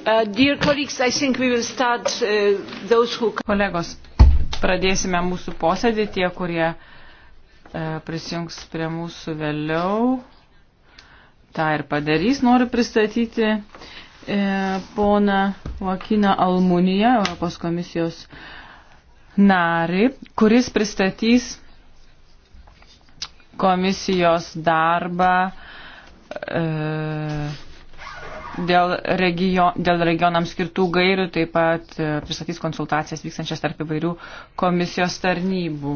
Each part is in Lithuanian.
Uh, start, uh, who... Kolegos, pradėsime mūsų posėdį, tie, kurie uh, prisijungs prie mūsų vėliau. Ta ir padarys. Noriu pristatyti uh, poną Vakiną Almuniją, Europos komisijos narį, kuris pristatys komisijos darbą. E, dėl, regio, dėl regionams skirtų gairių, taip pat e, pristatys konsultacijas vykstančias tarp įvairių komisijos tarnybų.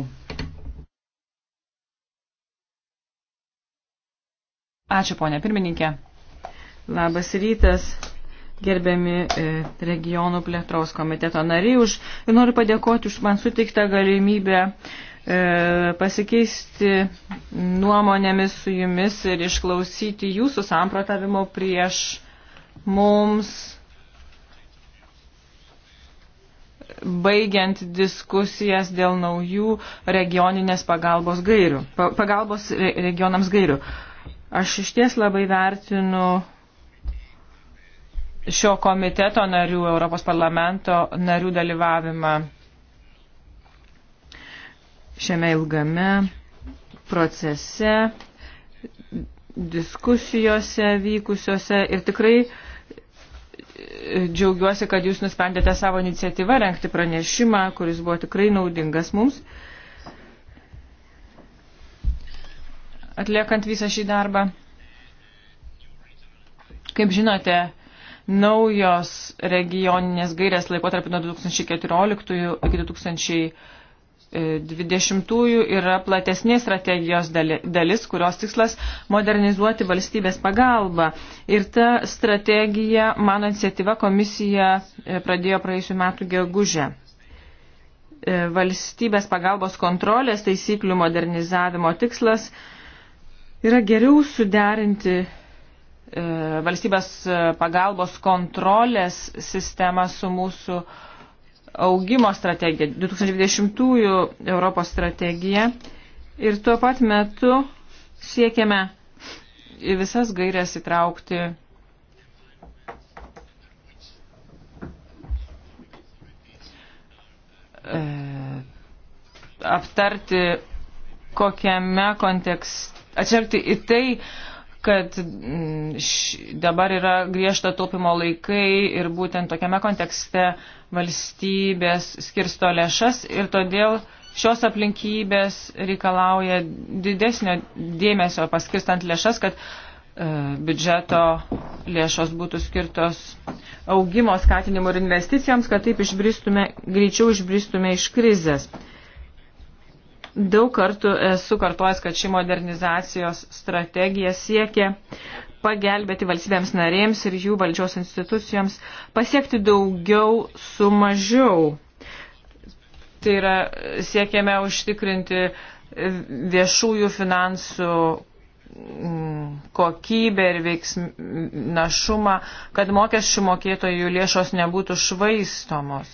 Ačiū, ponė pirmininkė. Labas rytas, gerbiami e, regionų plėtros komiteto nariai. Už, ir noriu padėkoti už man suteiktą galimybę e, pasikeisti nuomonėmis su jumis ir išklausyti jūsų samprotavimo prieš mums baigiant diskusijas dėl naujų regioninės pagalbos gairių, pagalbos regionams gairių. Aš iš ties labai vertinu šio komiteto narių, Europos parlamento narių dalyvavimą šiame ilgame procese, diskusijose vykusiose ir tikrai džiaugiuosi, kad jūs nusprendėte savo iniciatyvą renkti pranešimą, kuris buvo tikrai naudingas mums. Atliekant visą šį darbą, kaip žinote, naujos regioninės gairės laikotarpį nuo 2014 iki 20-ųjų yra platesnės strategijos dalis, kurios tikslas modernizuoti valstybės pagalbą. Ir ta strategija, mano iniciatyva, komisija e, pradėjo praėjusiu metu gegužę. E, valstybės pagalbos kontrolės taisyklių modernizavimo tikslas yra geriau suderinti e, valstybės pagalbos kontrolės sistemą su mūsų uh, augimo strategija, 2020-ųjų Europos strategija ir tuo pat metu siekiame į visas gairias įtraukti e, aptarti kokiame kontekste, atšvelgti į tai, kad mm, š, dabar yra griežta taupimo laikai ir būtent tokiame kontekste valstybės skirsto lėšas ir todėl šios aplinkybės reikalauja didesnio dėmesio paskirstant lėšas, kad e, biudžeto lėšos būtų skirtos augimo skatinimo ir investicijoms, kad taip išbristume, greičiau išbristume iš krizės. Daug kartų esu kartuojęs, kad ši modernizacijos strategija siekia pagelbėti valstybėms narėms ir jų valdžios institucijoms pasiekti daugiau su mažiau. Tai yra siekiame užtikrinti e, viešųjų finansų mm, kokybę ir veiksmnašumą, kad mokesčių mokėtojų lėšos nebūtų švaistomos.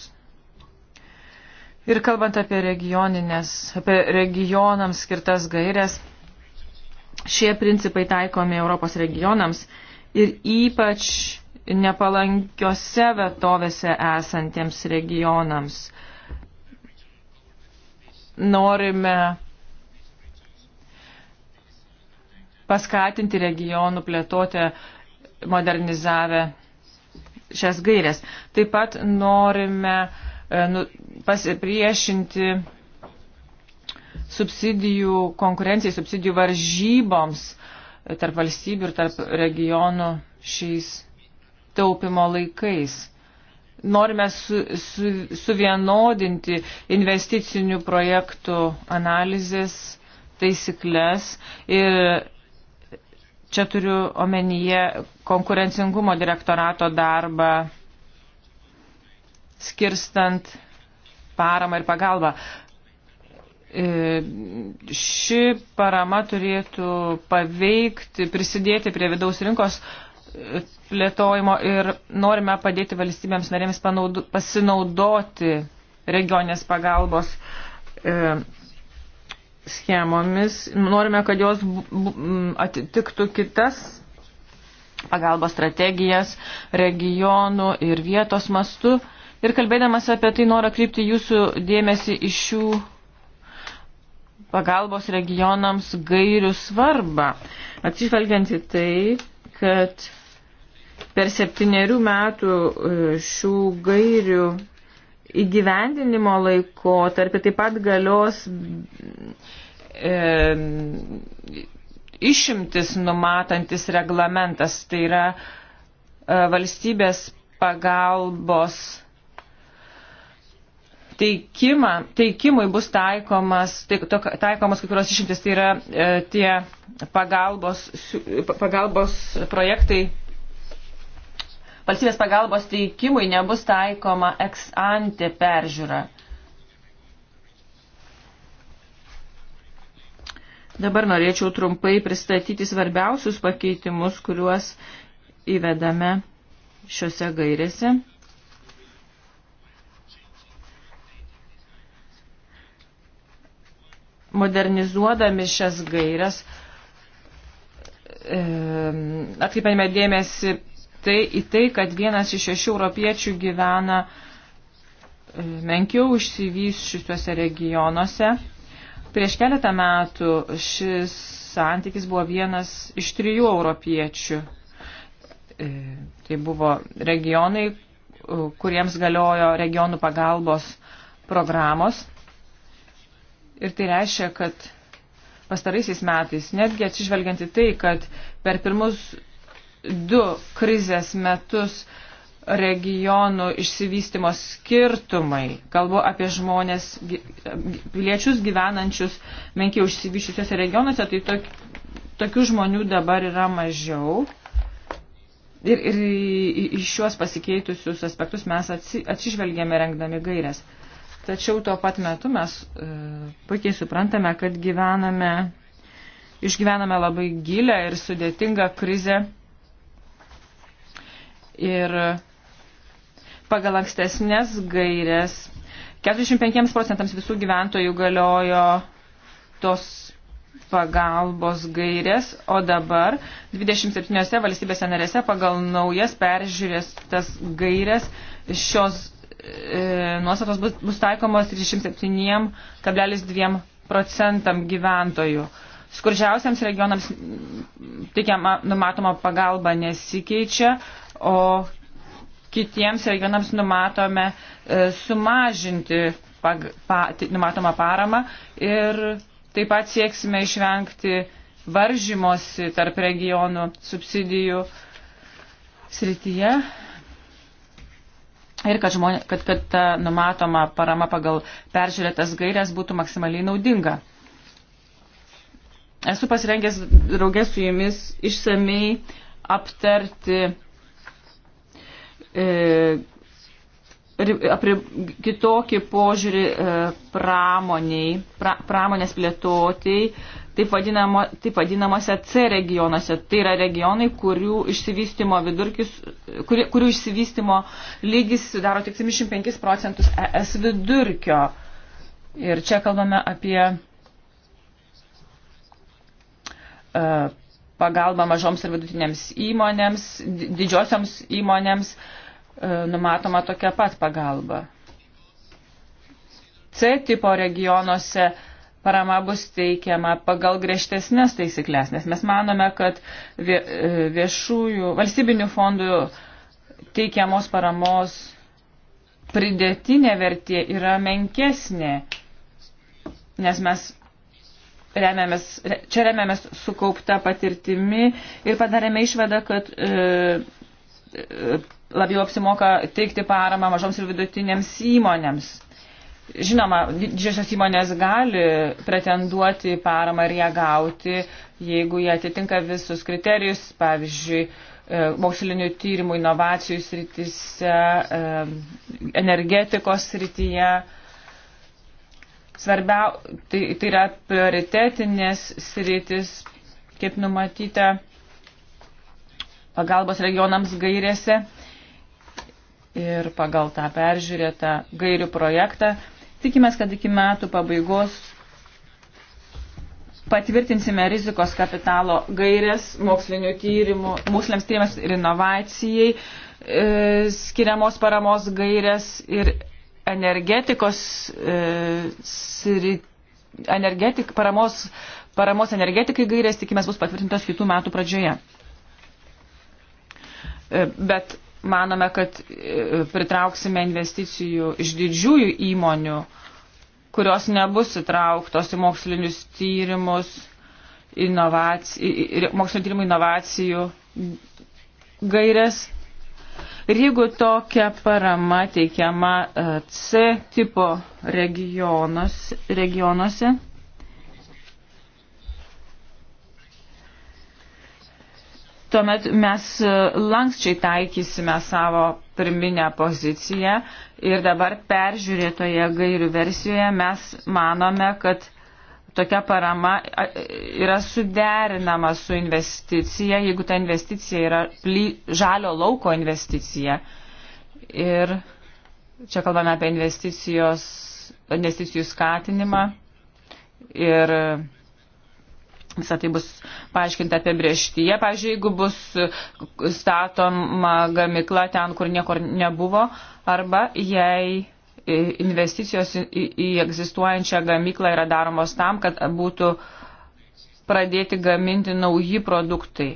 Ir kalbant apie, apie regionams skirtas gairias, Šie principai taikomi Europos regionams ir ypač nepalankiose vietovėse esantiems regionams. Norime paskatinti regionų plėtotę modernizavę šias gairias. Taip pat norime e, nu, pasipriešinti subsidijų konkurencijai, subsidijų varžyboms tarp valstybių ir tarp regionų šiais taupimo laikais. Norime su, su, suvienodinti investicinių projektų analizės, taisyklės ir čia turiu omenyje konkurencingumo direktorato darbą, skirstant paramą ir pagalbą. E, ši parama turėtų paveikti, prisidėti prie vidaus rinkos e, plėtojimo ir norime padėti valstybėms narėms pasinaudoti regionės pagalbos e, schemomis. Norime, kad jos atitiktų kitas pagalbos strategijas regionų ir vietos mastu. Ir kalbėdamas apie tai noriu kreipti jūsų dėmesį iš šių pagalbos regionams gairių svarbą. Atsižvelgiant į tai, kad per septyniarių metų e, šių gairių įgyvendinimo laiko tarp taip pat galios e, išimtis numatantis reglamentas, tai yra e, valstybės pagalbos teikimą, teikimui bus taikomas, taik, to, taikomas kai kurios išimtis, tai yra e, tie pagalbos, pagalbos projektai. Valstybės pagalbos teikimui nebus taikoma ex ante peržiūra. Dabar norėčiau trumpai pristatyti svarbiausius pakeitimus, kuriuos įvedame šiuose gairėse. modernizuodami šias gairias e, atkreipiame dėmesį tai, į tai, kad vienas iš šešių europiečių gyvena e, menkiau išsivysčiusiuose regionuose. Prieš keletą metų šis santykis buvo vienas iš trijų europiečių. E, tai buvo regionai, kuriems galiojo regionų pagalbos programos. Ir tai reiškia, kad pastaraisiais metais, netgi atsižvelgianti tai, kad per pirmus du krizės metus regionų išsivystimo skirtumai, kalbu apie žmonės, piliečius gyvenančius menkiai užsivyščiusiuose regionuose, tai tok, tokių žmonių dabar yra mažiau. Ir, ir į šiuos pasikeitusius aspektus mes atsi, atsižvelgėme rengdami gairias. Tačiau tuo pat metu mes e, puikiai suprantame, kad gyvename, išgyvename labai gilę ir sudėtingą krizę. Ir pagal ankstesnės gairės 45 procentams visų gyventojų galiojo tos pagalbos gairės, o dabar 27 valstybėse narėse pagal naujas peržiūrės tas gairės šios E, nuostatos bus, bus taikomos 37,2 procentam gyventojų. Skurdžiausiams regionams teikiama numatoma pagalba nesikeičia, o kitiems regionams numatome e, sumažinti pag, pa, numatomą paramą ir taip pat sieksime išvengti varžymosi tarp regionų subsidijų srityje ir kad, žmonė, kad, kad ta numatoma parama pagal peržiūrėtas gairias būtų maksimaliai naudinga. Esu pasirengęs draugės su jumis išsamei aptarti e, apri, kitokį požiūrį e, pramoniai, pra, pramonės plėtotėjai taip, vadinamo, taip vadinamuose C regionuose. Tai yra regionai, kurių išsivystimo, vidurkis, kuri, kurių išsivystimo lygis sudaro tik 75 procentus ES vidurkio. Ir čia kalbame apie uh, pagalbą mažoms ir vidutinėms įmonėms, didžiosioms įmonėms uh, numatoma tokia pat pagalba. C tipo regionuose uh, parama bus teikiama pagal griežtesnės taisyklės, nes mes manome, kad e, viešųjų, valstybinių fondų teikiamos paramos pridėtinė vertė yra menkesnė, nes mes remiamės, čia remiamės sukaupta patirtimi ir padarėme išvadą, kad e, e labiau apsimoka teikti paramą mažoms ir vidutinėms įmonėms. Žinoma, didžiosios įmonės gali pretenduoti paramą ir ją gauti, jeigu jie atitinka visus kriterijus, pavyzdžiui, e, mokslininių tyrimų inovacijų srityse, e, energetikos srityje. Svarbiau, tai, tai yra prioritetinės sritis, kaip numatyta pagalbos regionams gairėse ir pagal tą peržiūrėtą gairių projektą Tikimės, kad iki metų pabaigos patvirtinsime rizikos kapitalo gairias mokslinių tyrimų, moksliniams tyrimams ir inovacijai, e, skiriamos paramos gairias ir energetikos e, srityje energetik, paramos, paramos energetikai gairės tikimės bus patvirtintos kitų metų pradžioje. E, bet manome, kad e, pritrauksime investicijų iš didžiųjų įmonių, kurios nebus įtrauktos į mokslinius tyrimus, mokslinio tyrimų inovacijų gairias. Ir jeigu tokia parama teikiama e, C tipo regionos, regionuose, tuomet mes e, lankščiai taikysime savo pirminę poziciją ir dabar peržiūrėtoje gairių versijoje mes manome, kad tokia parama e, yra suderinama su investicija, jeigu ta investicija yra ply, žalio lauko investicija. Ir čia kalbame apie investicijos, investicijų skatinimą ir Visą tai bus paaiškinta apibrieštyje. Pavyzdžiui, jeigu bus statoma gamikla ten, kur niekur nebuvo, arba jei e, investicijos į, į egzistuojančią gamyklą yra daromos tam, kad būtų pradėti gaminti nauji produktai,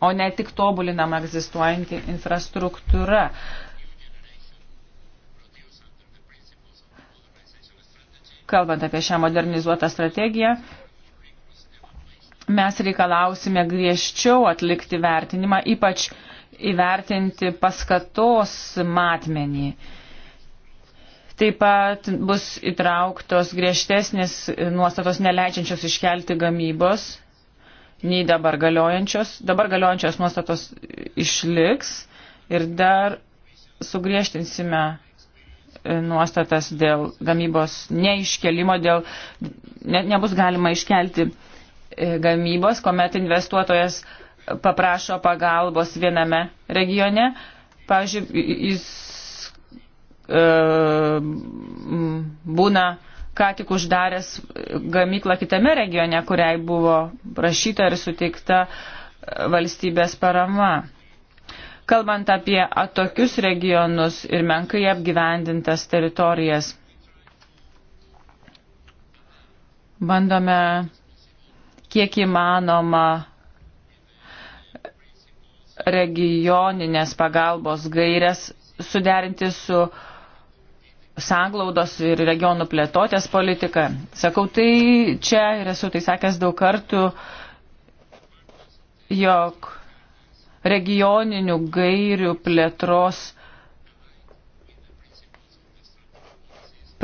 o ne tik tobulinama egzistuojanti infrastruktūra. Kalbant apie šią modernizuotą strategiją, mes reikalausime griežčiau atlikti vertinimą, ypač įvertinti paskatos matmenį. Taip pat bus įtrauktos griežtesnės nuostatos neleidžiančios iškelti gamybos, nei dabar galiojančios. Dabar galiojančios nuostatos išliks ir dar sugriežtinsime e, nuostatas dėl gamybos neiškelimo, dėl ne, nebus galima iškelti uh, E, gamybos, kuomet investuotojas paprašo pagalbos viename regione. Pavyzdžiui, jis e, būna ką tik uždaręs gamyklą kitame regione, kuriai buvo prašyta ir suteikta e, valstybės parama. Kalbant apie atokius regionus ir menkai apgyvendintas teritorijas, bandome kiek įmanoma regioninės pagalbos gairias suderinti su sanglaudos ir regionų plėtotės politika. Sakau tai čia ir esu tai sakęs daug kartų, jog regioninių gairių plėtros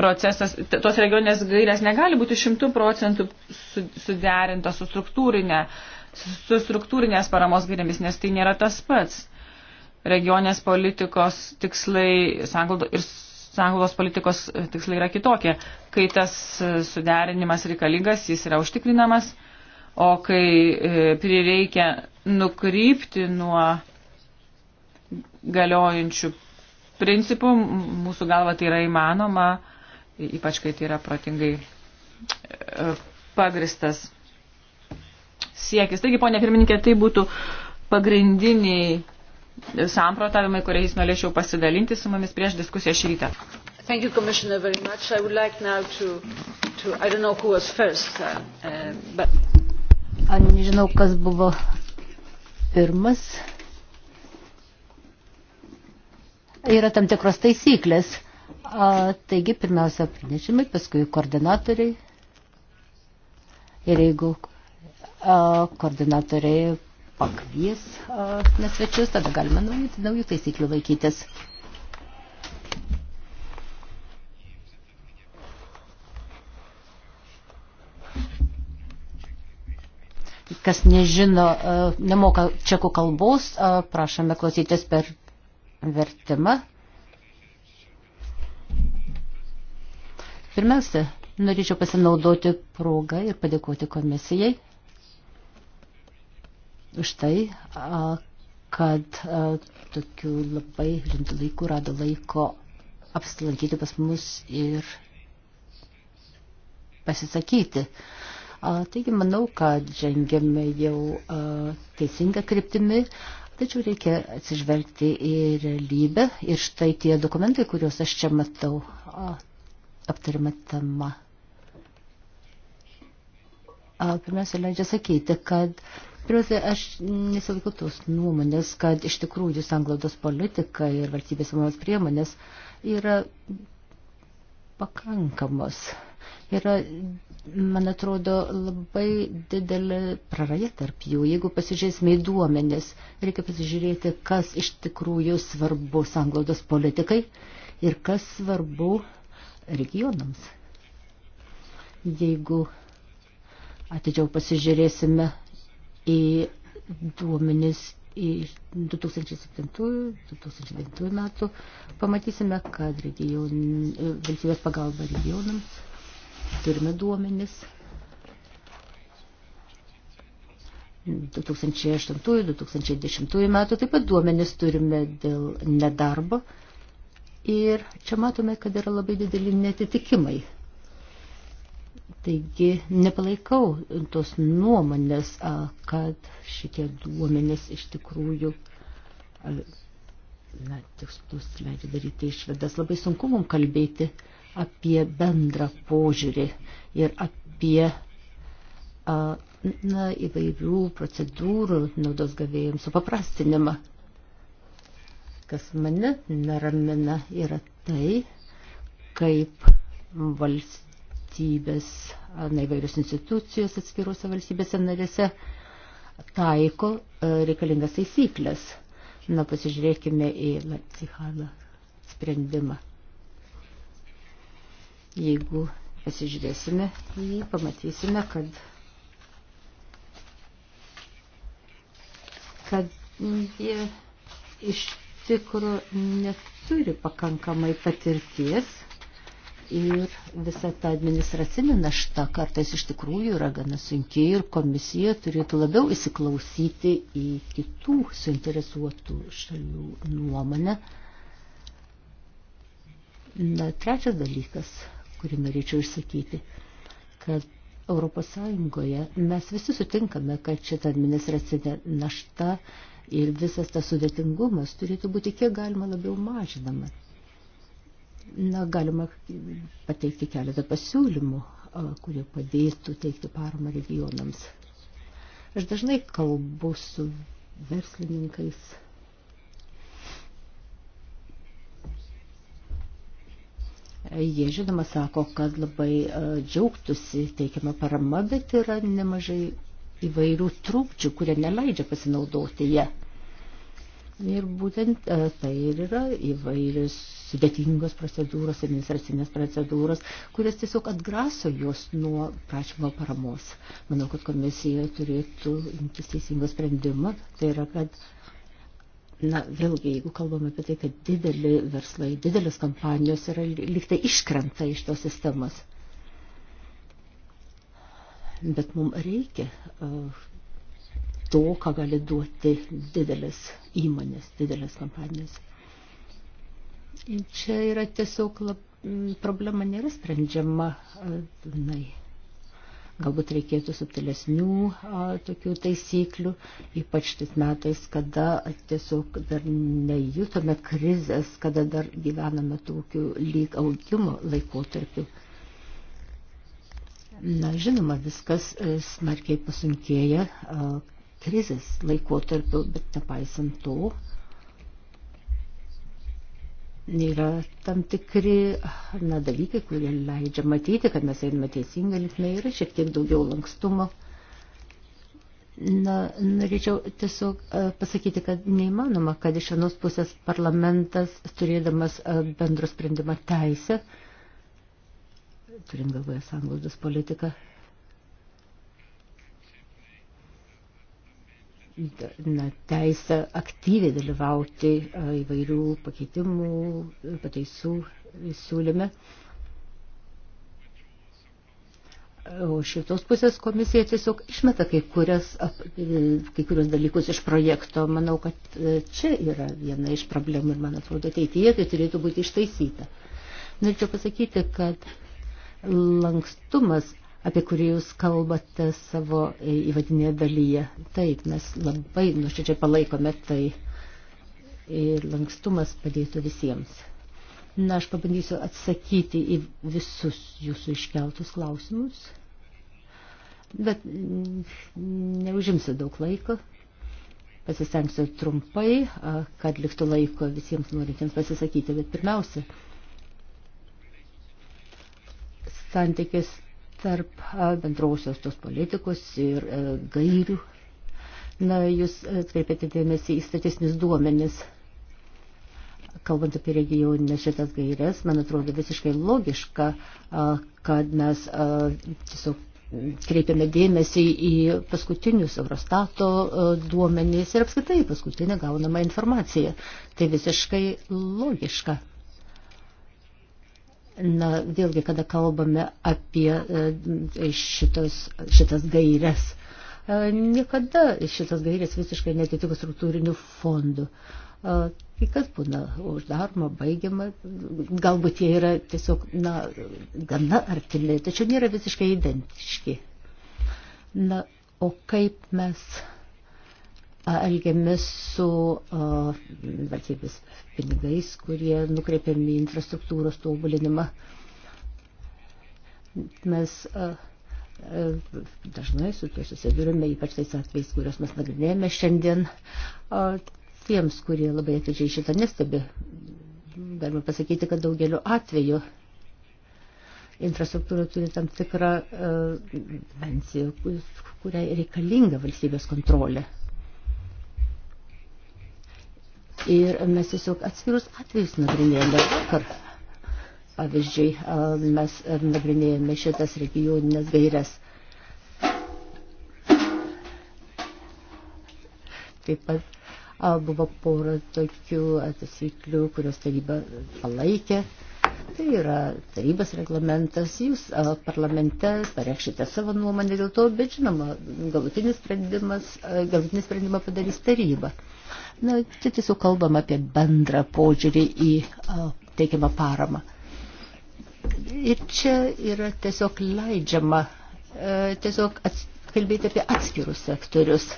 procesas, tos regioninės gairės negali būti šimtų procentų suderinta su, struktūrinė, su struktūrinės paramos gairėmis, nes tai nėra tas pats. Regioninės politikos tikslai sanglado, ir sąjungos politikos tikslai yra kitokie. Kai tas e, suderinimas reikalingas, jis yra užtikrinamas, o kai e, prireikia nukrypti nuo galiojančių principų, mūsų galva tai yra įmanoma, ypač kai tai yra protingai e, pagristas siekis. Taigi, ponė pirmininkė, tai būtų pagrindiniai samprotavimai, kuriais norėčiau pasidalinti su mumis prieš diskusiją šį rytą. Thank you, Commissioner, very much. I would like now to, to I don't know who was first, uh, uh, but... Aš nežinau, kas buvo pirmas. Yra tam tikros taisyklės A, taigi, pirmiausia, pranešimai, paskui koordinatoriai. Ir jeigu a, koordinatoriai pakvies a, nesvečius, tada galime naujų, naujų taisyklių laikytis. Kas nežino, a, nemoka čekų kalbos, a, prašome klausytis per vertimą. Pirmiausia, norėčiau pasinaudoti progą ir padėkoti komisijai už tai, kad tokiu labai rimtų laikų rado laiko apsilankyti pas mus ir pasisakyti. A, taigi manau, kad žengėme jau a, teisingą kryptimį, tačiau reikia atsižvelgti į realybę ir štai tie dokumentai, kuriuos aš čia matau, a, aptariama tema. Pirmiausia, leidžia sakyti, kad pirmiausia, aš nesilaikau tos nuomonės, kad iš tikrųjų sanglaudos politika ir valstybės įmonės priemonės yra pakankamos. Yra, man atrodo, labai didelė praraja tarp jų. Jeigu pasižiūrėsime į duomenis, reikia pasižiūrėti, kas iš tikrųjų svarbu sanglaudos politikai ir kas svarbu regionams. Jeigu atidžiau pasižiūrėsime į duomenis į 2007-2009 metų, pamatysime, kad region, valstybės pagalba regionams turime duomenis 2008-2010 metų, taip pat duomenis turime dėl nedarbo Ir čia matome, kad yra labai dideli netitikimai. Taigi nepalaikau tos nuomonės, kad šitie duomenės iš tikrųjų na, tikslus leidžia daryti išvedas. Labai sunku mums kalbėti apie bendrą požiūrį ir apie na, įvairių procedūrų naudos gavėjams supaprastinimą kas mane neramina, yra tai, kaip valstybės, na įvairios institucijos atskiruose valstybėse narėse taiko e, reikalingas taisyklės. Na, pasižiūrėkime į Leipzihaną sprendimą. Jeigu pasižiūrėsime į jį, pamatysime, kad, kad jie iš tikro neturi pakankamai patirties ir visa ta administracinė našta kartais iš tikrųjų yra gana sunki ir komisija turėtų labiau įsiklausyti į kitų suinteresuotų šalių nuomonę. Na, trečias dalykas, kurį norėčiau išsakyti, kad Europos Sąjungoje mes visi sutinkame, kad šita administracinė našta Ir visas tas sudėtingumas turėtų būti kiek galima labiau mažinamas. Na, galima pateikti keletą pasiūlymų, kurie padėtų teikti paramą regionams. Aš dažnai kalbu su verslininkais. Jie žinoma sako, kad labai džiaugtųsi teikiama parama, bet yra nemažai įvairių trūkčių, kurie neleidžia pasinaudoti ją. Ir būtent e, tai ir yra įvairios sudėtingos procedūros, administracinės procedūros, kurios tiesiog atgraso juos nuo prašymo paramos. Manau, kad komisija turėtų imtis teisingą sprendimą. Tai yra, kad na, vėlgi, jeigu kalbame apie tai, kad dideli verslai, didelis kompanijos yra liktai iškrenta iš tos sistemos bet mums reikia e, to, ką gali duoti didelės įmonės, didelės kompanijos. Čia yra tiesiog lab, problema nėra sprendžiama. E, Na, galbūt reikėtų subtilesnių a, e, tokių taisyklių, ypač tais metais, kada tiesiog dar nejutome krizės, kada dar gyvename tokiu lyg augimo laikotarpiu. Na, žinoma, viskas e, smarkiai pasunkėja e, krizės laikotarpiu, bet nepaisant to, yra tam tikri na, dalykai, kurie leidžia matyti, kad mes einame teisingą linkmę, yra šiek tiek daugiau lankstumo. Na, norėčiau tiesiog e, pasakyti, kad neįmanoma, kad iš vienos pusės parlamentas, turėdamas bendro sprendimą teisę, uh, turint galvoje sanglaudos politiką. Na, teisę aktyviai dalyvauti įvairių pakeitimų, pataisų siūlyme. O šitos pusės komisija tiesiog išmeta kai, kurias, kai kurios dalykus iš projekto. Manau, kad e, čia yra viena iš problemų ir, man atrodo, ateityje tai turėtų būti ištaisyta. Norėčiau pasakyti, kad lankstumas, apie kurį jūs kalbate savo įvadinėje dalyje. Taip, mes labai nuoširdžiai palaikome tai ir lankstumas padėtų visiems. Na, aš pabandysiu atsakyti į visus jūsų iškeltus klausimus, bet neužimsiu daug laiko. Pasistengsiu trumpai, kad liktų laiko visiems norintiems pasisakyti, bet pirmiausia, santykis tarp bendrausios tos politikos ir e, gairių. Na, jūs atkreipėte e, dėmesį į statistinius duomenis. Kalbant apie regioninę šitas gairias, man atrodo visiškai logiška, kad mes tiesiog kreipiame dėmesį į paskutinius Eurostato duomenys ir apskaitai paskutinę gaunamą informaciją. Tai visiškai logiška. Na, vėlgi, kada kalbame apie e, šitos, šitas gairias, e, niekada šitas gairias visiškai netitiko struktūrinių fondų. E, kai kas būna uždaroma, baigiama, galbūt jie yra tiesiog, na, gana artimi, tačiau nėra visiškai identiški. Na, o kaip mes elgiamės su valstybės pinigais, kurie nukreipiami infrastruktūros tobulinimą. Mes a, a, dažnai su tuo susidurime, ypač tais atvejais, kuriuos mes nagrinėjame šiandien. A, tiems, kurie labai atidžiai šitą nestebi, galima pasakyti, kad daugeliu atveju infrastruktūra turi tam tikrą dimensiją, kuriai reikalinga valstybės kontrolė ir mes tiesiog atskirus atvejus nagrinėjame vakar. Pavyzdžiui, mes nagrinėjame šitas regioninės gairias. Taip pat buvo pora tokių taisyklių, kurios taryba palaikė. Tai yra tarybos reglamentas, jūs parlamente pareikšite savo nuomonę dėl to, bet žinoma, galutinis, galutinis sprendimą padarys taryba. Na, čia tiesiog kalbam apie bendrą požiūrį į teikiamą paramą. Ir čia yra tiesiog leidžiama e, tiesiog ats, kalbėti apie atskirus sektorius.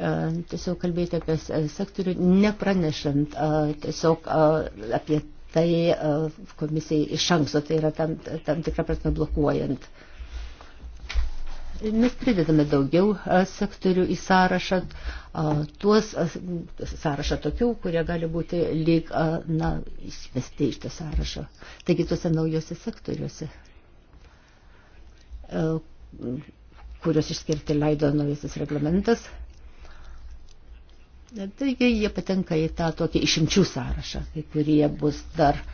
E, tiesiog kalbėti apie sektorių, nepranešant tiesiog apie tai komisijai iš anksto, tai yra tam, tam tikrą prasme blokuojant. Uh, Mes pridedame daugiau sektorių į sąrašą, tuos sąrašą tokių, kurie gali būti lyg, na, išmesti iš to sąrašo. Taigi tuose naujose sektoriuose, kuriuos išskirti leido naujasis reglamentas. Taigi jie patenka į tą tokį išimčių sąrašą, kai kurie bus dar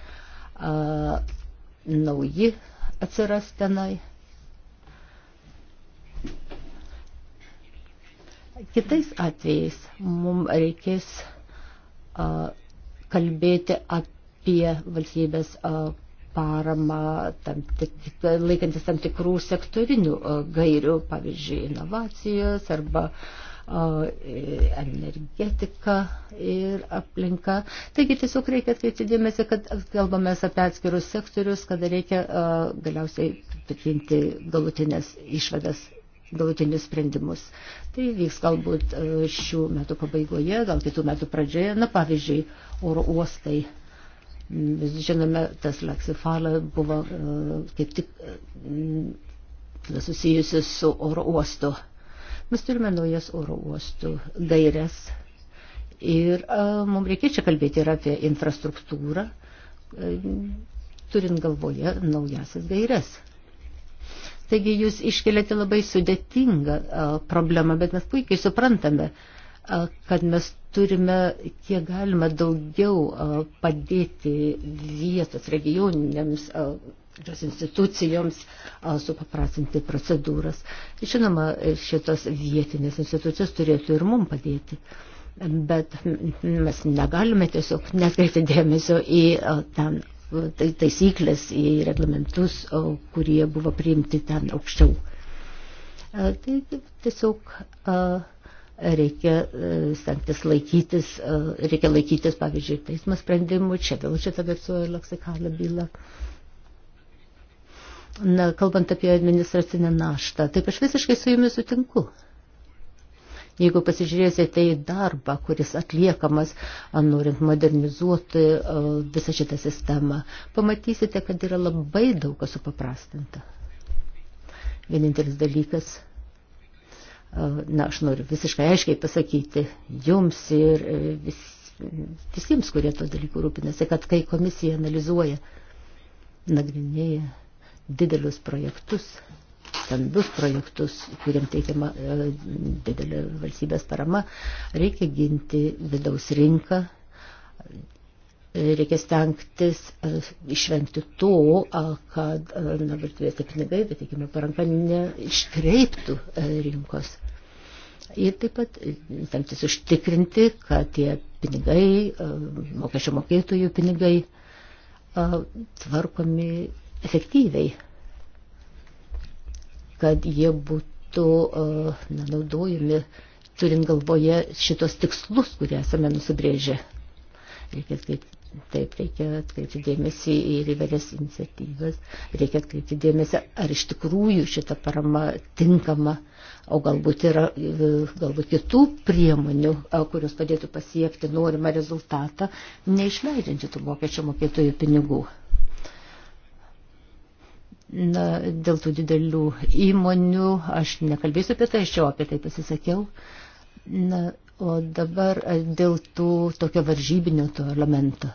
a, nauji atsiras tenai. Kitais atvejais mums reikės a, kalbėti apie valstybės a, paramą tam, laikantis tam tikrų sektorinių a, gairių, pavyzdžiui, inovacijos arba energetika ir aplinka. Taigi tiesiog reikia atkreipti dėmesį, kad kalbame apie atskirus sektorius, kada reikia galiausiai patvinti galutinės išvadas galutinius sprendimus. Tai vyks galbūt e, šių metų pabaigoje, gal kitų metų pradžioje, na pavyzdžiui, oro uostai. Mes mm, žinome, tas leksifalė buvo e, kaip tik e, mm, susijusi su oro uostu. Mes turime naujas oro uostų gairias ir mums reikia čia kalbėti ir apie infrastruktūrą, turint galvoje naujasis gairias. Taigi jūs iškeliate labai sudėtingą problemą, bet mes puikiai suprantame, kad mes turime kiek galima daugiau padėti vietos regioninėms institucijoms supaprastinti procedūras. Žinoma, šitos vietinės institucijos turėtų ir mum padėti. Bet mes negalime tiesiog neskreipti dėmesio į ten Tai taisyklės, į reglamentus, kurie buvo priimti ten aukščiau. Tai tiesiog reikia e, stengtis laikytis, reikia laikytis, pavyzdžiui, teismo sprendimų, čia vėl šitą garsuoja leksikalę bylą. Na, kalbant apie administracinę naštą, taip aš visiškai su jumis sutinku. Jeigu pasižiūrėsite į darbą, kuris atliekamas, norint modernizuoti visą šitą sistemą, pamatysite, kad yra labai daug kas supaprastinta. Vienintelis dalykas, na, aš noriu visiškai aiškiai pasakyti jums ir e, vis, visiems, kurie to dalykų rūpinasi, kad kai komisija analizuoja, nagrinėja didelius projektus, stambius projektus, kuriems teikiama e, didelė valstybės parama, reikia ginti vidaus rinką, reikia stengtis e, išvengti to, kad valstybės e, tie pinigai, bet teikime paranka, neiškreiptų rinkos. Ir taip pat stengtis užtikrinti, kad tie pinigai, mokesčio mokėtojų pinigai, tvarkomi efektyviai kad jie būtų e, na, naudojami, turint galvoje šitos tikslus, kurie esame nusibrėžę. Reikia atkreipti, taip, reikia atkreipti dėmesį ir įvairias iniciatyvas, reikia atkreipti dėmesį, ar iš tikrųjų šita parama tinkama, o galbūt yra e, galbūt kitų priemonių, e, kurios padėtų pasiekti norimą rezultatą, neišleidžiant šitų mokesčio mokėtojų pinigų. Na, dėl tų didelių įmonių, aš nekalbėsiu apie tai, aš jau apie tai pasisakiau. Na, o dabar e, dėl tų tokio varžybinio to elemento.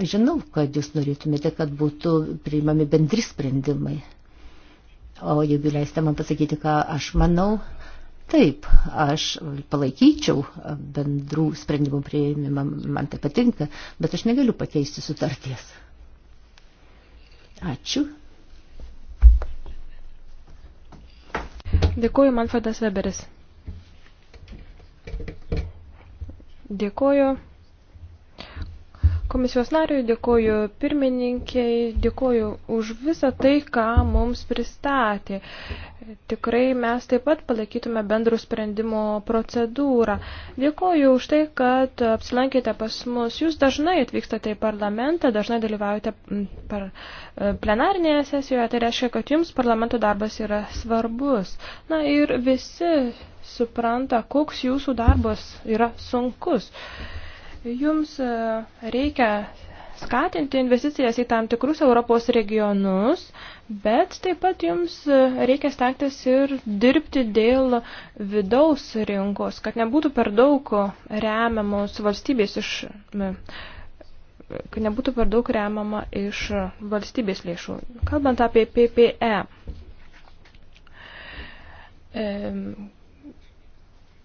Aš žinau, kad jūs norėtumėte, kad būtų priimami bendri sprendimai. O jeigu leisite man pasakyti, ką aš manau, taip, aš palaikyčiau bendrų sprendimų prieimimą, man tai patinka, bet aš negaliu pakeisti sutarties. Ačiū. Dėkuoju, Manfredas Weberis. Dėkuoju. Komisijos nariui dėkoju pirmininkiai, dėkoju už visą tai, ką mums pristatė. Tikrai mes taip pat palaikytume bendrų sprendimo procedūrą. Dėkoju už tai, kad apsilankėte pas mus. Jūs dažnai atvykstate į parlamentą, dažnai dalyvaujate par e, plenarinėje sesijoje, tai reiškia, kad jums parlamento darbas yra svarbus. Na ir visi supranta, koks jūsų darbas yra sunkus. Uh, Jums e, reikia skatinti investicijas į tam tikrus Europos regionus, bet taip pat jums e, reikia stengtis ir dirbti dėl vidaus rinkos, kad nebūtų per daug remiamos valstybės iš kad nebūtų per daug remiama iš valstybės lėšų. Kalbant apie PPE,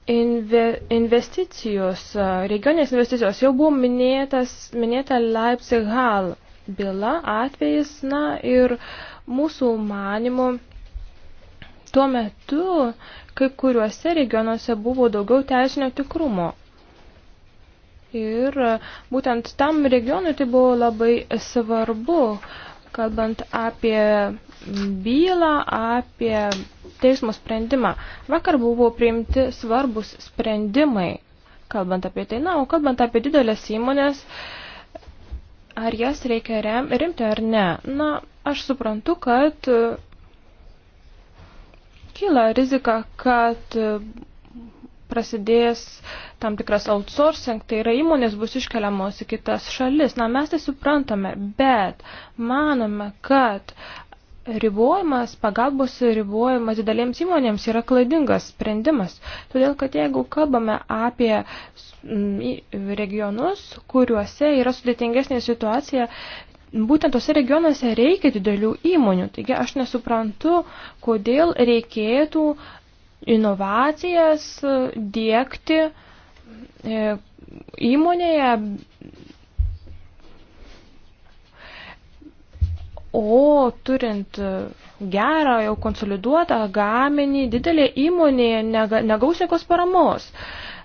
Inve, investicijos, regioninės investicijos, jau buvo minėtas, minėta Leipzig Hall byla atvejis, na ir mūsų manimo tuo metu kai kuriuose regionuose buvo daugiau teisinio tikrumo. Ir būtent tam regionui tai buvo labai svarbu, kalbant apie bylą, apie teismo sprendimą. Vakar buvo priimti svarbus sprendimai, kalbant apie tai. Na, o kalbant apie didelės įmonės, ar jas reikia rem, rimti ar ne? Na, aš suprantu, kad e, kyla rizika, kad prasidės tam tikras outsourcing, tai yra įmonės bus iškeliamos į kitas šalis. Na, mes tai suprantame, bet manome, kad ribojimas, pagalbos ribojimas didelėms įmonėms yra klaidingas sprendimas. Todėl, kad jeigu kalbame apie mm, regionus, kuriuose yra sudėtingesnė situacija, būtent tose regionuose reikia didelių įmonių. Taigi aš nesuprantu, kodėl reikėtų inovacijas dėkti e, įmonėje, o turint gerą, jau konsoliduotą gaminį, didelė įmonė negaus jokios paramos. E,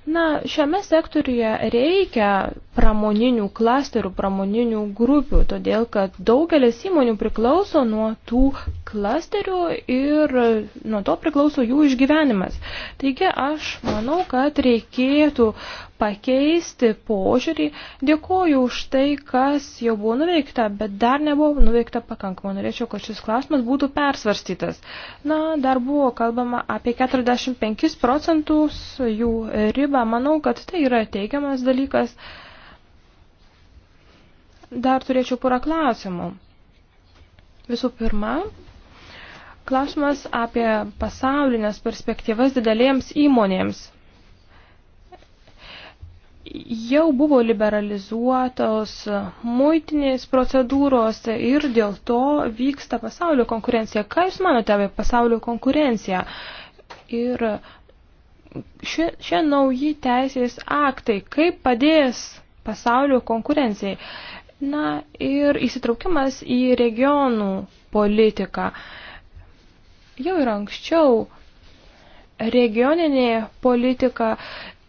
Na, šiame sektoriuje reikia pramoninių klasterių, pramoninių grupių, todėl kad daugelis įmonių priklauso nuo tų klasterių ir nuo to priklauso jų išgyvenimas. Taigi aš manau, kad reikėtų pakeisti požiūrį. Dėkuoju už tai, kas jau buvo nuveikta, bet dar nebuvo nuveikta pakankamai. Norėčiau, kad šis klausimas būtų persvarstytas. Na, dar buvo kalbama apie 45 procentus jų ribą. Manau, kad tai yra teigiamas dalykas. Dar turėčiau porą klausimų. Visų pirma, klausimas apie pasaulinės perspektyvas didelėms įmonėms jau buvo liberalizuotos muitinės procedūros ir dėl to vyksta pasaulio konkurencija. Ką Jūs manote apie pasaulio konkurenciją? Ir šie, šie nauji teisės aktai, kaip padės pasaulio konkurencijai? Na ir įsitraukimas į regionų politiką. Jau ir anksčiau regioninė politika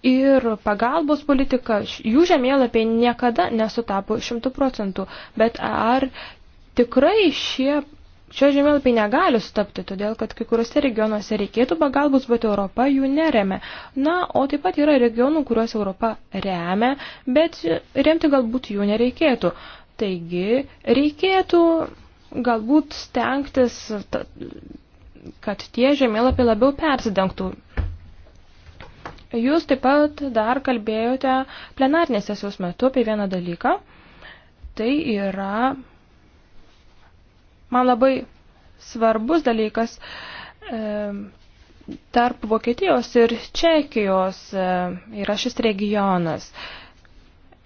ir pagalbos politika, jų žemėlapiai niekada nesutapo šimtų procentų. Bet ar tikrai šie, šio žemėlapiai negali sutapti, todėl kad kai kuriuose regionuose reikėtų pagalbos, bet Europa jų neremia. Na, o taip pat yra regionų, kuriuos Europa remia, bet remti galbūt jų nereikėtų. Taigi, reikėtų galbūt stengtis, kad tie žemėlapiai labiau persidengtų Jūs taip pat dar kalbėjote plenarnės sesijos metu apie vieną dalyką. Tai yra man labai svarbus dalykas e, tarp Vokietijos ir Čekijos e, yra šis regionas.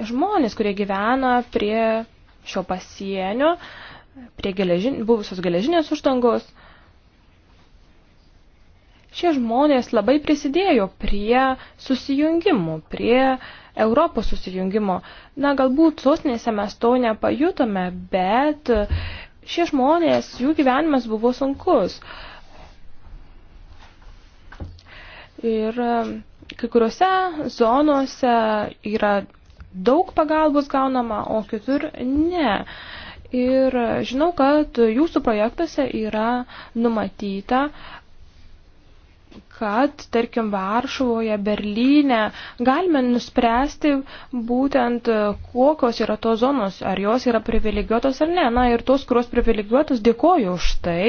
Žmonės, kurie gyvena prie šio pasienio, prie geležin, buvusios geležinės uždangos, e, Šie žmonės labai prisidėjo prie susijungimų, prie Europos susijungimo. Na, galbūt sostinėse mes to nepajutome, bet šie žmonės, jų gyvenimas buvo sunkus. Ir um, kai kuriuose zonose yra daug pagalbos gaunama, o kitur ne. Ir žinau, kad jūsų projektuose yra numatyta kad, tarkim, Varšuvoje, Berlyne galime nuspręsti būtent e, kokios yra tos zonos, ar jos yra privilegijuotos ar ne. Na ir tos, kurios privilegijuotos, dėkoju už tai.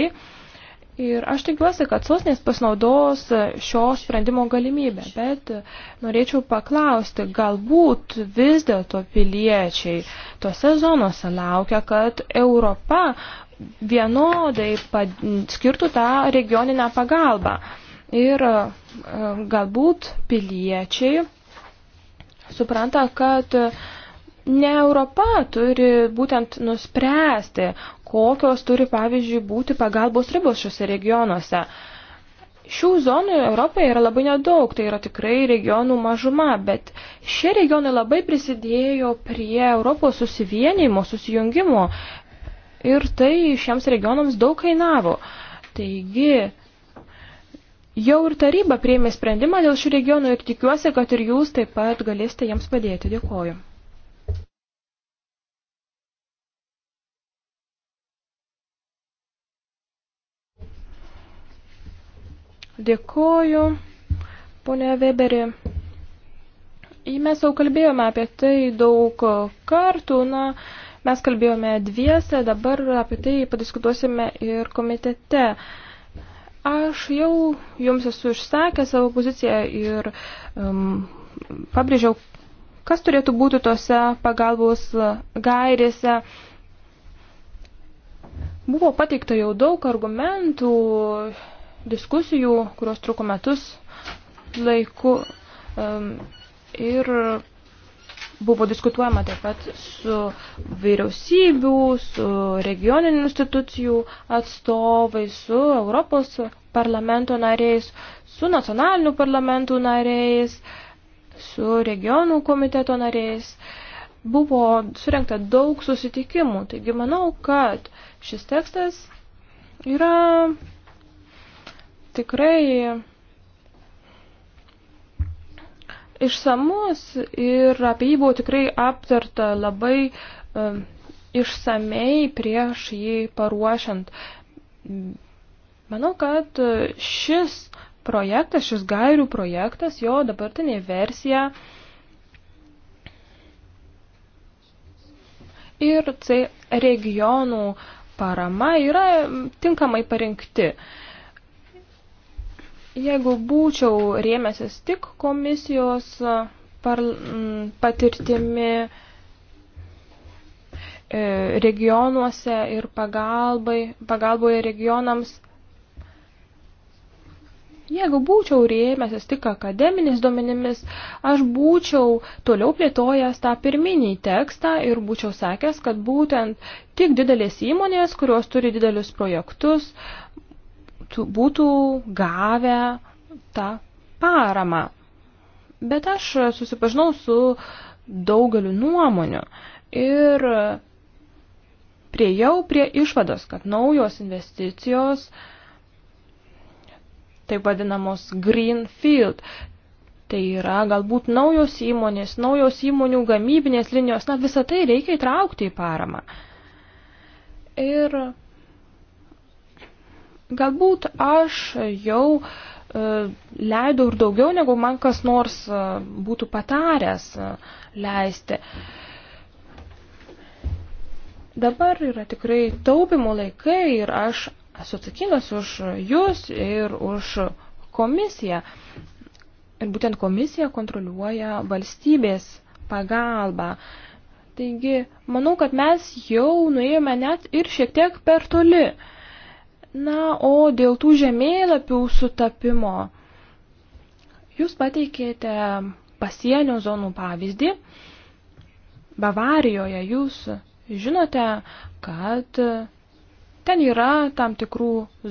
Ir aš tikiuosi, kad sosnės pasinaudos e, šio sprendimo galimybę, bet e, norėčiau paklausti, galbūt vis dėlto piliečiai tose zonose laukia, kad Europa vienodai skirtų tą regioninę pagalbą. Ir e, galbūt piliečiai supranta, kad ne Europa turi būtent nuspręsti, kokios turi, pavyzdžiui, būti pagalbos ribos šiuose regionuose. Šių zonų Europoje yra labai nedaug, tai yra tikrai regionų mažuma, bet šie regionai labai prisidėjo prie Europos susivienimo, susijungimo ir tai šiems regionams daug kainavo. Taigi, Jau ir taryba priėmė sprendimą dėl šių regionų ir tikiuosi, kad ir jūs taip pat galėsite jiems padėti. Dėkoju. Dėkoju, ponė Weberi. Mes jau kalbėjome apie tai daug kartų, na, mes kalbėjome dviese, dabar apie tai padiskutuosime ir komitete. Uh, Aš jau jums esu išsakę savo poziciją ir um, pabrėžiau, kas turėtų būti tose pagalbos gairėse. Buvo pateikta jau daug argumentų, diskusijų, kurios truko metus laiku. Um, ir Buvo diskutuojama taip pat su vyriausybių, su regioninių institucijų atstovais, su Europos parlamento nariais, su nacionalinių parlamentų nariais, su regionų komiteto nariais. Buvo surinkta daug susitikimų, taigi manau, kad šis tekstas yra tikrai išsamus ir apie jį buvo tikrai aptarta labai um, e, išsamei prieš jį paruošiant. Manau, kad šis projektas, šis gairių projektas, jo dabartinė versija ir C regionų parama yra tinkamai parinkti. Uh, Jeigu būčiau rėmęsis tik komisijos par, patirtimi e, regionuose ir pagalbai, pagalboje regionams, jeigu būčiau rėmęsis tik akademinis duomenimis, aš būčiau toliau plėtojęs tą pirminį tekstą ir būčiau sakęs, kad būtent tik didelės įmonės, kurios turi didelius projektus, uh, būtų gavę tą paramą. Bet aš susipažinau su daugeliu nuomonių ir priejau prie išvados, kad naujos investicijos, taip vadinamos Greenfield, tai yra galbūt naujos įmonės, naujos įmonių gamybinės linijos, na visą tai reikia įtraukti į paramą. Ir Galbūt aš jau e, leidau ir daugiau, negu man kas nors e, būtų pataręs e, leisti. Dabar yra tikrai taupimo laikai ir aš esu atsakingas už jūs ir už komisiją. Ir būtent komisija kontroliuoja valstybės pagalbą. Taigi, manau, kad mes jau nuėjome net ir šiek tiek per toli. Uh, Na, o dėl tų žemėlapių sutapimo, jūs pateikėte pasienio zonų pavyzdį. Bavarijoje jūs žinote, kad ten yra tam tikrų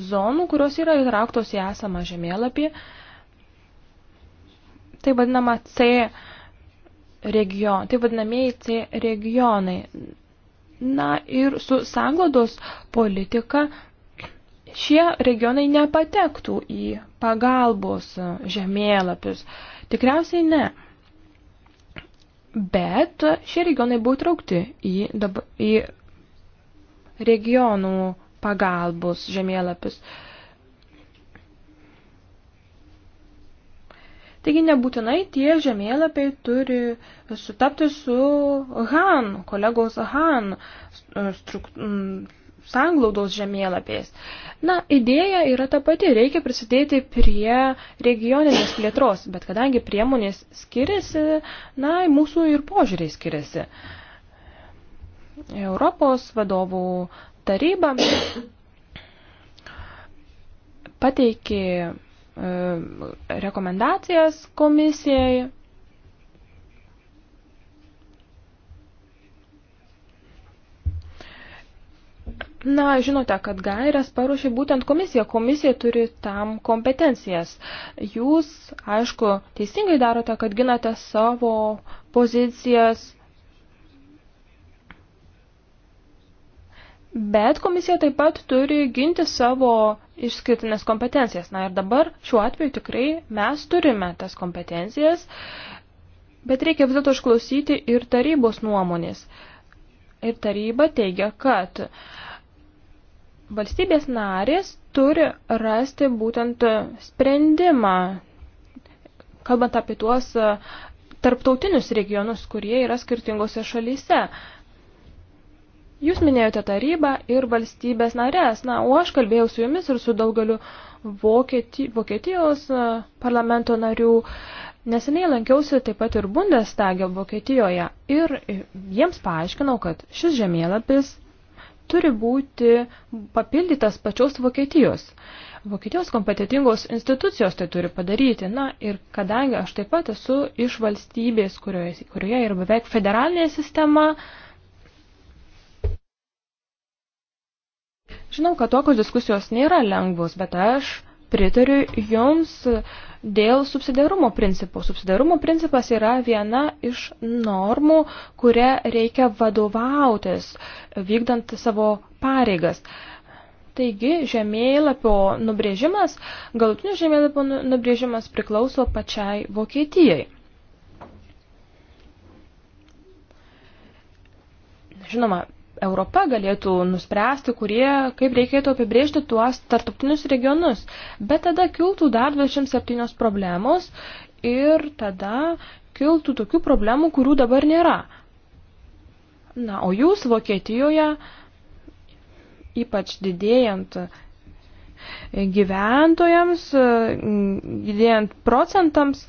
zonų, kurios yra įtrauktos į esamą žemėlapį. Tai vadinama C region, tai vadinamieji C regionai. Na ir su sanglados politika šie regionai nepatektų į pagalbos žemėlapius. Tikriausiai ne. Bet šie regionai buvo traukti į, dab, į regionų pagalbos žemėlapius. Taigi nebūtinai tie žemėlapiai turi sutapti su Han, kolegos Han struk, sanglaudos žemėlapiais. Na, idėja yra ta pati, reikia prisidėti prie regioninės plėtros, bet kadangi priemonės skiriasi, na, mūsų ir požiūriai skiriasi. Europos vadovų taryba pateikė e, rekomendacijas komisijai Na, žinote, kad gairias paruošė būtent komisija. Komisija turi tam kompetencijas. Jūs, aišku, teisingai darote, kad ginate savo pozicijas. Bet komisija taip pat turi ginti savo išskirtinės kompetencijas. Na ir dabar šiuo atveju tikrai mes turime tas kompetencijas, bet reikia vis dėlto išklausyti ir tarybos nuomonės. Ir taryba teigia, kad uh, valstybės narės turi rasti būtent sprendimą, kalbant apie tuos e, tarptautinius regionus, kurie yra skirtingose šalyse. Jūs minėjote tarybą ir valstybės narės. Na, o aš kalbėjau su jumis ir su daugeliu Vokieti, Vokietijos e, parlamento narių. Neseniai lankiausi taip pat ir Bundestage Vokietijoje ir e, jiems paaiškinau, kad šis žemėlapis turi būti papildytas pačios Vokietijos. Vokietijos kompetitingos institucijos tai turi padaryti. Na ir kadangi aš taip pat esu iš valstybės, kurioje, kurioje yra beveik federalinė sistema, žinau, kad tokios diskusijos nėra lengvos, bet aš pritariu jums dėl subsidiarumo principų. Subsidiarumo principas yra viena iš normų, kuria reikia vadovautis, vykdant savo pareigas. Taigi žemėlapio nubrėžimas, galutinis žemėlapio nu- nubrėžimas priklauso pačiai Vokietijai. Žinoma, Europa galėtų nuspręsti, kurie, kaip reikėtų apibrėžti tuos tartutinius regionus. Bet tada kiltų dar 27 problemos ir tada kiltų tokių problemų, kurių dabar nėra. Na, o jūs Vokietijoje, ypač didėjant gyventojams, didėjant procentams,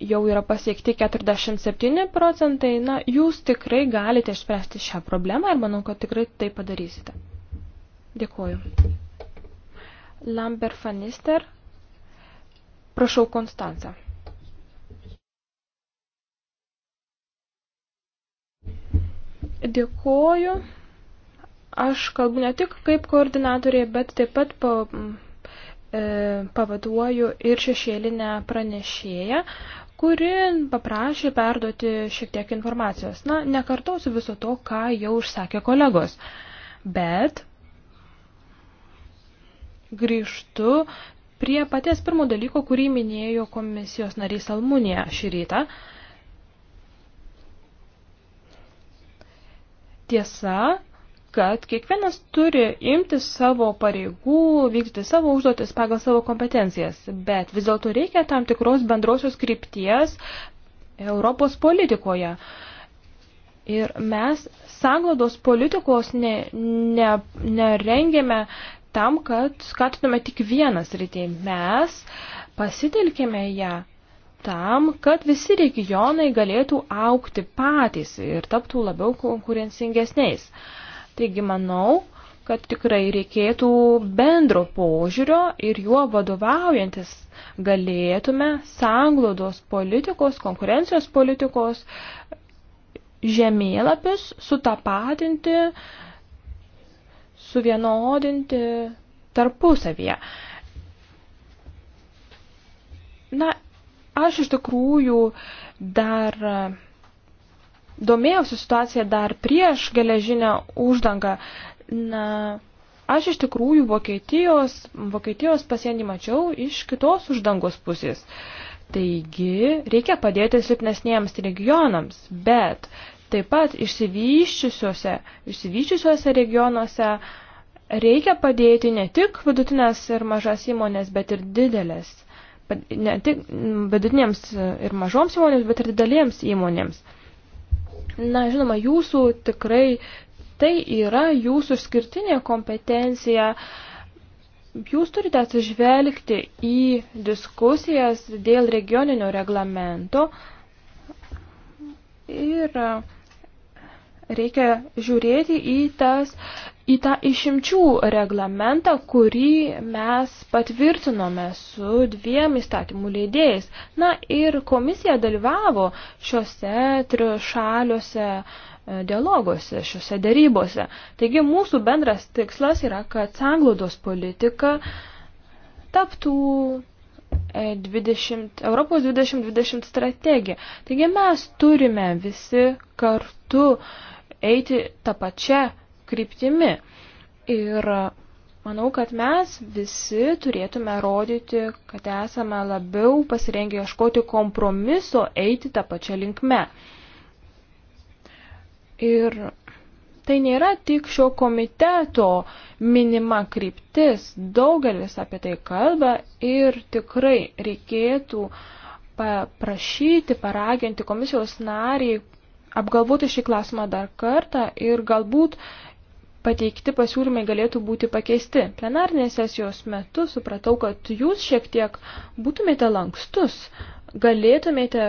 jau yra pasiekti 47 procentai, na, jūs tikrai galite išspręsti šią problemą ir manau, kad tikrai tai padarysite. Dėkuoju. Lambert Fanister. Prašau, Konstanca. Dėkuoju. Aš kalbu ne tik kaip koordinatorė, bet taip pat pa, e, pavaduoju ir šešėlinę pranešėją, kuri paprašė perduoti šiek tiek informacijos. Na, nekartosiu viso to, ką jau užsakė kolegos, bet grįžtu prie paties pirmo dalyko, kurį minėjo komisijos narys Almunija šį rytą. Tiesa, kad kiekvienas turi imti savo pareigų, vykdyti savo užduotis pagal savo kompetencijas, bet vis dėlto reikia tam tikros bendrosios krypties Europos politikoje. Ir mes sanglados politikos ne, ne, nerengėme tam, kad skatiname tik vieną sritį. Mes pasitelkėme ją tam, kad visi regionai galėtų aukti patys ir taptų labiau konkurencingesniais. Uh, Taigi manau, kad tikrai reikėtų bendro požiūrio ir juo vadovaujantis galėtume sanglodos politikos, konkurencijos politikos žemėlapis sutapatinti, suvienodinti tarpusavėje. Na, aš iš tikrųjų dar domėjausi situaciją dar prieš geležinę uždangą. Na, aš iš tikrųjų Vokietijos, Vokietijos pasienį mačiau iš kitos uždangos pusės. Taigi, reikia padėti silpnesniems regionams, bet taip pat išsivyščiusiuose, išsivyščiusiuose regionuose reikia padėti ne tik vidutinės ir mažas įmonės, bet ir didelės. Ne tik vidutinėms ir mažoms įmonėms, bet ir didelėms įmonėms. Na, žinoma, jūsų tikrai tai yra jūsų išskirtinė kompetencija. Jūs turite atsižvelgti į diskusijas dėl regioninio reglamento ir reikia žiūrėti į, tas, į tą išimčių reglamentą, kurį mes patvirtinome su dviem įstatymų leidėjais. Na ir komisija dalyvavo šiuose trišaliuose e, dialoguose, šiuose darybose. Taigi mūsų bendras tikslas yra, kad sanglaudos politika taptų 20, e, Europos 2020 strategija. Taigi mes turime visi kartu eiti tą pačią kryptimi. Ir manau, kad mes visi turėtume rodyti, kad esame labiau pasirengę ieškoti kompromiso eiti tą pačią linkmę. Ir tai nėra tik šio komiteto minima kryptis, daugelis apie tai kalba ir tikrai reikėtų paprašyti, paraginti komisijos nariai apgalvoti šį klausimą dar kartą ir galbūt pateikti pasiūlymai galėtų būti pakeisti. Plenarnės sesijos metu supratau, kad jūs šiek tiek būtumėte lankstus, galėtumėte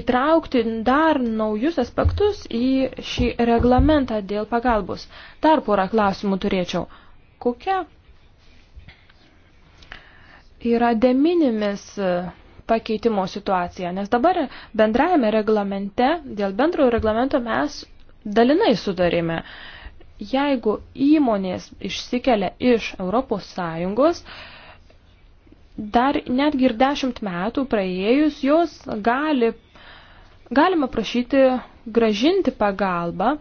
įtraukti dar naujus aspektus į šį reglamentą dėl pagalbos. Dar porą klausimų turėčiau. Kokia yra deminimis pakeitimo situaciją, nes dabar bendrajame reglamente, dėl bendrojo reglamento mes dalinai sudarėme. Jeigu įmonės išsikelia iš ES, dar netgi ir dešimt metų praėjus jos gali, galima prašyti gražinti pagalbą,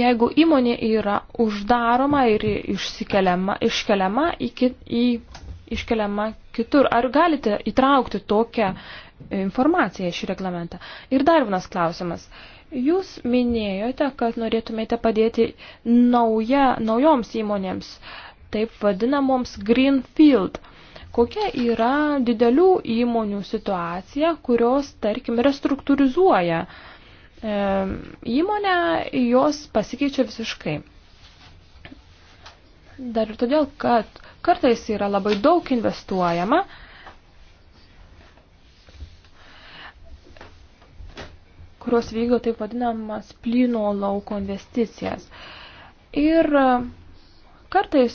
jeigu įmonė yra uždaroma ir iškeliama į, iškeliama kitur. Ar galite įtraukti tokią informaciją į šį reglamentą? Ir dar vienas klausimas. Jūs minėjote, kad norėtumėte padėti nauja, naujoms įmonėms, taip vadinamoms Greenfield. Kokia yra didelių įmonių situacija, kurios, tarkim, restruktūrizuoja e, įmonę, jos pasikeičia visiškai? dar ir todėl, kad kartais yra labai daug investuojama. kurios vykdo taip vadinamas plyno lauko investicijas. Ir e, kartais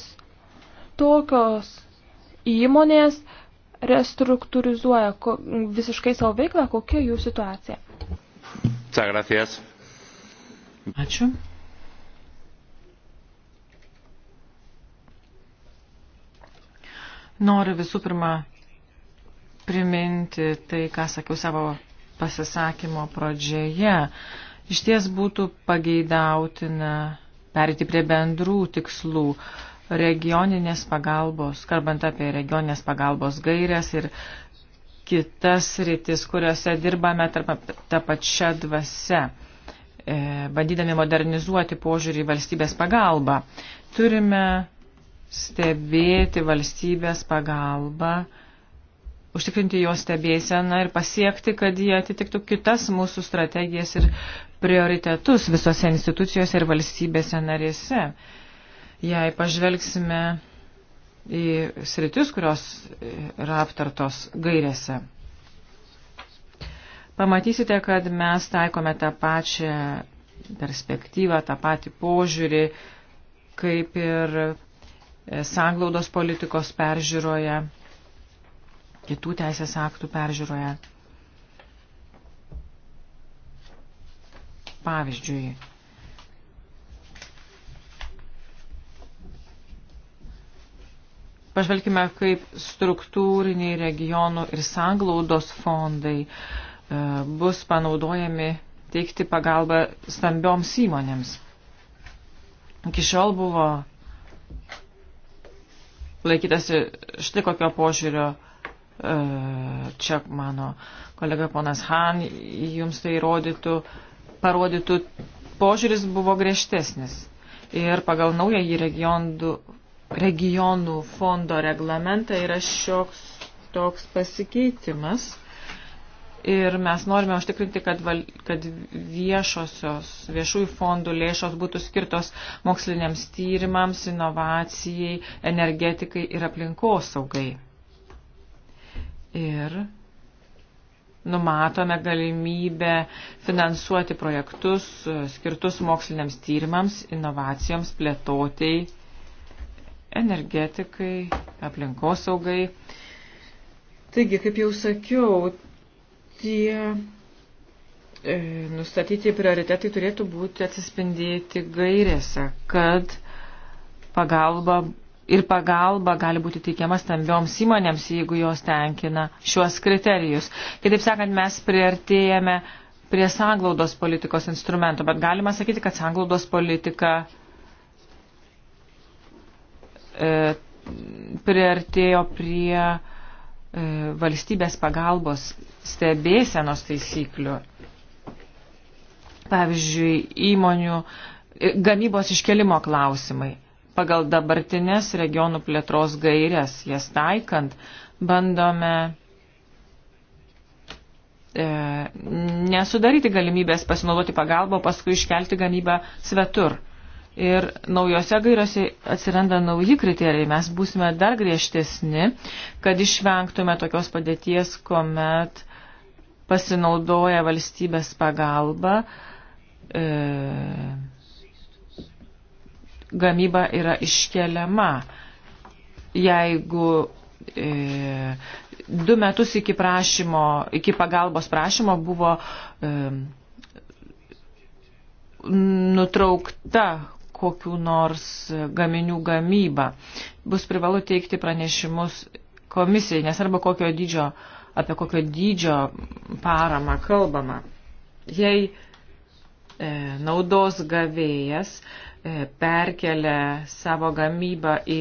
tokios įmonės restruktūrizuoja visiškai savo veiklą, kokia jų situacija. Ačiū. Noriu visų pirma priminti tai, ką sakiau savo pasisakymo pradžioje. Iš ties būtų pageidautina perėti prie bendrų tikslų regioninės pagalbos, kalbant apie regioninės pagalbos gairias ir kitas rytis, kuriuose dirbame tarp, tą pačią dvasę, e, bandydami modernizuoti požiūrį į valstybės pagalbą. Turime stebėti valstybės pagalbą, užtikrinti jo stebėseną ir pasiekti, kad jie atitiktų kitas mūsų strategijas ir prioritetus visose institucijose ir valstybėse narėse. Jei pažvelgsime į sritis, kurios yra aptartos gairėse, pamatysite, kad mes taikome tą pačią perspektyvą, tą patį požiūrį, kaip ir sanglaudos politikos peržiūroje, kitų teisės aktų peržiūroje. Pavyzdžiui, pažvelkime, kaip struktūriniai regionų ir sanglaudos fondai e, bus panaudojami teikti pagalbą stambioms įmonėms. Iki šiol buvo laikytasi štai kokio požiūrio. E, čia mano kolega ponas Han jums tai rodytų, parodytų, požiūris buvo griežtesnis. Ir pagal naująjį regionų, regionų fondo reglamentą yra šioks toks pasikeitimas Ir mes norime užtikrinti, kad, val, kad viešosios, viešųjų fondų lėšos būtų skirtos moksliniams tyrimams, inovacijai, energetikai ir aplinkosaugai. Ir numatome galimybę finansuoti projektus e, skirtus moksliniams tyrimams, inovacijoms, plėtotei, energetikai, aplinkosaugai. Taigi, kaip jau sakiau, tie e, nustatyti prioritetai turėtų būti atsispindėti gairėse, kad pagalba ir pagalba gali būti teikiama stambioms įmonėms, jeigu jos tenkina šiuos kriterijus. Kitaip sakant, mes priartėjame prie sanglaudos politikos instrumento, bet galima sakyti, kad sanglaudos politika e, priartėjo prie e, valstybės pagalbos stebėsenos taisyklių. Pavyzdžiui, įmonių e, gamybos iškelimo klausimai. Pagal dabartinės regionų plėtros gairias, jas taikant, bandome e, nesudaryti galimybės pasinaudoti pagalbą, paskui iškelti gamybą svetur. Ir naujose gairiose atsiranda nauji kriterijai. Mes būsime dar griežtesni, kad išvengtume tokios padėties, kuomet pasinaudoja valstybės pagalba, e, gamyba yra iškeliama. Jeigu e, du metus iki, prašymo, iki pagalbos prašymo buvo e, nutraukta kokių nors gaminių gamyba, bus privalu teikti pranešimus komisijai, nes arba kokio dydžio e, apie kokio dydžio paramą kalbama. Jei e, naudos gavėjas e, perkelia savo gamybą į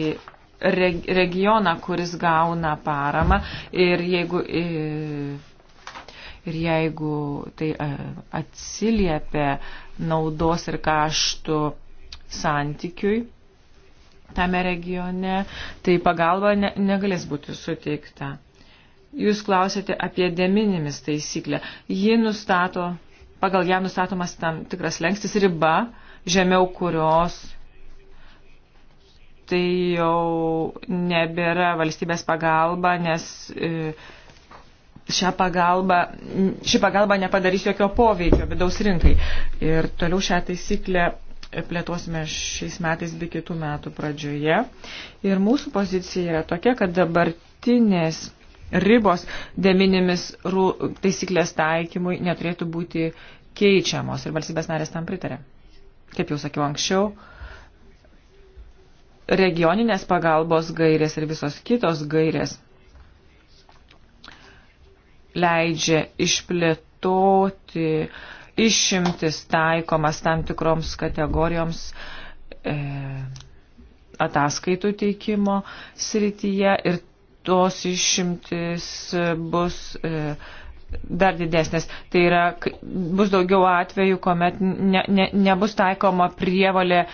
regioną, kuris gauna paramą ir jeigu, e, ir jeigu tai e, atsiliepia naudos ir kaštų santykiui tame regione, tai pagalba ne, negalės būti suteikta. Jūs klausėte apie deminimis taisyklę. Ji nustato, pagal ją nustatomas tam tikras lengstis riba, žemiau kurios tai jau nebėra valstybės pagalba, nes e, šią pagalbą, ši pagalba nepadarys jokio poveikio vidaus rinkai. Ir toliau šią taisyklę plėtosime šiais metais bei kitų metų pradžioje. Ir mūsų pozicija yra tokia, kad dabartinės ribos deminimis taisyklės taikymui neturėtų būti keičiamos ir valstybės narės tam pritarė. Kaip jau sakiau anksčiau, regioninės pagalbos gairės ir visos kitos gairės leidžia išplėtoti išimtis taikomas tam tikroms kategorijoms e, ataskaitų teikimo srityje ir tos išimtis bus e, dar didesnės. Tai yra, bus daugiau atvejų, kuomet ne, ne, nebus taikoma prievalė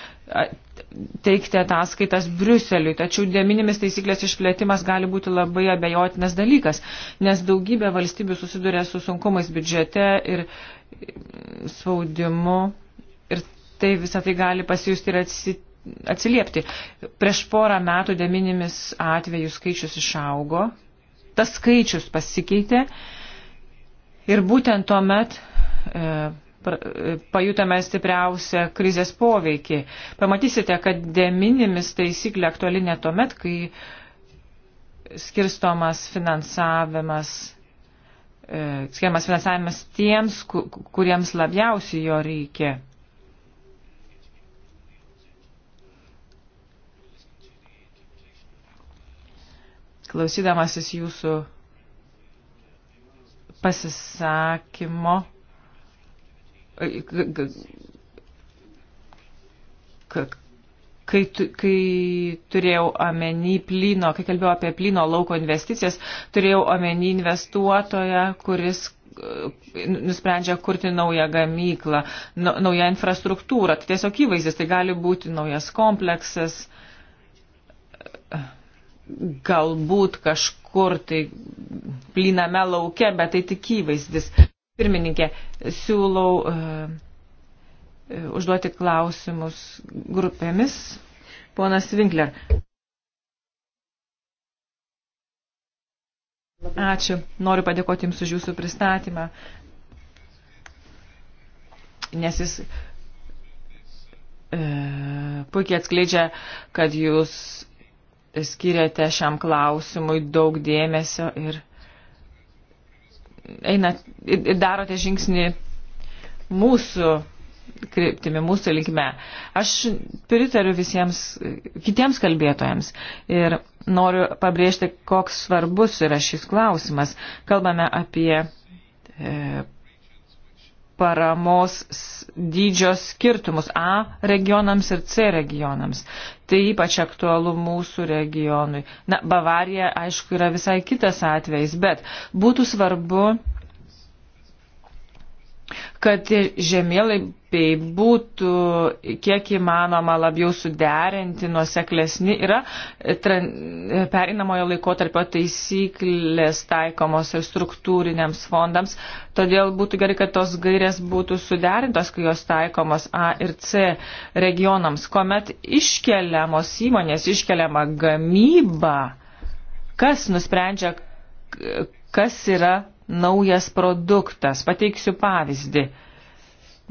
teikti ataskaitas Briuseliui. Tačiau dėminimis taisyklės išplėtimas gali būti labai abejotinas dalykas, nes daugybė valstybių susiduria su sunkumais biudžete ir mm, spaudimu ir tai visą tai gali pasijusti ir atsitikti atsiliepti. Prieš porą metų deminimis atvejų skaičius išaugo, tas skaičius pasikeitė ir būtent tuo met e, e pajutame stipriausią krizės poveikį. Pamatysite, kad deminimis taisyklė aktuali ne tuo met, kai skirstomas finansavimas e, skiriamas finansavimas tiems, kuriems labiausiai jo reikia. klausydamasis jūsų pasisakymo, e, kai, tu, kai turėjau omeny plyno, kai kalbėjau apie plyno lauko investicijas, turėjau omeny investuotoją, kuris e, nusprendžia kurti naują gamyklą, naują infrastruktūrą. Tai tiesiog įvaizdis, tai gali būti naujas kompleksas. Uh, galbūt kažkur tai plyname lauke, bet tai tik įvaizdis. Pirmininkė, siūlau uh, užduoti klausimus grupėmis. Ponas Winkler. Ačiū. Noriu padėkoti Jums už Jūsų pristatymą, nes jis e, puikiai atskleidžia, kad Jūs skiriate šiam klausimui daug dėmesio ir einat ir darote žingsnį mūsų kryptimi, mūsų linkme. Aš pritariu visiems kitiems kalbėtojams ir noriu pabrėžti, koks svarbus yra šis klausimas. Kalbame apie e, paramos dydžio skirtumus A regionams ir C regionams. Tai ypač aktualu mūsų regionui. Na, Bavarija, aišku, yra visai kitas atvejs, bet būtų svarbu kad žemėlaipiai būtų kiek įmanoma labiau suderinti, nuoseklesni, yra e, e, pereinamojo laikotarpio taisyklės taikomos ir struktūriniams fondams. Todėl būtų gerai, kad tos gairės būtų suderintos, kai jos taikomos A ir C regionams, kuomet iškeliamos įmonės, iškeliama gamyba, kas nusprendžia, kas yra naujas produktas. Pateiksiu pavyzdį.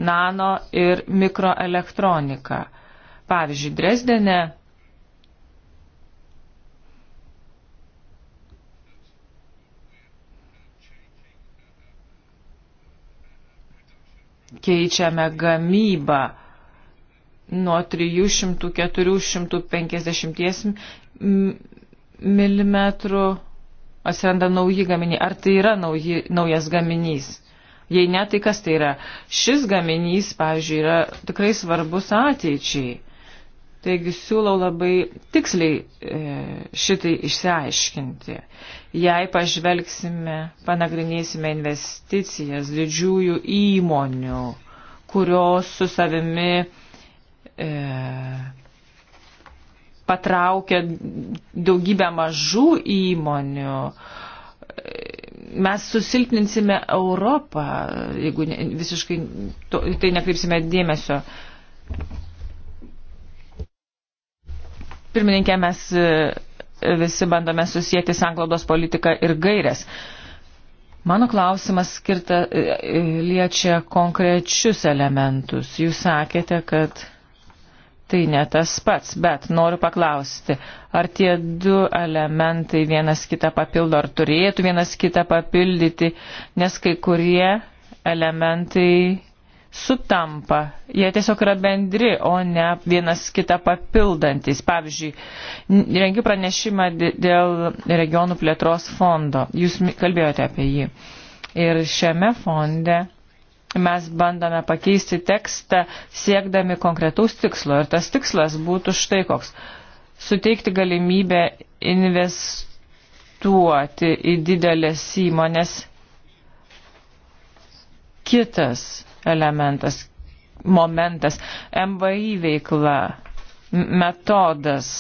Nano ir mikroelektronika. Pavyzdžiui, Dresdene keičiame gamybą nuo 300-450 mm atsiranda nauji gaminiai. Ar tai yra nauji, naujas gaminys? Jei ne, tai kas tai yra? Šis gaminys, pavyzdžiui, yra tikrai svarbus ateičiai. Taigi siūlau labai tiksliai e, šitai išsiaiškinti. Jei pažvelgsime, panagrinėsime investicijas didžiųjų įmonių, kurios su savimi e, patraukia daugybę mažų įmonių. Mes susilpninsime Europą, jeigu ne, visiškai to, tai nekreipsime dėmesio. Pirmininkė, mes e, visi bandome susijęti sanglaudos politiką ir gairias. Mano klausimas skirta e, e, liečia konkrečius elementus. Jūs sakėte, kad tai ne tas pats, bet noriu paklausti, ar tie du elementai vienas kitą papildo, ar turėtų vienas kitą papildyti, nes kai kurie elementai sutampa, jie tiesiog yra bendri, o ne vienas kitą papildantis. Pavyzdžiui, rengiu pranešimą dėl regionų plėtros fondo, jūs kalbėjote apie jį. Ir šiame fonde mes bandome pakeisti tekstą siekdami konkretaus tikslo. Ir tas tikslas būtų štai koks. Suteikti galimybę investuoti į didelės įmonės. Kitas elementas, momentas, MVI veikla, metodas.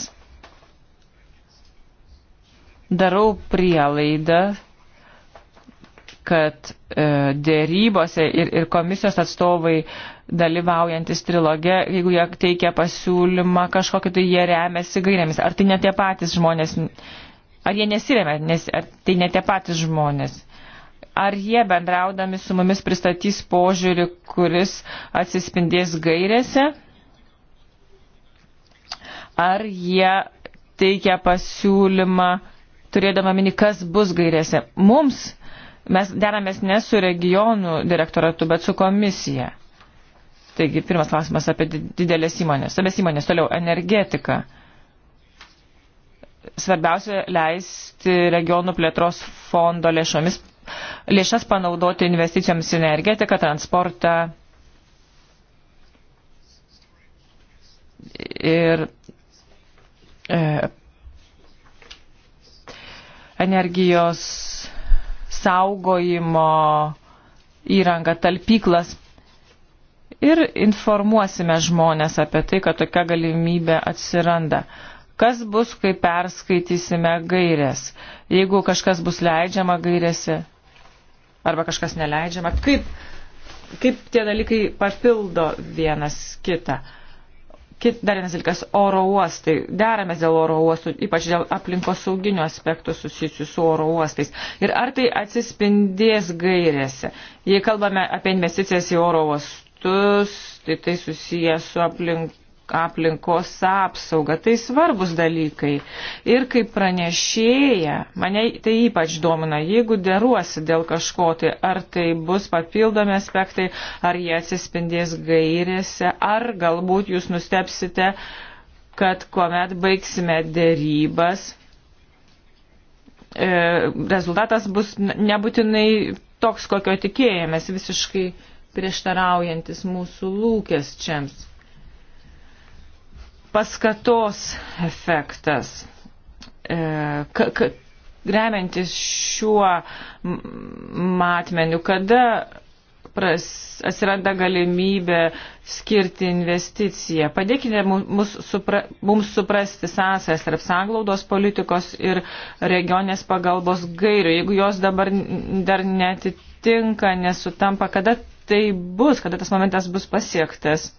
Darau prielaidą kad e, dėrybose ir, ir komisijos atstovai dalyvaujantis trilogė, jeigu jie teikia pasiūlymą kažkokį, tai jie remiasi gairėmis. Ar tai ne tie patys žmonės, ar jie nesiremia, nes ar tai ne tie patys žmonės? Ar jie bendraudami su mumis pristatys požiūrį, kuris atsispindės gairėse? Ar jie teikia pasiūlymą, turėdama mini, kas bus gairėse? Mums Mes deramės ne su regionų direktoratu, bet su komisija. Taigi, pirmas klausimas apie didelės įmonės. Sabės įmonės, toliau energetika. Svarbiausia leisti regionų plėtros fondo lėšomis, lėšas panaudoti investicijoms į energetiką, transportą ir e, energijos saugojimo įrangą, talpyklas ir informuosime žmonės apie tai, kad tokia galimybė atsiranda. Kas bus, kai perskaitysime gairės? Jeigu kažkas bus leidžiama gairėse arba kažkas neleidžiama, kaip, kaip tie dalykai papildo vienas kitą? Kit, dar vienas dalykas - oro uostai. Deramės dėl oro uostų, ypač dėl aplinkos sauginių aspektų susijusių su oro uostais. Ir ar tai atsispindės gairėse? Jei kalbame apie investicijas į oro uostus, tai tai susijęs su aplink aplinkos apsaugą. Tai svarbus dalykai. Ir kaip pranešėja, mane tai ypač domina, jeigu deruosi dėl kažko, tai ar tai bus papildomi aspektai, ar jie atsispindės gairėse, ar galbūt jūs nustepsite, kad kuomet baigsime dėrybas, e, rezultatas bus nebūtinai toks, kokio tikėjomės, visiškai prieštaraujantis mūsų lūkesčiams paskatos efektas. E, ka, ka, remiantis šiuo matmeniu, kada pras, atsiranda galimybė skirti investiciją. Padėkite mums, supra, mums suprasti sąsąs tarp sanglaudos politikos ir regionės pagalbos gairių. Jeigu jos dabar dar netitinka, nesutampa, kada tai bus, kada tas momentas bus pasiektas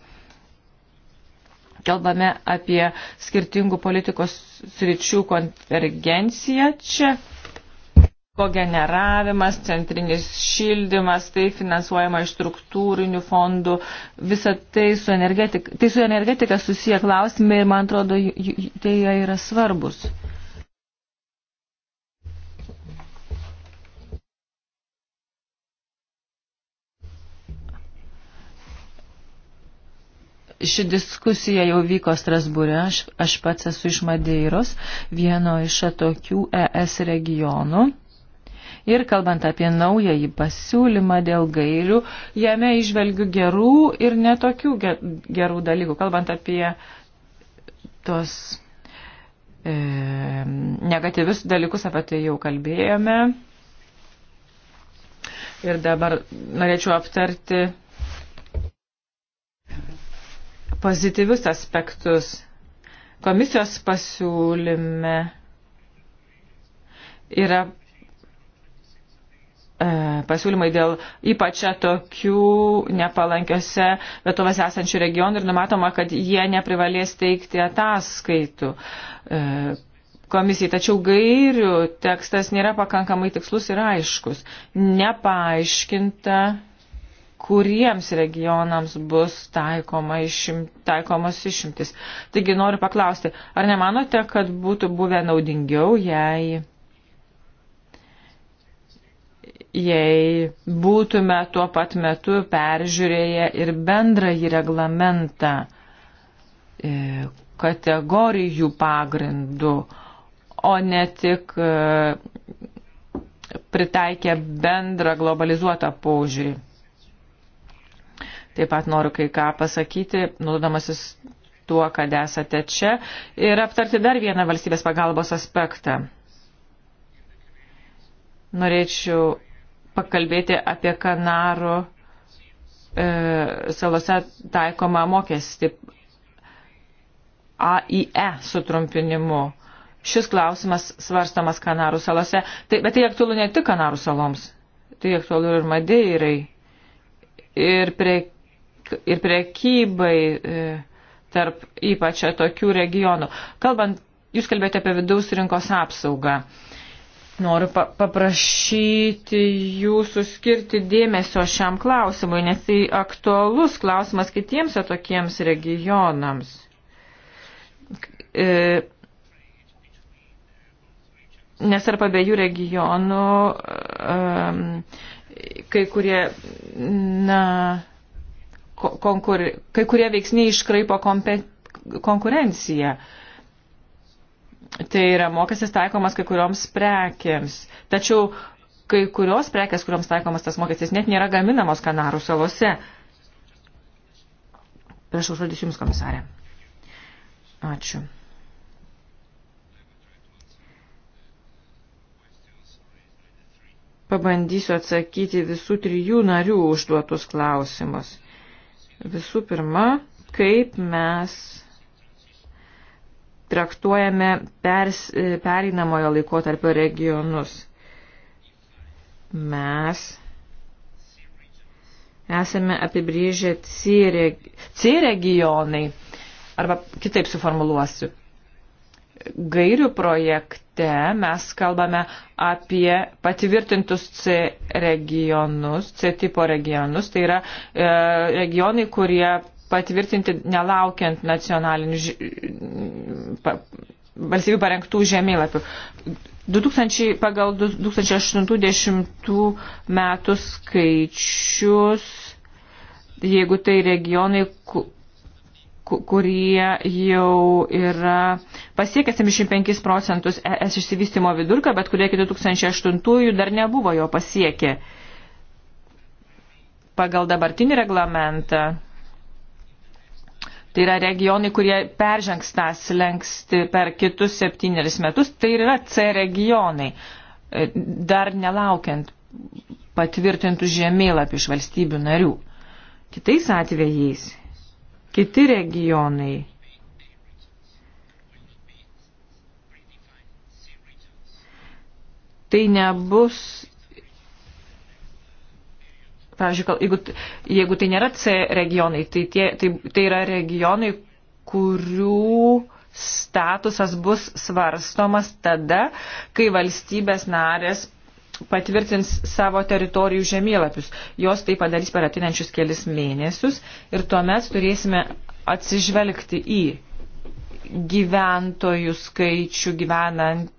kalbame apie skirtingų politikos sričių konvergenciją čia. Kogeneravimas, centrinis šildymas, tai finansuojama iš struktūrinių fondų, visa tai su energetika, tai su energetika susiję klausimai ir man atrodo, tai jie yra svarbus. Ši diskusija jau vyko Strasbūre, aš, aš pats esu iš Madeiros, vieno iš atokių ES regionų. Ir kalbant apie naująjį pasiūlymą dėl gairių, jame išvelgiu gerų ir netokių gerų dalykų. Kalbant apie tos e, negatyvius dalykus, apie tai jau kalbėjome. Ir dabar norėčiau aptarti pozityvius aspektus. Komisijos pasiūlyme yra e, pasiūlymai dėl ypač tokių nepalankiose vietovės esančių regionų ir numatoma, kad jie neprivalės teikti ataskaitų e, komisijai. Tačiau gairių tekstas nėra pakankamai tikslus ir aiškus. Nepaaiškinta kuriems regionams bus taikoma išim, taikomos išimtis. Taigi noriu paklausti, ar nemanote, kad būtų buvę naudingiau, jei, jei būtume tuo pat metu peržiūrėję ir bendrąjį reglamentą e, kategorijų pagrindų, o ne tik e, pritaikę bendrą globalizuotą požiūrį. Taip pat noriu kai ką pasakyti, naudodamasis tuo, kad esate čia, ir aptarti dar vieną valstybės pagalbos aspektą. Norėčiau pakalbėti apie Kanarų e, salose taikomą mokestį AIE sutrumpinimu. Šis klausimas svarstamas Kanarų salose, tai, bet tai aktualu ne tik Kanarų saloms, tai aktualu ir Madeirai, ir prie ir prekybai e, tarp ypač tokių regionų. Kalbant, jūs kalbėjote apie vidaus rinkos apsaugą. Noriu pa paprašyti jūsų skirti dėmesio šiam klausimui, nes tai aktualus klausimas kitiems tokiems regionams. E, nes ar abiejų regionų e, kai kurie na, konkur, kai kurie veiksniai iškraipo kompe, konkurenciją. Tai yra mokestis taikomas kai kurioms prekiams. Tačiau kai kurios prekės, kurioms taikomas tas mokestis, net nėra gaminamos Kanarų salose. Prašau žodis Jums, komisarė. Ačiū. Pabandysiu atsakyti visų trijų narių užduotus klausimus. Visų pirma, kaip mes traktuojame pers, pereinamojo laikotarpio regionus. Mes esame apibrėžę C, reg C regionai, arba kitaip suformuluosiu gairių projekte mes kalbame apie patvirtintus C regionus, C tipo regionus, tai yra e, regionai, kurie patvirtinti nelaukiant nacionalinių ž... valstybių parengtų žemėlapių. 2000, pagal 2080 metų skaičius, jeigu tai regionai, kurie jau yra pasiekę 75 procentus ES išsivystimo vidurką, bet kurie iki 2008 dar nebuvo jo pasiekę. Pagal dabartinį reglamentą, tai yra regionai, kurie peržengs tą slengsti per kitus septynerius metus, tai yra C regionai, e, dar nelaukiant patvirtintų žemėlapių iš valstybių narių. Kitais atvejais kiti regionai. Tai nebus pavyzdžiui, jeigu, jeigu tai nėra C regionai, tai, tie, tai, tai yra regionai, kurių statusas bus svarstomas tada, kai valstybės narės patvirtins savo teritorijų žemėlapius. Jos tai padarys per atinančius kelis mėnesius ir tuomet turėsime atsižvelgti į gyventojų skaičių gyvenant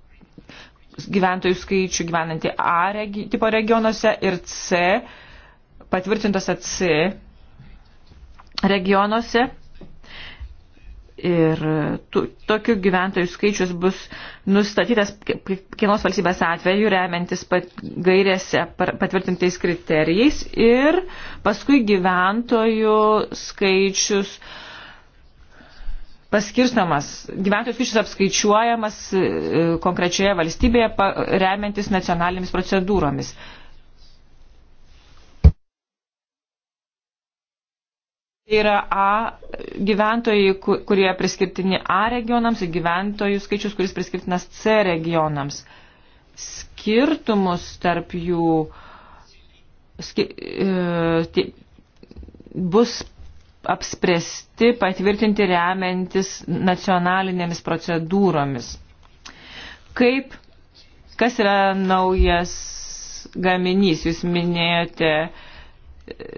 gyventojų skaičių gyvenantį A regi, tipo regionuose ir C, patvirtintose C regionuose Ir tu, tokių gyventojų skaičius bus nustatytas kiekvienos valstybės atveju, remiantis pat, gairėse patvirtintais kriterijais. Ir paskui gyventojų skaičius paskirstamas, gyventojų skaičius apskaičiuojamas e, konkrečioje valstybėje, remiantis nacionalinėmis procedūromis. Tai yra A gyventojai, kurie priskirtini A regionams ir gyventojų skaičius, kuris priskirtinas C regionams. Skirtumus tarp jų ski, e, bus apspręsti, patvirtinti remiantis nacionalinėmis procedūromis. Kaip, kas yra naujas gaminys, jūs minėjote e,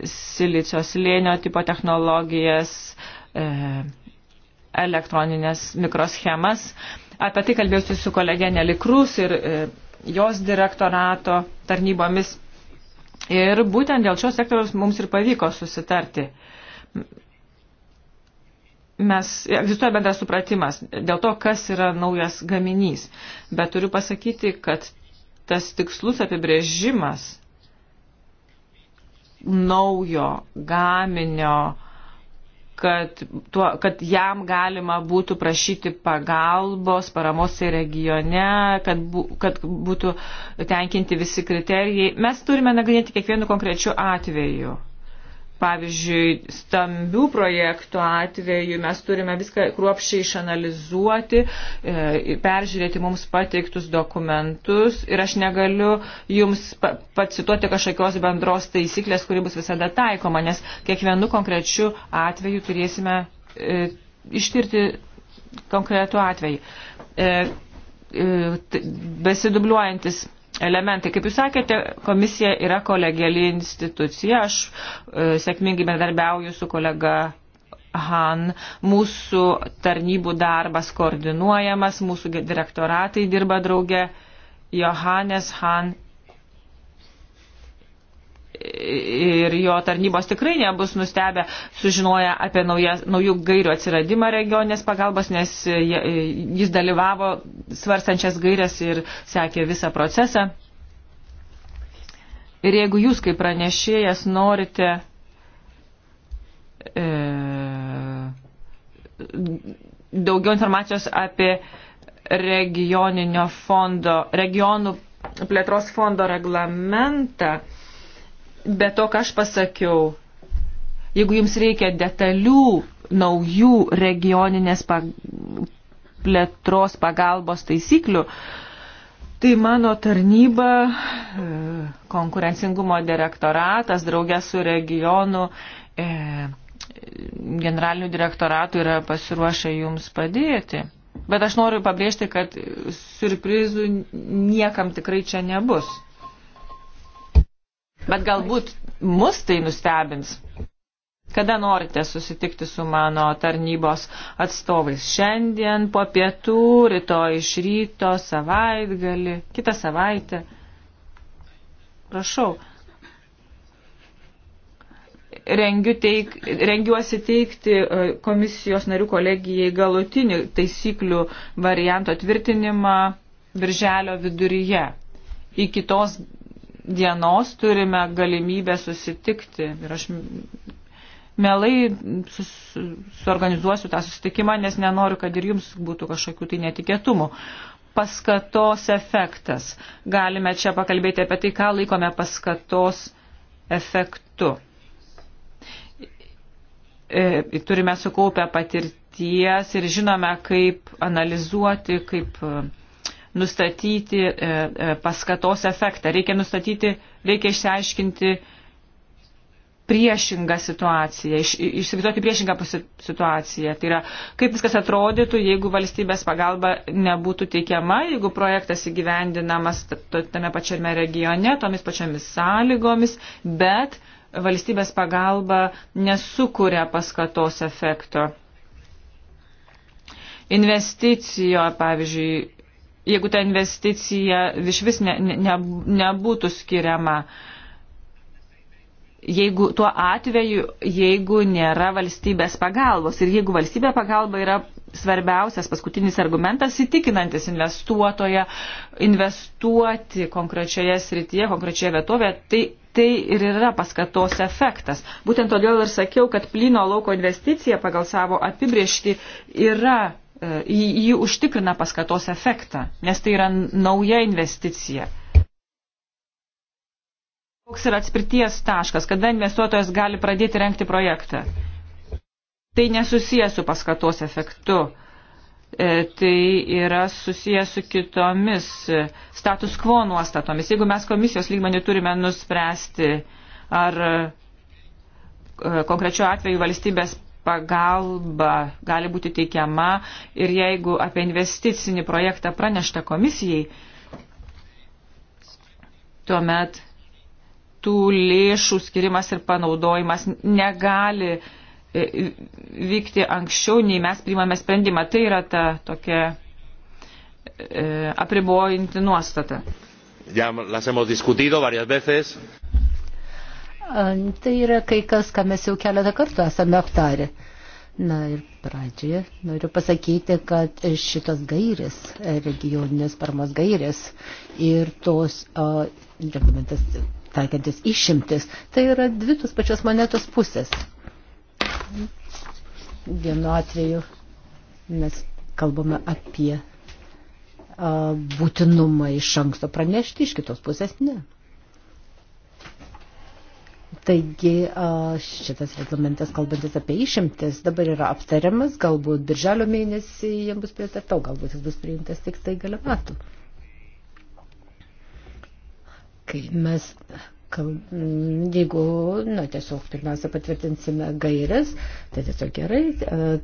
silicio slėnio tipo technologijas, E, elektroninės mikroschemas. Apie tai kalbėsiu su kolegė Nelikrus ir e, jos direktorato tarnybomis. Ir būtent dėl šios sektoriaus mums ir pavyko susitarti. Mes, egzistuoja bendras supratimas dėl to, kas yra naujas gaminys. Bet turiu pasakyti, kad tas tikslus apibrėžimas naujo gaminio kad, tuo, kad jam galima būtų prašyti pagalbos, paramos į regione, kad, bu, kad būtų tenkinti visi kriterijai. Mes turime nagrinėti kiekvienu konkrečiu atveju. Pavyzdžiui, stambių projektų atveju mes turime viską kruopšiai išanalizuoti, e, peržiūrėti mums pateiktus dokumentus ir aš negaliu jums pacituoti kažkokios bendros taisyklės, kuri bus visada taikoma, nes kiekvienu konkrečiu atveju turėsime e, ištirti konkretų atvejį. E, besidubliuojantis elementai. Kaip jūs sakėte, komisija yra kolegiali institucija. Aš e, sėkmingai bendarbiauju su kolega Han. Mūsų tarnybų darbas koordinuojamas, mūsų direktoratai dirba drauge. Johannes Han ir jo tarnybos tikrai nebus nustebę sužinoję apie naujas, naujų gairių atsiradimą regioninės pagalbos, nes jis dalyvavo svarstančias gairias ir sekė visą procesą. Ir jeigu jūs kaip pranešėjas norite e, daugiau informacijos apie regioninio fondo, regionų plėtros fondo reglamentą, e, be to, ką aš pasakiau, jeigu jums reikia detalių naujų regioninės pag... plėtros pagalbos taisyklių, tai mano tarnyba, e, konkurencingumo direktoratas, draugė su regionu, e, generaliniu direktoratu yra pasiruošę jums padėti. Bet aš noriu pabrėžti, kad surprizų niekam tikrai čia nebus. Bet galbūt mus tai nustebins. Kada norite susitikti su mano tarnybos atstovais? Šiandien, po pietų, rytoj iš ryto, savaitgali, kitą savaitę. Prašau. Rengiu teik, rengiuosi teikti e, komisijos narių kolegijai galutinį taisyklių varianto tvirtinimą birželio viduryje. Iki tos dienos turime galimybę susitikti. Ir aš mielai sus, suorganizuosiu tą susitikimą, nes nenoriu, kad ir jums būtų kažkokių tai netikėtumų. Paskatos efektas. Galime čia pakalbėti apie tai, ką laikome paskatos efektu. E, turime sukaupę patirties ir žinome, kaip analizuoti, kaip nustatyti e, e, paskatos efektą, reikia nustatyti, reikia išsiaiškinti priešingą situaciją, iš, išsivaizduoti priešingą situaciją. Tai yra, kaip viskas atrodytų, jeigu valstybės pagalba nebūtų teikiama, jeigu projektas įgyvendinamas tame pačiame regione, tomis pačiomis sąlygomis, bet valstybės pagalba nesukuria paskatos efekto. Investicijo, pavyzdžiui, jeigu ta investicija iš vis ne, ne, nebūtų skiriama. Jeigu tuo atveju, jeigu nėra valstybės pagalbos ir jeigu valstybė pagalba yra svarbiausias paskutinis argumentas įtikinantis investuotoje investuoti konkrečioje srityje, konkrečioje vietovėje, tai, tai ir yra paskatos efektas. Būtent todėl ir sakiau, kad plyno lauko investicija pagal savo apibriešti yra E, jį, jį užtikrina paskatos efektą, nes tai yra nauja investicija. Koks yra atspirties taškas, kada investuotojas gali pradėti renkti projektą? Tai nesusijęs su paskatos efektu, e, tai yra susijęs su kitomis e, status quo nuostatomis. Jeigu mes komisijos lygmenį turime nuspręsti, ar konkrečiu atveju valstybės pagalba gali būti teikiama ir jeigu apie investicinį projektą pranešta komisijai, tuomet tų lėšų skirimas ir panaudojimas negali e, vykti anksčiau, nei mes priimame sprendimą. Tai yra ta tokia e, apribojinti nuostata. Ya las hemos discutido varias veces. Tai yra kai kas, ką mes jau keletą kartų esame aptarę. Na ir pradžioje noriu pasakyti, kad šitos gairės, regioninės paramos gairės ir tos uh, reglamentas taikantis išimtis, tai yra dvi tos pačios monetos pusės. Vienu atveju mes kalbame apie uh, būtinumą iš anksto pranešti, iš kitos pusės ne. Taigi šitas reglamentas, kalbantis apie išimtis, dabar yra aptariamas, galbūt birželio mėnesį jiems bus pritarta, o galbūt jis bus priimtas tik tai galia metų. Kai mes, jeigu, na, tiesiog pirmiausia patvirtinsime gairias, tai tiesiog gerai,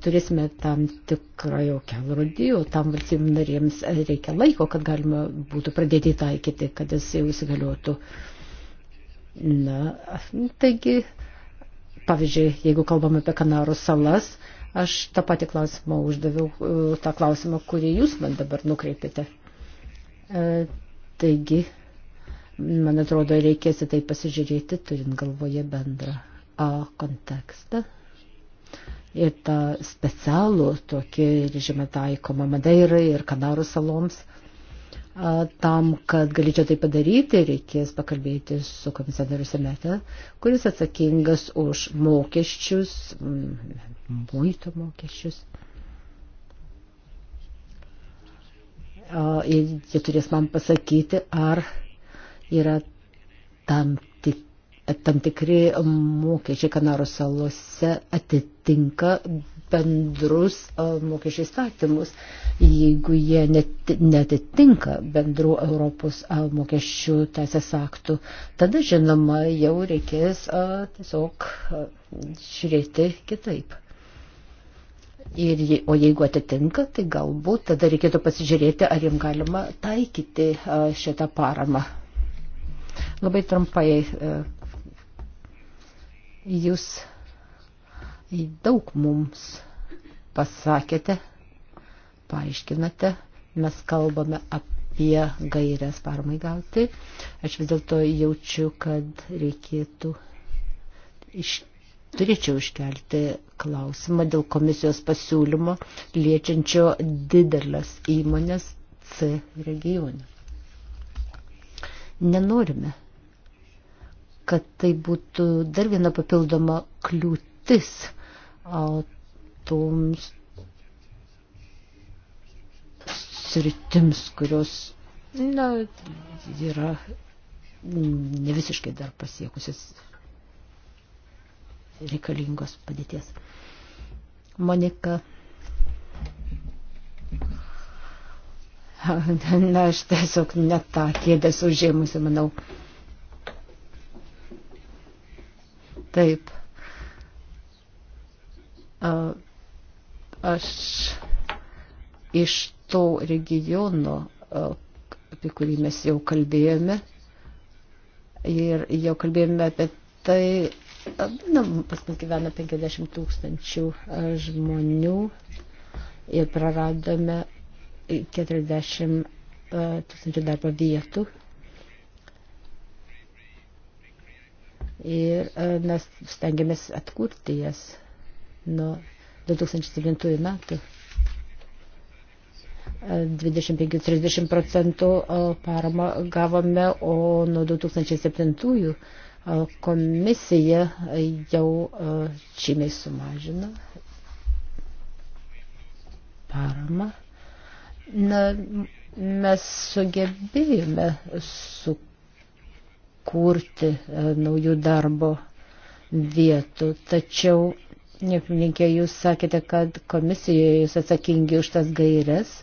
turėsime tam tikrą jau kelrodį, o tam valstybėm narėms reikia laiko, kad galima būtų pradėti taikyti, kad jis jau įsigaliotų. Uh, Na, taigi, pavyzdžiui, jeigu kalbame apie Kanarų salas, aš tą patį klausimą uždaviau, e, tą klausimą, kurį jūs man dabar nukreipėte. E, taigi, man atrodo, reikės į tai pasižiūrėti, turint galvoje bendrą A kontekstą. Ir tą specialų tokį režimą taikomą Madeirai ir Kanarų saloms. Tam, kad galėčiau tai padaryti, reikės pakalbėti su komisaru Semete, kuris atsakingas už mokesčius, muito mokesčius. Ir jie turės man pasakyti, ar yra tam tam tikri mokesčiai Kanaro salose atitinka bendrus mokesčių įstatymus. Jeigu jie net, netitinka bendrų Europos mokesčių teisės aktų, tada žinoma jau reikės tiesiog žiūrėti kitaip. Ir, o jeigu atitinka, tai galbūt tada reikėtų pasižiūrėti, ar jam galima taikyti šitą paramą. Labai trumpai Jūs daug mums pasakėte, paaiškinate, mes kalbame apie gairias paramai gauti. Aš vis dėlto jaučiu, kad reikėtų iš. Turėčiau iškelti klausimą dėl komisijos pasiūlymo liečiančio didelės įmonės C regione. Nenorime kad tai būtų dar viena papildoma kliūtis toms sritims, kurios na, yra ne visiškai dar pasiekusios reikalingos padėties. Monika. Na, aš tiesiog net tą kėdę sužėmusi, manau. Taip. Aš iš to regiono, apie kurį mes jau kalbėjome, ir jau kalbėjome apie tai, na, pas mus gyvena 50 tūkstančių žmonių ir praradome 40 tūkstančių darbo vietų ir e, mes stengiamės atkurti jas nuo 2007 metų. 25-30 e, procentų e, paramą gavome, o nuo 2007 komisija jau čimiai sumažino paramą. Na, mes sugebėjome su kurti e, naujų darbo vietų. Tačiau, nepininkė, jūs sakėte, kad komisijoje jūs atsakingi už tas gairias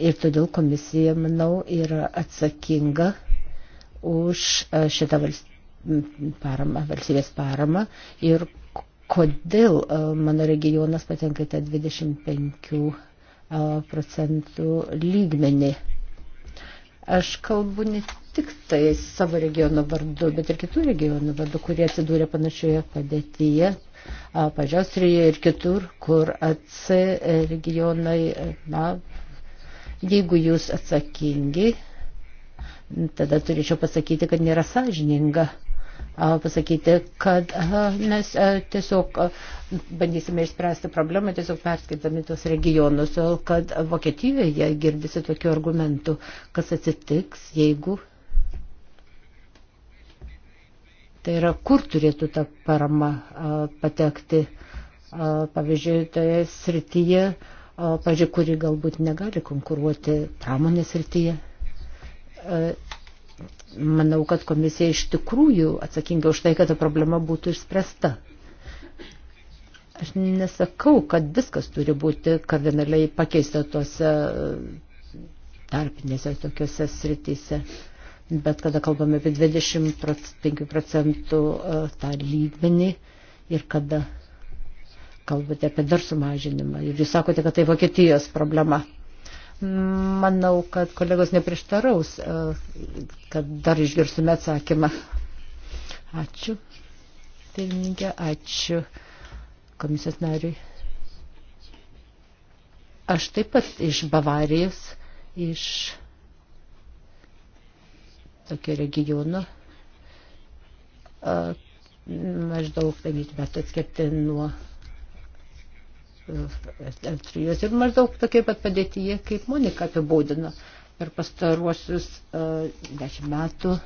ir todėl komisija, manau, yra atsakinga už e, šitą valst... paramą, valstybės paramą ir kodėl e, mano regionas patenka į tą 25 procentų lygmenį. Aš kalbu ne tik tai savo regiono vardu, bet ir kitų regionų vardu, kurie atsidūrė panašioje padėtyje, pažiūrėjau, ir kitur, kur AC regionai, na, jeigu jūs atsakingi, tada turėčiau pasakyti, kad nėra sąžininga pasakyti, kad mes tiesiog bandysime išspręsti problemą, tiesiog perskaitami tos regionus, kad Vokietijoje girdisi tokių argumentų, kas atsitiks, jeigu Tai yra, kur turėtų ta parama patekti, pavyzdžiui, toje srityje, pavyzdžiui, kuri galbūt negali konkuruoti pramonės srityje. Manau, kad komisija iš tikrųjų atsakinga už tai, kad ta problema būtų išspręsta. Aš nesakau, kad viskas turi būti kardinaliai pakeista tuose tarpinėse tokiuose srityse bet kada kalbame apie 25 procentų e, tą lygmenį ir kada kalbate apie dar sumažinimą ir jūs sakote, kad tai Vokietijos problema. Manau, kad kolegos neprieštaraus, e, kad dar išgirsime atsakymą. Ačiū. Pirmininkė, ačiū komisijos nariui. Aš taip pat iš Bavarijos, iš tokio regiono maždaug, sakykime, mes atskirti nuo e, Estrijos ir maždaug tokia pat padėtyje, kaip Monika apibūdino per pastaruosius dešimt metų.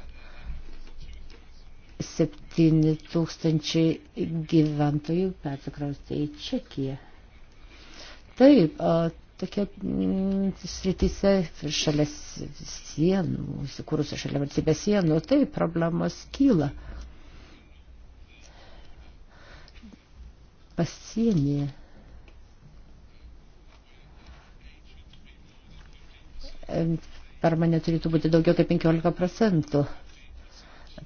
7 tūkstančiai gyventojų persikraustė į Čekiją. Taip, tokia mm, sritise šalia sienų, įsikūrusi šalia valstybės sienų, tai problemos kyla. Pasienyje. Per mane turėtų būti daugiau kaip 15 procentų.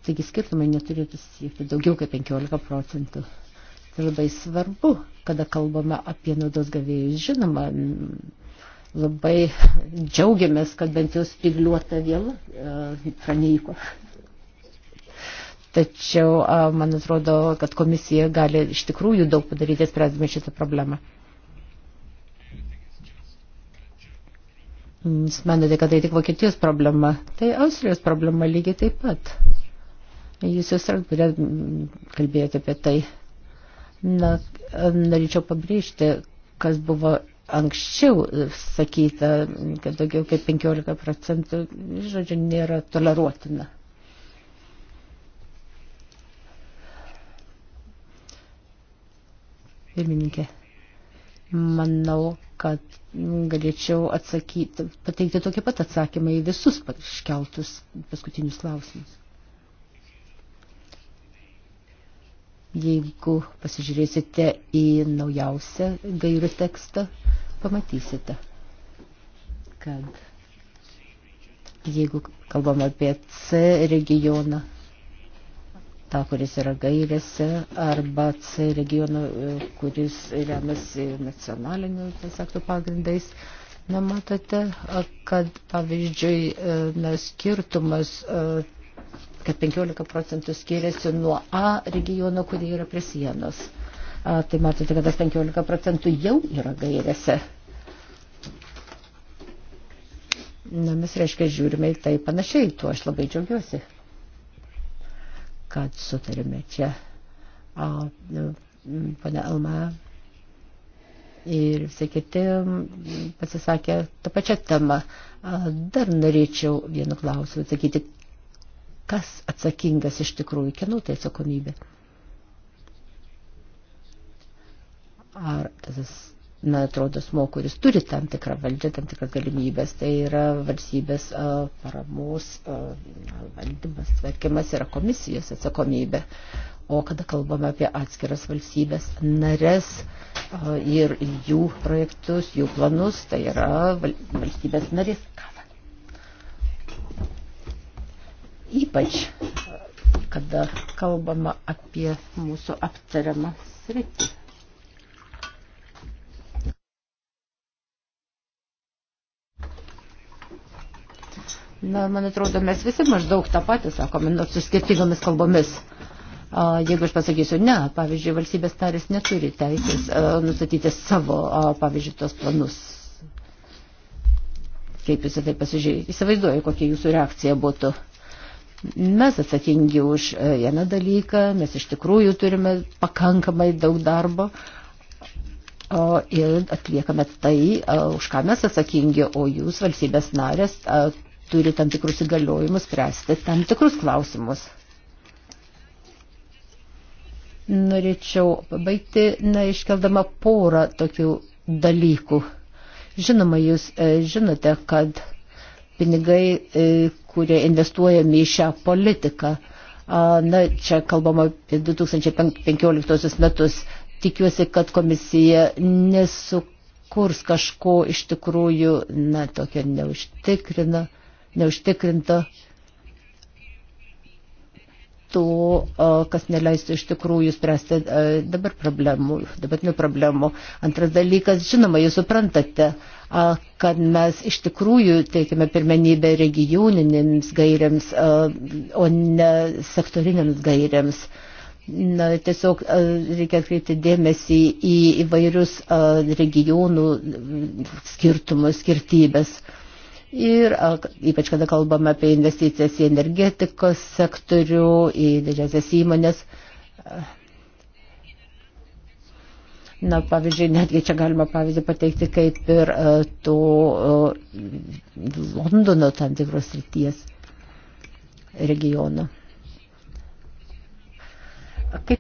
Taigi skirtumai neturėtų siekti daugiau kaip 15 procentų. Tai labai svarbu, kada kalbame apie naudos gavėjus. Žinoma, labai džiaugiamės, kad bent jau spigliuota vėl e, pranyko. Tačiau man atrodo, kad komisija gali iš tikrųjų daug padaryti, spręsdami šitą problemą. Jūs manote, kad tai tik Vokietijos problema. Tai Austrijos problema lygiai taip pat. Jūs jau kalbėjote apie tai. Na, norėčiau pabrėžti, kas buvo anksčiau sakyta, kad daugiau kaip 15 procentų, žodžiu, nėra toleruotina. Pirmininkė, manau, kad galėčiau atsakyti, pateikti tokį pat atsakymą į visus iškeltus paskutinius klausimus. Jeigu pasižiūrėsite į naujausią gairių tekstą, pamatysite, kad jeigu kalbam apie C regioną, tą, kuris yra gairėse, arba C regioną, kuris remiasi nacionaliniu aktų pagrindais, na, matote, kad pavyzdžiui, na, skirtumas kad 15 procentų skiriasi nuo A regiono, kurie yra prie sienos. A, tai matote, kad tas 15 procentų jau yra gairėse. Na, mes, reiškia, žiūrime į tai panašiai, tuo aš labai džiaugiuosi, kad sutarime čia. A, pana Alma ir visi kiti pasisakė tą pačią temą. Dar norėčiau vienu klausimu atsakyti, kas atsakingas iš tikrųjų, kieno tai atsakomybė. Ar tas, na, atrodo, asmo, kuris turi tam tikrą valdžią, tam tikras galimybės, tai yra valstybės a, paramos a, valdymas, tvarkymas yra komisijos atsakomybė. O kada kalbame apie atskiras valstybės nares ir jų projektus, jų planus, tai yra valstybės narės, ką Ypač, kada kalbama apie mūsų aptariamą sritį. Na, man atrodo, mes visi maždaug tą patį sakome, nors su skirtingomis kalbomis. A, jeigu aš pasakysiu, ne, pavyzdžiui, valstybės narės neturi teisės a, nustatyti savo, a, pavyzdžiui, tos planus. Kaip jūs tai pasižiūrėjote? Įsivaizduoju, kokia jūsų reakcija būtų. Mes atsakingi už e, vieną dalyką, mes iš tikrųjų turime pakankamai daug darbo ir atliekame tai, e, už ką mes atsakingi, o jūs, valstybės narės, e, turi tam tikrus įgaliojimus spręsti tam tikrus klausimus. Norėčiau pabaigti, na, iškeldama porą tokių dalykų. Žinoma, jūs žinote, kad pinigai, e, kurie investuojami į šią politiką. Na, čia kalbama apie 2015 metus. Tikiuosi, kad komisija nesukurs kažko iš tikrųjų, na, tokio neužtikrina, neužtikrinto. neužtikrinto to, kas neleistų iš tikrųjų spręsti dabar problemų, dabartinių problemų. Antras dalykas, žinoma, jūs suprantate, kad mes iš tikrųjų teikiame pirmenybę regioninėms gairiams, o ne sektoriniams gairiams. Na, tiesiog reikia atkreipti dėmesį į įvairius regionų skirtumus, skirtybės. Ir ypač kada kalbame apie investicijas į energetikos sektorių, į didžiasias įmonės. Na, pavyzdžiui, netgi čia galima pavyzdį pateikti kaip ir to Londono tam tikros ryties regiono. Kaip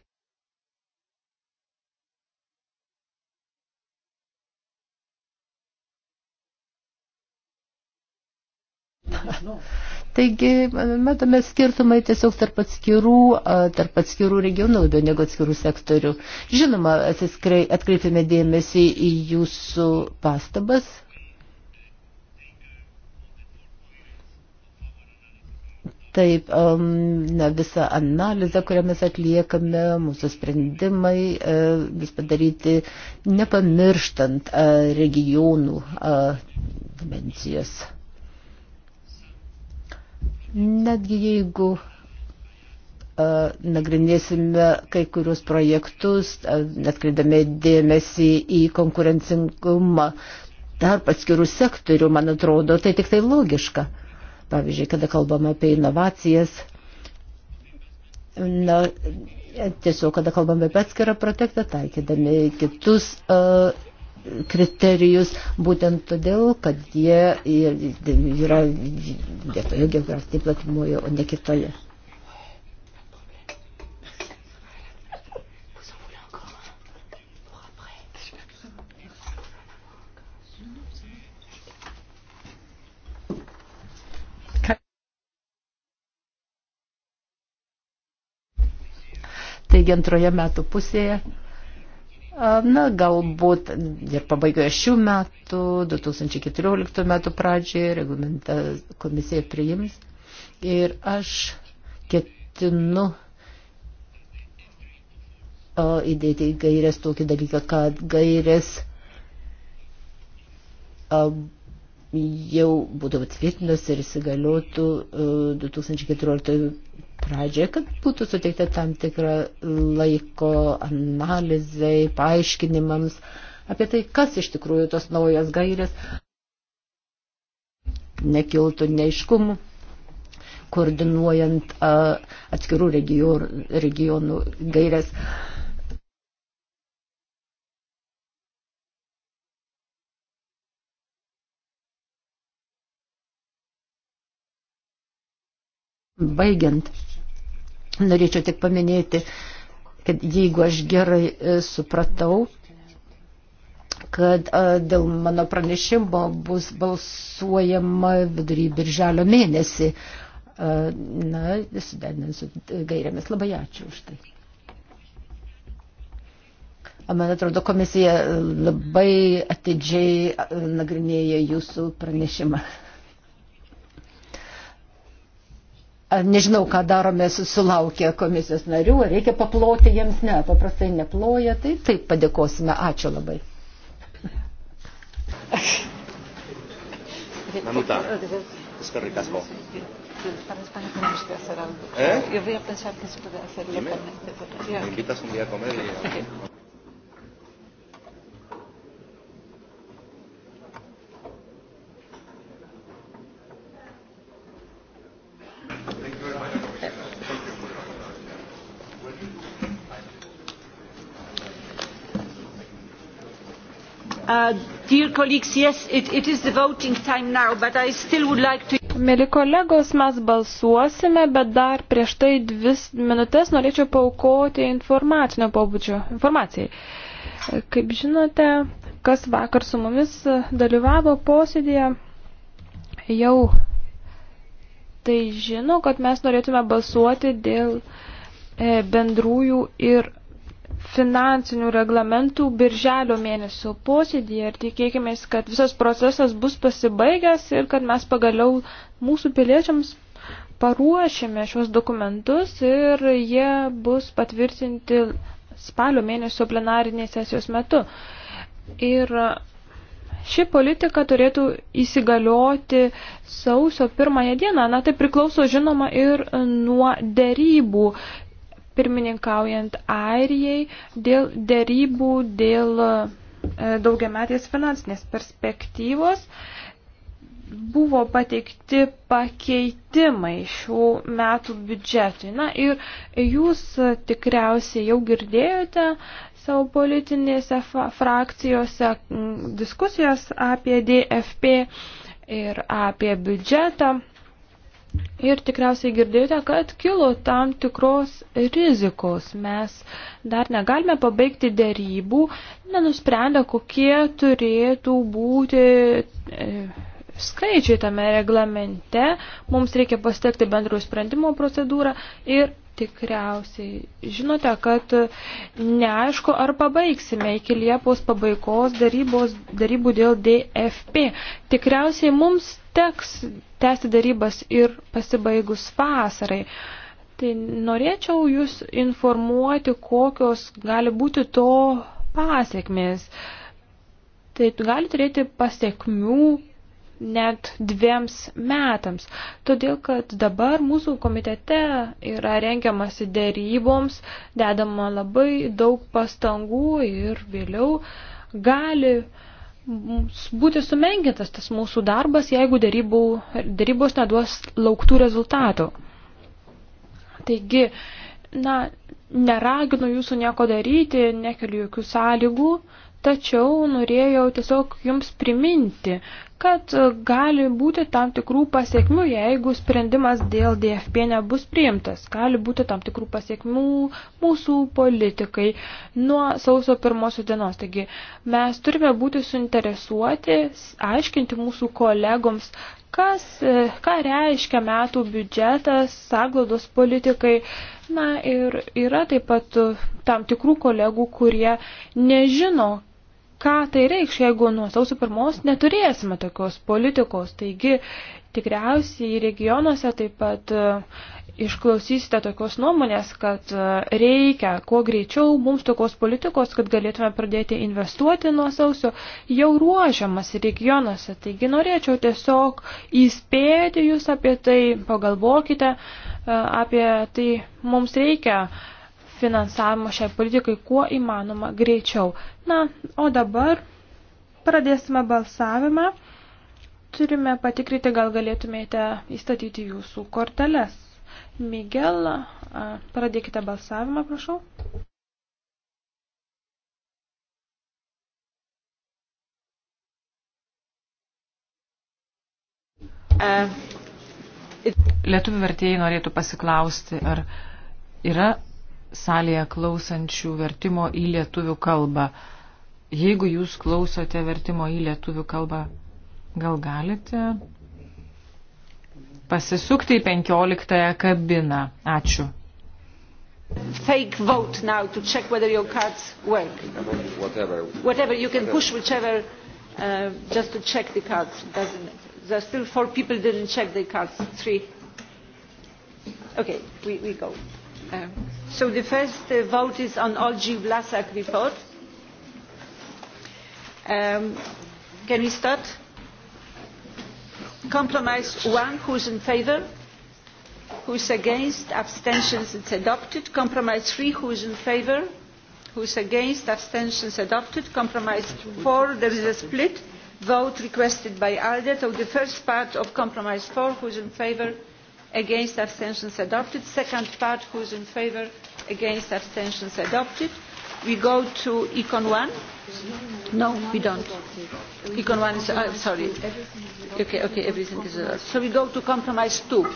Taigi, matome skirtumai tiesiog tarp atskirų, tarp atskirų regionų labiau negu atskirų sektorių. Žinoma, atkreipime dėmesį į jūsų pastabas. Taip, na, visa analizė, kurią mes atliekame, mūsų sprendimai vis padaryti nepamirštant regionų dimensijos. Netgi jeigu e, nagrinėsime kai kurios projektus, atkreidami e, dėmesį į konkurencingumą tarp atskirų sektorių, man atrodo, tai tik tai logiška. Pavyzdžiui, kada kalbame apie inovacijas, na, tiesiog kada kalbame apie atskirą projektą, taikydami kitus uh, kriterijus, būtent todėl, kad jie yra vietoje geografinėje platumoje, o ne kitoje. Taigi antroje metų pusėje Na, galbūt ir pabaigoje šių metų, 2014 metų pradžioje reglamentą komisija priims. Ir aš ketinu įdėti į gairės tokį dalyką, kad gairės jau būtų atvirtintos ir įsigaliotų 2014 pradžioje, kad būtų suteikta tam tikra laiko analizai, paaiškinimams apie tai, kas iš tikrųjų tos naujos gairės, nekiltų neiškumų, koordinuojant atskirų regionų, regionų gairės. Baigiant Norėčiau tik paminėti, kad jeigu aš gerai e, supratau, kad e, dėl mano pranešimo bus balsuojama vidury birželio mėnesį. E, na, sudarinant su gairėmis, labai ačiū už tai. Man atrodo, komisija labai atidžiai nagrinėja jūsų pranešimą. nežinau, ką darome sulaukę komisijos narių, ar reikia paploti jiems, ne, paprastai neploja, tai taip padėkosime, ačiū labai. Manuta, eskerrik asko. ¿Eh? Yo voy a pensar que se puede hacer. Dime, me invitas un día a comer y... Uh, yes, it, it to... Mėly kolegos, mes balsuosime, bet dar prieš tai dvi minutės norėčiau paukoti informacinio pobūdžio informacijai. Kaip žinote, kas vakar su mumis dalyvavo posėdėje, jau tai žino, kad mes norėtume balsuoti dėl e, bendrųjų ir finansinių reglamentų birželio mėnesio posėdėje ir tikėkime, kad visas procesas bus pasibaigęs ir kad mes pagaliau mūsų piliečiams paruošime šios dokumentus ir jie bus patvirtinti spalio mėnesio plenarinės sesijos metu. Ir ši politika turėtų įsigalioti sausio pirmąją dieną. Na, tai priklauso žinoma ir nuo dėrybų pirmininkaujant Airijai dėl dėrybų dėl e, daugiametės finansinės perspektyvos buvo pateikti pakeitimai šių metų biudžetui. Na ir jūs tikriausiai jau girdėjote savo politinėse frakcijose diskusijos apie DFP ir apie biudžetą. Ir tikriausiai girdėjote, kad kilo tam tikros rizikos. Mes dar negalime pabaigti dėrybų, nenusprendę, kokie turėtų būti e, skaičiai tame reglamente. Mums reikia pasitekti bendrų sprendimo procedūrą ir tikriausiai žinote, kad neaišku, ar pabaigsime iki Liepos pabaigos darybos, darybų dėl DFP. Tikriausiai mums teks tęsti darybas ir pasibaigus vasarai. Tai norėčiau jūs informuoti, kokios gali būti to pasiekmės. Tai gali turėti pasiekmių net dviems metams. Todėl, kad dabar mūsų komitete yra rengiamasi dėryboms, dedama labai daug pastangų ir vėliau gali uh, būti sumenkintas tas mūsų darbas, jeigu dėrybų, dėrybos neduos lauktų rezultatų. Taigi, na, neraginu jūsų nieko daryti, nekeliu jokių sąlygų, tačiau norėjau tiesiog jums priminti, kad e, gali būti tam tikrų pasiekmių, jeigu sprendimas dėl DFP nebus priimtas. Gali būti tam tikrų pasiekmių mūsų politikai nuo sausio pirmosios dienos. Taigi mes turime būti suinteresuoti, aiškinti mūsų kolegoms, kas, e, ką reiškia metų biudžetas, saglodos politikai. Na ir yra taip pat e, tam tikrų kolegų, kurie nežino, ką tai reikš, jeigu nuo sausio pirmos neturėsime tokios politikos. Taigi, tikriausiai regionuose taip pat e, išklausysite tokios nuomonės, kad e, reikia kuo greičiau mums tokios politikos, kad galėtume pradėti investuoti nuo sausio, jau ruošiamas regionuose. Taigi norėčiau tiesiog įspėti jūs apie tai, pagalvokite e, apie tai, mums reikia finansavimo šiai politikai kuo įmanoma greičiau. Na, o dabar pradėsime balsavimą. Turime patikrinti, gal galėtumėte įstatyti jūsų korteles. Miguel, pradėkite balsavimą, prašau. Lietuvių vertėjai norėtų pasiklausti, ar yra salėje klausančių vertimo į lietuvių kalbą. Jeigu jūs klausote vertimo į lietuvių kalbą, gal galite pasisukti į penkioliktąją kabiną. Ačiū. Fake vote now to check whether your cards work. Whatever. Whatever, you can push whichever uh, just to check the cards. Doesn't, there are still four people didn't check their cards. Three. Okay, we, we go. Uh, so the first uh, vote is on Olgi Vlasak report. Um, can we start? Compromise one, who's in favour? Who's against? Abstentions, it's adopted. Compromise three, who's in favour? Who's against? Abstentions adopted. Compromise four, there is a split vote requested by ALDE. So the first part of compromise four, who's in favour? against abstentions adopted second part who is in favour against abstentions adopted we go to econ one no we don't econ one is uh, sorry okay okay everything is lost. Uh, so we go to compromise two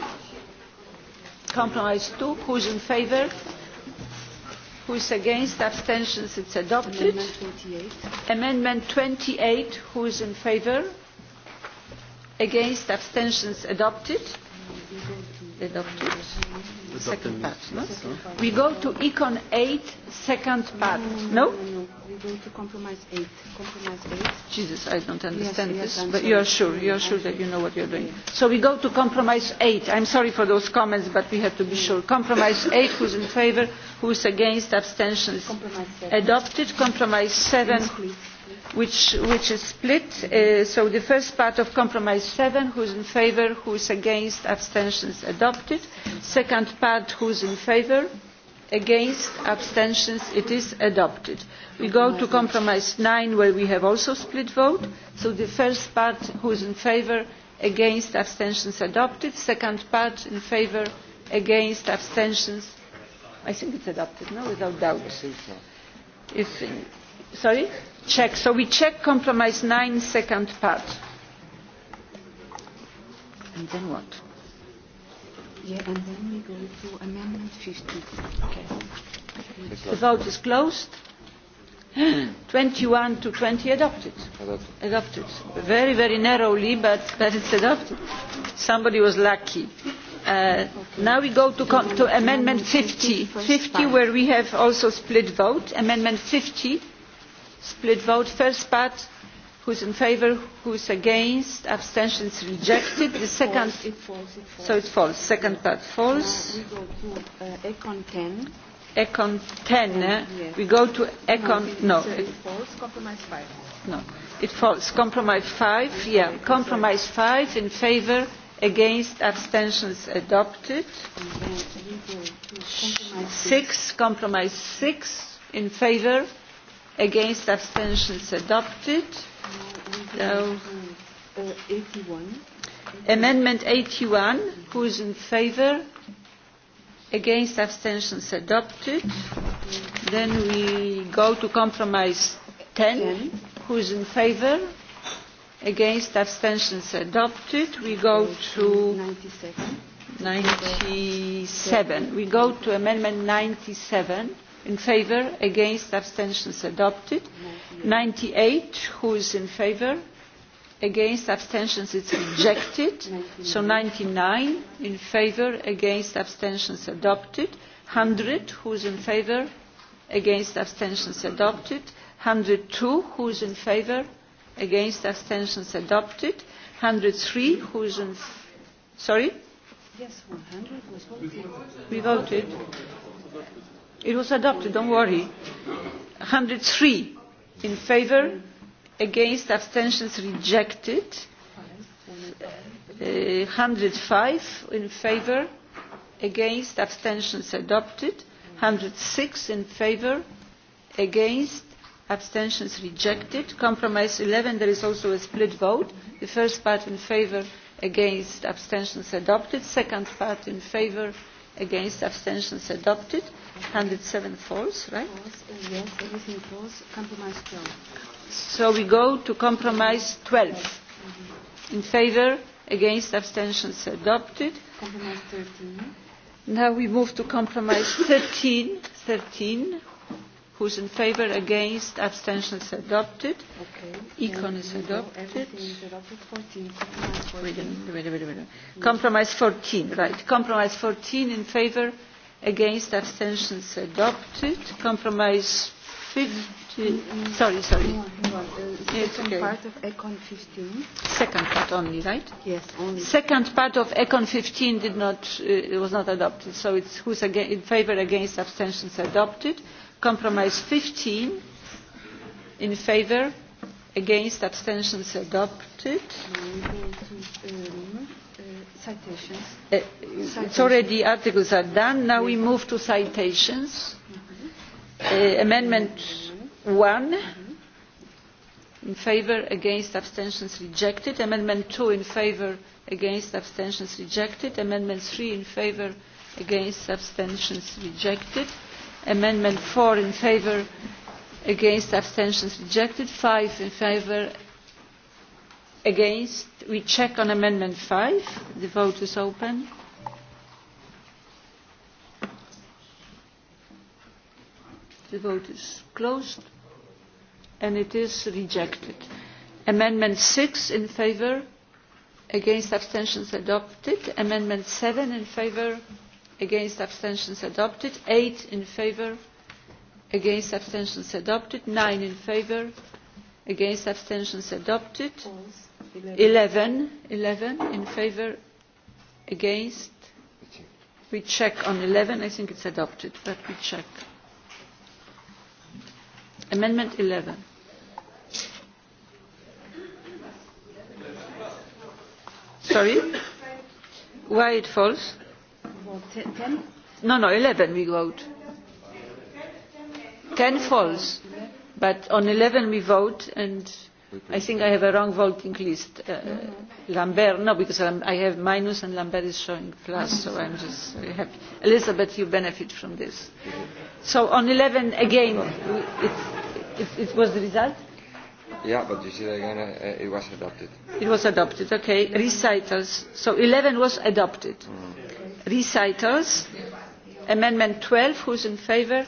compromise two who is in favour who is against abstentions it's adopted amendment 28 who is in favour against abstentions adopted Adopted. Adopted. Second part, no? We go to Econ 8, second part. No? No, no, no. We go to Compromise 8. Compromise 8. Jesus, I don't understand yes, this, yes, but you're sure, you're sure that you know what you're doing. Yes. So we go to Compromise 8. I'm sorry for those comments, but we have to be sure. Compromise 8, who's in favour, who's against, abstentions. Compromise 7. Adopted. Compromise 7. Yes, which, which is split uh, so the first part of compromise seven who is in favour who is against abstentions adopted second part who is in favour against abstentions it is adopted. we go to compromise nine where we have also split vote so the first part who is in favour against abstentions adopted second part in favour against abstentions i think it is adopted no without doubt. If, sorry? check so we check compromise nine second part and then what yeah and then we go to amendment 50 okay the vote is closed 21 to 20 adopted. adopted. Adopted. Very, very narrowly, but, but it's adopted. Somebody was lucky. Uh, now we go to, con to Amendment 50, 50 where we have also split vote. Amendment 50 split vote first part who is in favour who is against abstentions rejected the second false, it falls, it falls. so it falls second part falls now uh, we go to uh, econ 10 econ 10 eh? yes. we go to econ no, no. Uh, it, it falls compromise 5 no it falls compromise 5 yeah compromise 5 in favour against abstentions adopted compromise six compromise six in favour against abstentions adopted so, uh, 81. amendment 81 who is in favor against abstentions adopted then we go to compromise 10 who is in favor against abstentions adopted we go to 97 we go to amendment 97 in favour against abstentions adopted ninety eight who is in favour against abstentions it's rejected so ninety nine in favour against abstentions adopted hundred who is in favour against abstentions adopted hundred two who is in favour against abstentions adopted hundred three who is in sorry yes, 100 was voted. we voted it was adopted don't worry one hundred and three in favour against abstentions rejected uh, one hundred and five in favour against abstentions adopted one hundred and six in favour against abstentions rejected compromise eleven there is also a split vote the first part in favour against abstentions adopted second part in favour against abstentions adopted 107 falls, right? False, uh, yes, everything falls. Compromise 12. So we go to compromise 12. Mm-hmm. In favor, against, abstentions adopted. Compromise 13. Now we move to compromise 13. 13. Who's in favor, against, abstentions adopted. Okay. Econ is adopted. Is adopted 14. Compromise 14. Wait a minute, wait a minute, wait a minute. Compromise 14, right. Compromise 14 in favor, against abstentions adopted compromise 50 sorry sorry no, no, uh, second okay. part of econ 15 second part only right yes only second part of econ 15 did not uh, it was not adopted so it's who's again in favor against abstentions adopted compromise 15 in favor against abstentions adopted um, uh, citations. Uh, it's already articles are done now we move to citations uh, amendment one in favour against abstentions rejected amendment two in favour against abstentions rejected amendment three in favour against abstentions rejected amendment four in favour against abstentions rejected five in favour against we check on amendment five the vote is open the vote is closed and it is rejected amendment six in favour against abstentions adopted amendment seven in favour against abstentions adopted eight in favour against abstentions adopted nine in favour against abstentions adopted eleven eleven in favour against we check on eleven i think it's adopted but we check amendment eleven sorry why it falls no no eleven we vote ten falls but on eleven we vote and i think i have a wrong voting list uh, lambert no because I'm, i have minus and lambert is showing plus so i'm just very happy elizabeth you benefit from this so on 11 again it, it, it was the result yeah but you see again uh, it was adopted it was adopted okay recitals so 11 was adopted mm. recitals amendment 12 who's in favor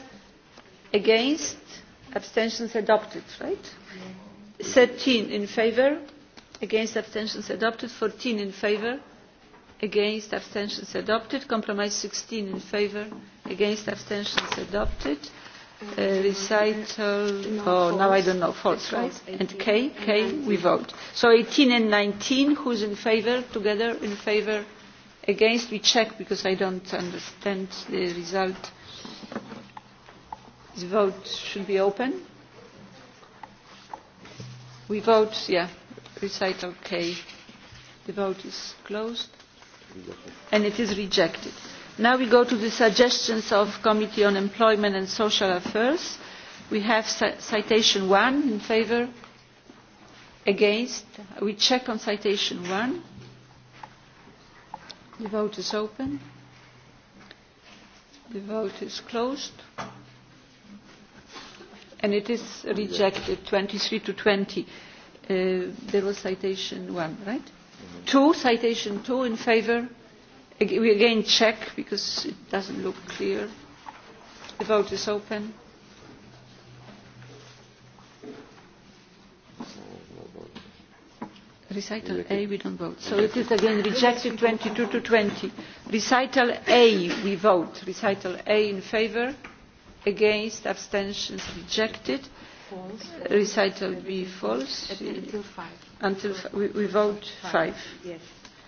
against abstentions adopted right 13 in favor against abstentions adopted 14 in favor against abstentions adopted compromise 16 in favor against abstentions adopted uh, recital no, oh, false. now I don't know false right and K K we vote so 18 and 19 who's in favor together in favor against we check because I don't understand the result The vote should be open. We vote, yeah, recital K. The vote is closed and it is rejected. Now we go to the suggestions of Committee on Employment and Social Affairs. We have citation one in favour, against. We check on citation one. The vote is open. The vote is closed and it is rejected 23 to 20 uh, there was citation one right mm-hmm. two citation two in favor Ag- we again check because it doesn't look clear the vote is open recital a we don't vote so it is again rejected 22 to 20 recital a we vote recital a in favor against abstentions rejected false. recital b false At, until five until f we, we vote five, five. yes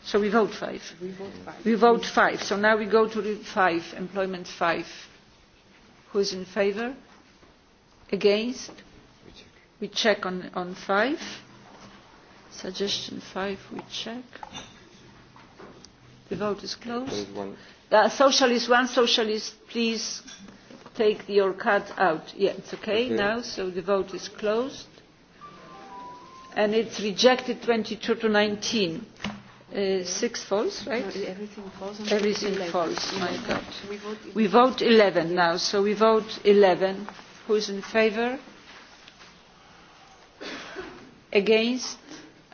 so we vote five we vote five we vote five so now we go to the five employment five who is in favor against we check, we check on on five suggestion five we check the vote is closed one. the socialist one socialist please take your card out. Yeah, it's okay, okay now, so the vote is closed. And it's rejected 22 to 19. Uh, six falls, right? No, everything falls. Everything 11. falls, my God. We vote, we vote 11 now, so we vote 11. Who is in favour? Against?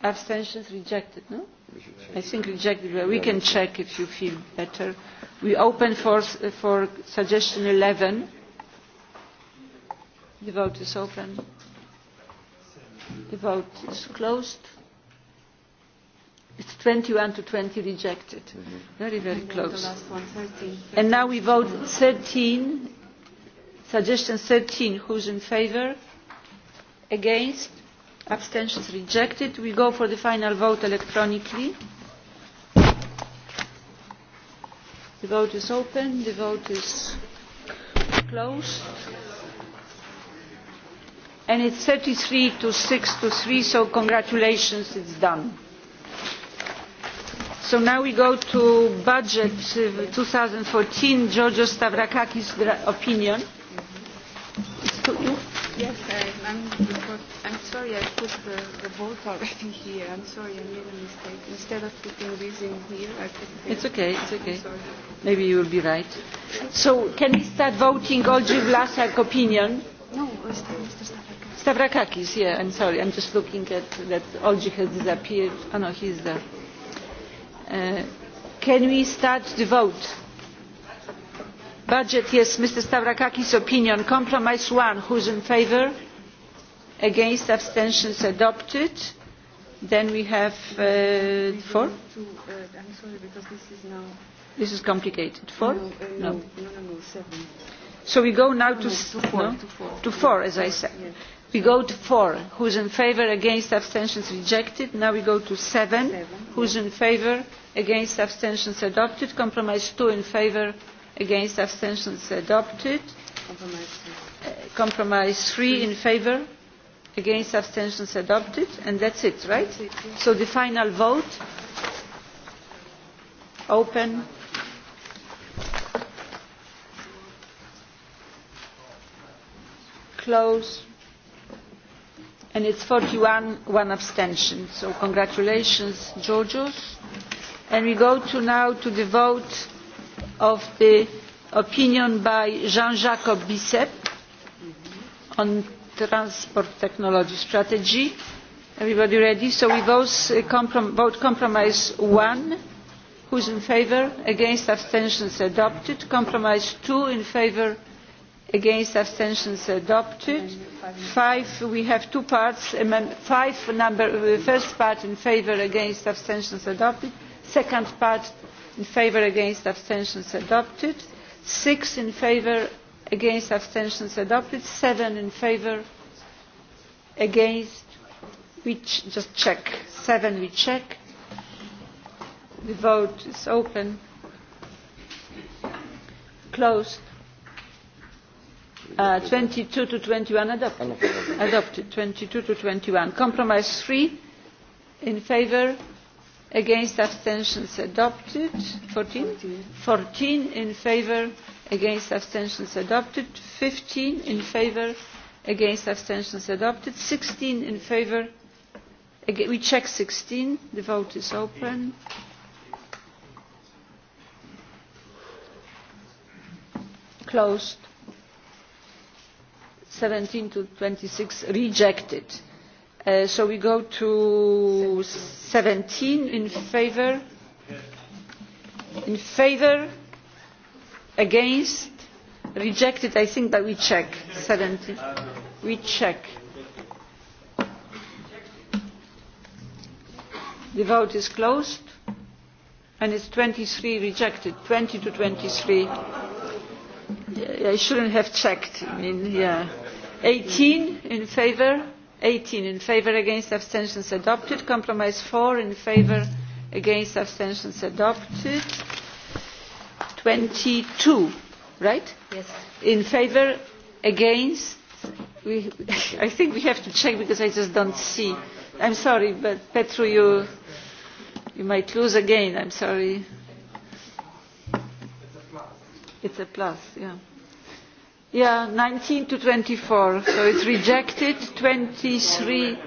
Abstentions rejected, no? I think rejected. We can check if you feel better we open for, for suggestion 11. The vote is open. The vote is closed. It's 21 to 20 rejected. Mm-hmm. Very, very close. The last one, 13, 13. And now we vote 13, suggestion 13. Who's in favour? Against? Abstentions rejected. We go for the final vote electronically. Mm-hmm. The vote is open. The vote is closed. And it's 33 to 6 to 3, so congratulations, it's done. So now we go to budget 2014, uh, Georgios Stavrakakis' opinion. It's to you. Yes, I'm sorry, I put the, the vote already here. I'm sorry, I made a mistake. Instead of putting reason here, I put. Here. It's okay. It's okay. Maybe you will be right. So can we start voting Olgi Vlasak opinion? No, Mr. Stavrakakis. Stavrakakis. Yeah, I'm sorry. I'm just looking at that Olgi has disappeared. Oh no, he's there. Uh, can we start the vote? budget yes mr stavrakakis opinion compromise one who is in favour? against abstentions adopted then we have uh, we four to, uh, I'm sorry because this is now this is complicated four no, uh, no. no. no, no, no seven. so we go now no, to, no, to, four, no? to four to four as I said yeah. we go to four who's in favor against abstentions rejected now we go to seven, seven who's yeah. in favor against abstentions adopted compromise two in favor against abstentions adopted compromise three, uh, compromise three in favor against abstentions adopted and that's it right so the final vote open close and it's 41 one abstention so congratulations Georgios and we go to now to the vote of the opinion by Jean-Jacques Bisset on transport technology strategy. everybody ready? so we vote, uh, comprom vote compromise one. who is in favour? against abstentions adopted. compromise two in favour against abstentions adopted. five we have two parts five number uh, first part in favour against abstentions adopted second part in favour against abstentions adopted six in favour against abstentions adopted seven in favour against we ch just check seven we check the vote is open closed uh, 22 to 21 adopted adopted 22 to 21 compromise 3 in favour against abstentions adopted 14 14 in favour against abstentions adopted fifteen in favour against abstentions adopted sixteen in favour we check sixteen the vote is open closed seventeen to twenty six rejected uh, so we go to seventeen in favour in favour against rejected i think that we check seventy we check the vote is closed and it's 23 rejected 20 to 23 i shouldn't have checked i mean yeah 18 in favor 18 in favor against abstentions adopted compromise 4 in favor against abstentions adopted twenty two right? Yes. in favour against we, i think we have to check because i just don't see i'm sorry but petru you you might lose again i'm sorry it's a plus yeah yeah nineteen to twenty four so it's rejected twenty three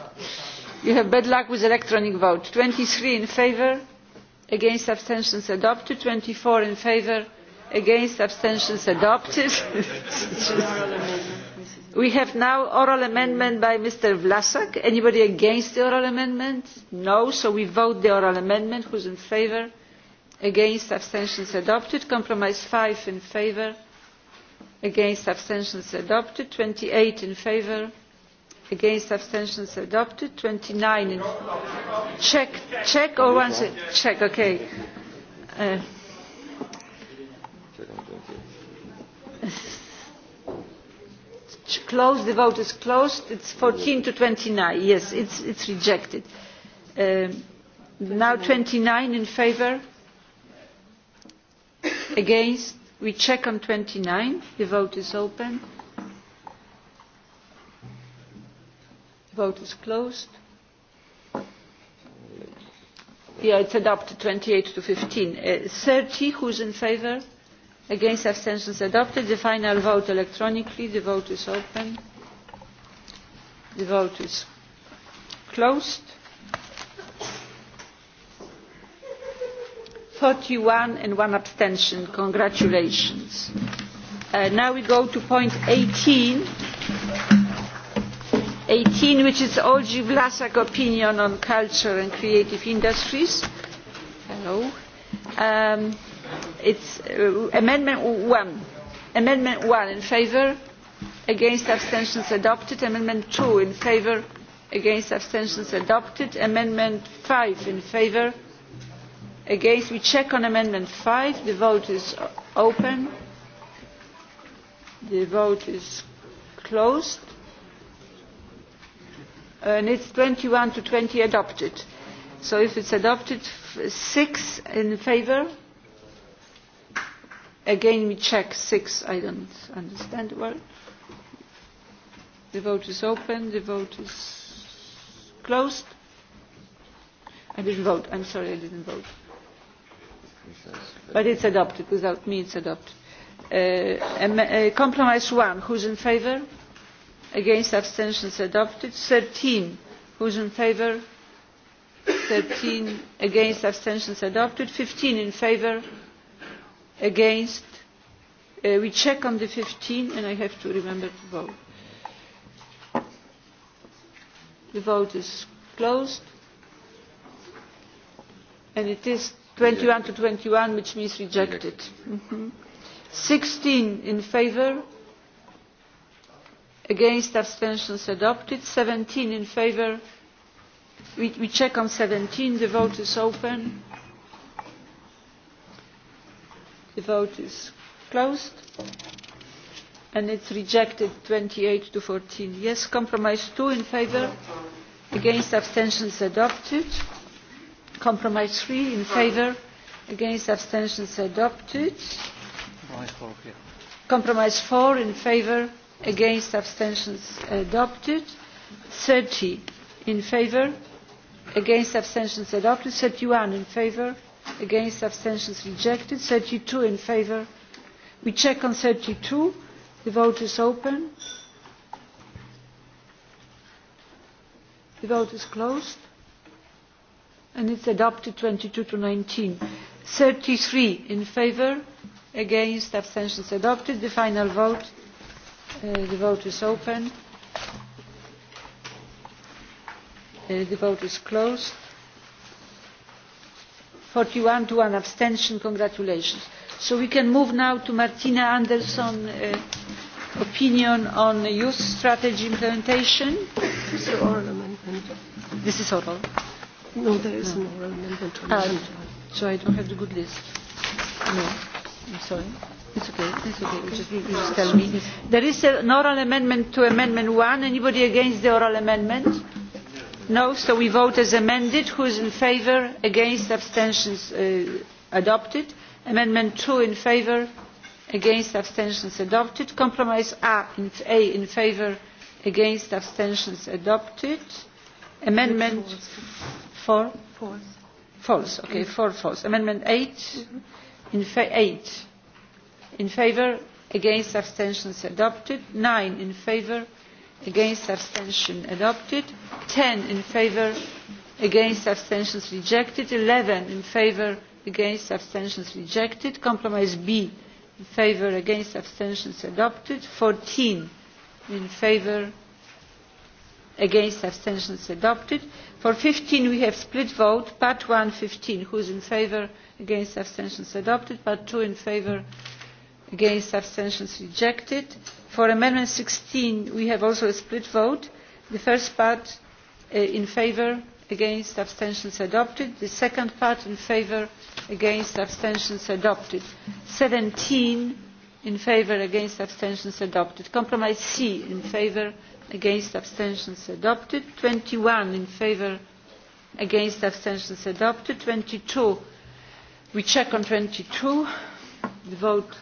you have bad luck with electronic vote twenty three in favour against abstentions adopted twenty four in favour against abstentions adopted we have now oral amendment by mr vlask anybody against the oral amendment no so we vote the oral amendment who is in favour against abstentions adopted compromise five in favour against abstentions adopted twenty eight in favour against abstentions adopted 29 in check check or once check okay uh, close the vote is closed it's 14 to 29 yes it's it's rejected um, now 29 in favor against we check on 29 the vote is open Vote is closed. Yeah, it's adopted 28 to 15. Uh, 30, who's in favour? Against abstentions adopted. The final vote electronically. The vote is open. The vote is closed. 41 and one abstention. Congratulations. Uh, now we go to point 18 18, which is Olgi Vlasak opinion on culture and creative industries. Hello. Um, it's uh, amendment 1. Amendment 1 in favour, against abstentions adopted. Amendment 2 in favour, against abstentions adopted. Amendment 5 in favour, against. We check on amendment 5. The vote is open. The vote is closed and it's 21 to 20 adopted. So if it's adopted, six in favor. Again, we check six. I don't understand well. The vote is open. The vote is closed. I didn't vote. I'm sorry, I didn't vote. But it's adopted. Without me, it's adopted. Uh, um, uh, compromise one. Who's in favor? against abstentions adopted thirteen who is in favour thirteen against abstentions adopted fifteen in favour against uh, we check on the fifteen and i have to remember to vote the vote is closed and it is twenty one to twenty one which means rejected mm-hmm. sixteen mm -hmm. in favour against abstentions adopted seventeen in favour we, we check on seventeen the vote is open the vote is closed and it's rejected twenty eight to fourteen yes compromise two in favour against abstentions adopted compromise three in favour against abstentions adopted compromise four in favour against abstentions adopted thirty in favour against abstentions adopted thirty one in favour against abstentions rejected thirty two in favour we check on thirty two the vote is open the vote is closed and it's adopted twenty two to nineteen thirty three in favour against abstentions adopted the final vote Uh, the vote is open. Uh, the vote is closed. 41 to 1 abstention. Congratulations. So we can move now to Martina Anderson uh, opinion on youth strategy implementation. This is oral amendment. This is oral. No, there is no. an oral amendment. On ah, so I don't have the good list. No, I'm sorry. It's okay. It's okay. You just, you just tell me. There is an oral amendment to Amendment 1. Anybody against the oral amendment? No. So we vote as amended. Who is in favour? Against? Abstentions? Uh, adopted. Amendment 2 in favour? Against? Abstentions? Adopted. Compromise A in, A in favour? Against? Abstentions? Adopted. Amendment 4? False. False. Okay. 4 false. Amendment 8? Mm-hmm. In fa- 8 in favour against abstentions adopted nine in favour against abstention adopted ten in favour against abstentions rejected eleven in favour against abstentions rejected compromise b in favour against abstentions adopted fourteen in favour against abstentions adopted for fifteen we have split vote part one fifteen who is in favour against abstentions adopted part two in favour against abstentions rejected. for amendment sixteen we have also a split vote the first part uh, in favour against abstentions adopted the second part in favour against abstentions adopted seventeen in favour against abstentions adopted compromise c in favour against abstentions adopted twenty one in favour against abstentions adopted twenty two we check on twenty two the vote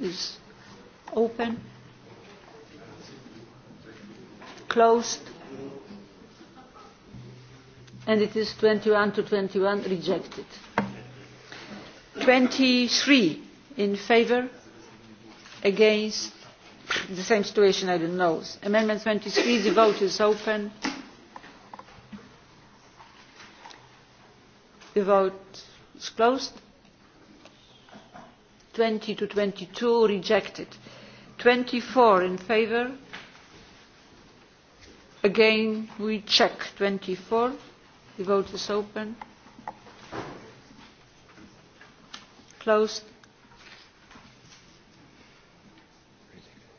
is open, closed, and it is 21 to 21 rejected. 23 in favour, against, the same situation, I don't know. Amendment 23, the vote is open. The vote is closed 20 to 22 rejected 24 in favor again we check 24 the vote is open closed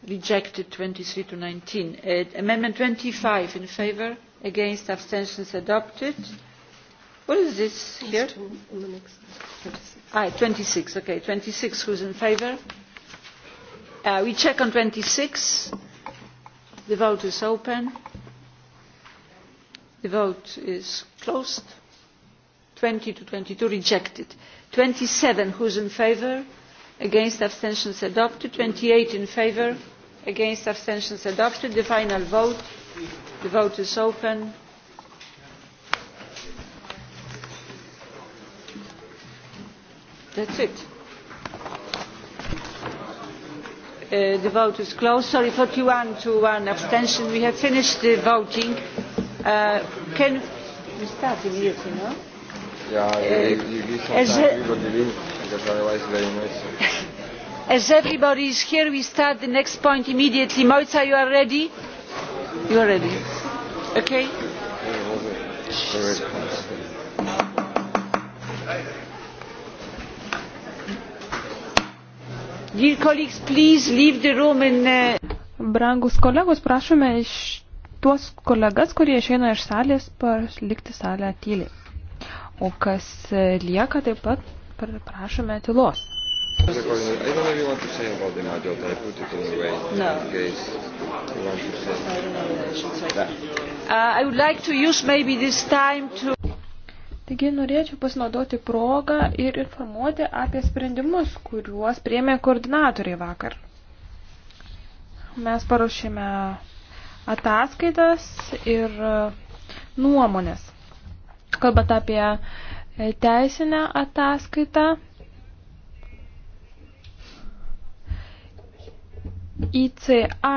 rejected 23 to 19 uh, amendment 25 in favor against abstentions adopted what is this here it's two, Ah, 26, okay, 26, who's in favour? Uh, we check on 26. The vote is open. The vote is closed. 20 to 22, rejected. 27, who's in favour? Against abstentions adopted. 28 in favour. Against abstentions adopted. The final vote. The vote is open. That's it. Uh, the vote is closed. Sorry, 41 to 1 abstention. We have finished the voting. Uh, can we start immediately, no? Yeah, uh, you, you as, leave, because otherwise very messy. as everybody is here, we start the next point immediately. Moitza, you are ready? You are ready. Okay. Uh, Brangus kolegos, prašome iš tuos kolegas, kurie išeina iš salės, palikti salę tyliai. O kas lieka, taip pat prašome tylos. I don't know if you want to say about the Magyar type, put it anyway. No. In case you want to say. I don't know what I should say. Yeah. Uh, I would like to use maybe this time to. Taigi norėčiau pasinaudoti progą ir informuoti apie sprendimus, kuriuos priemė koordinatoriai vakar. Mes paruošėme ataskaitas ir e, nuomonės. Kalbant apie e, teisinę ataskaitą, ICA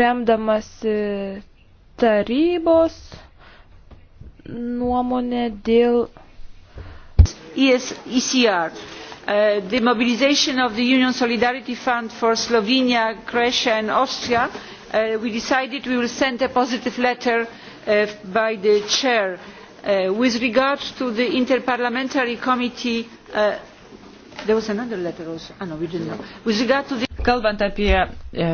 remdamasi tarybos nuomonę dėl ECR. E uh, the mobilization of the Union Solidarity Fund for Slovenia, Croatia and Austria, uh, we decided we will send a positive letter uh, by the chair. Uh, with regard to the Interparliamentary Committee uh, There was another letter also. Ah, no, we didn't know. With regard to the... Kalbant apie e,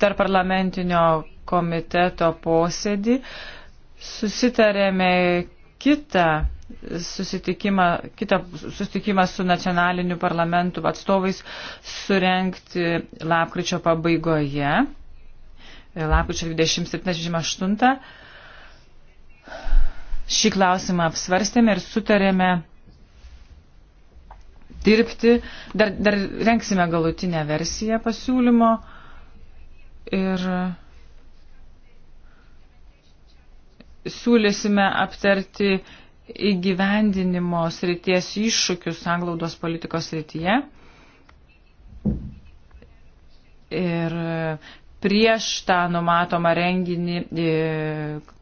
tarparlamentinio komiteto posėdį, e, Susitarėme kitą susitikimą, kitą susitikimą su nacionaliniu parlamentu atstovais surenkti lapkričio pabaigoje, lapkričio 27-28. Šį klausimą apsvarstėme ir sutarėme dirbti. Dar, dar renksime galutinę versiją pasiūlymo ir siūlysime aptarti įgyvendinimo srities iššūkius sanglaudos politikos srityje. Ir prieš tą numatomą renginį e,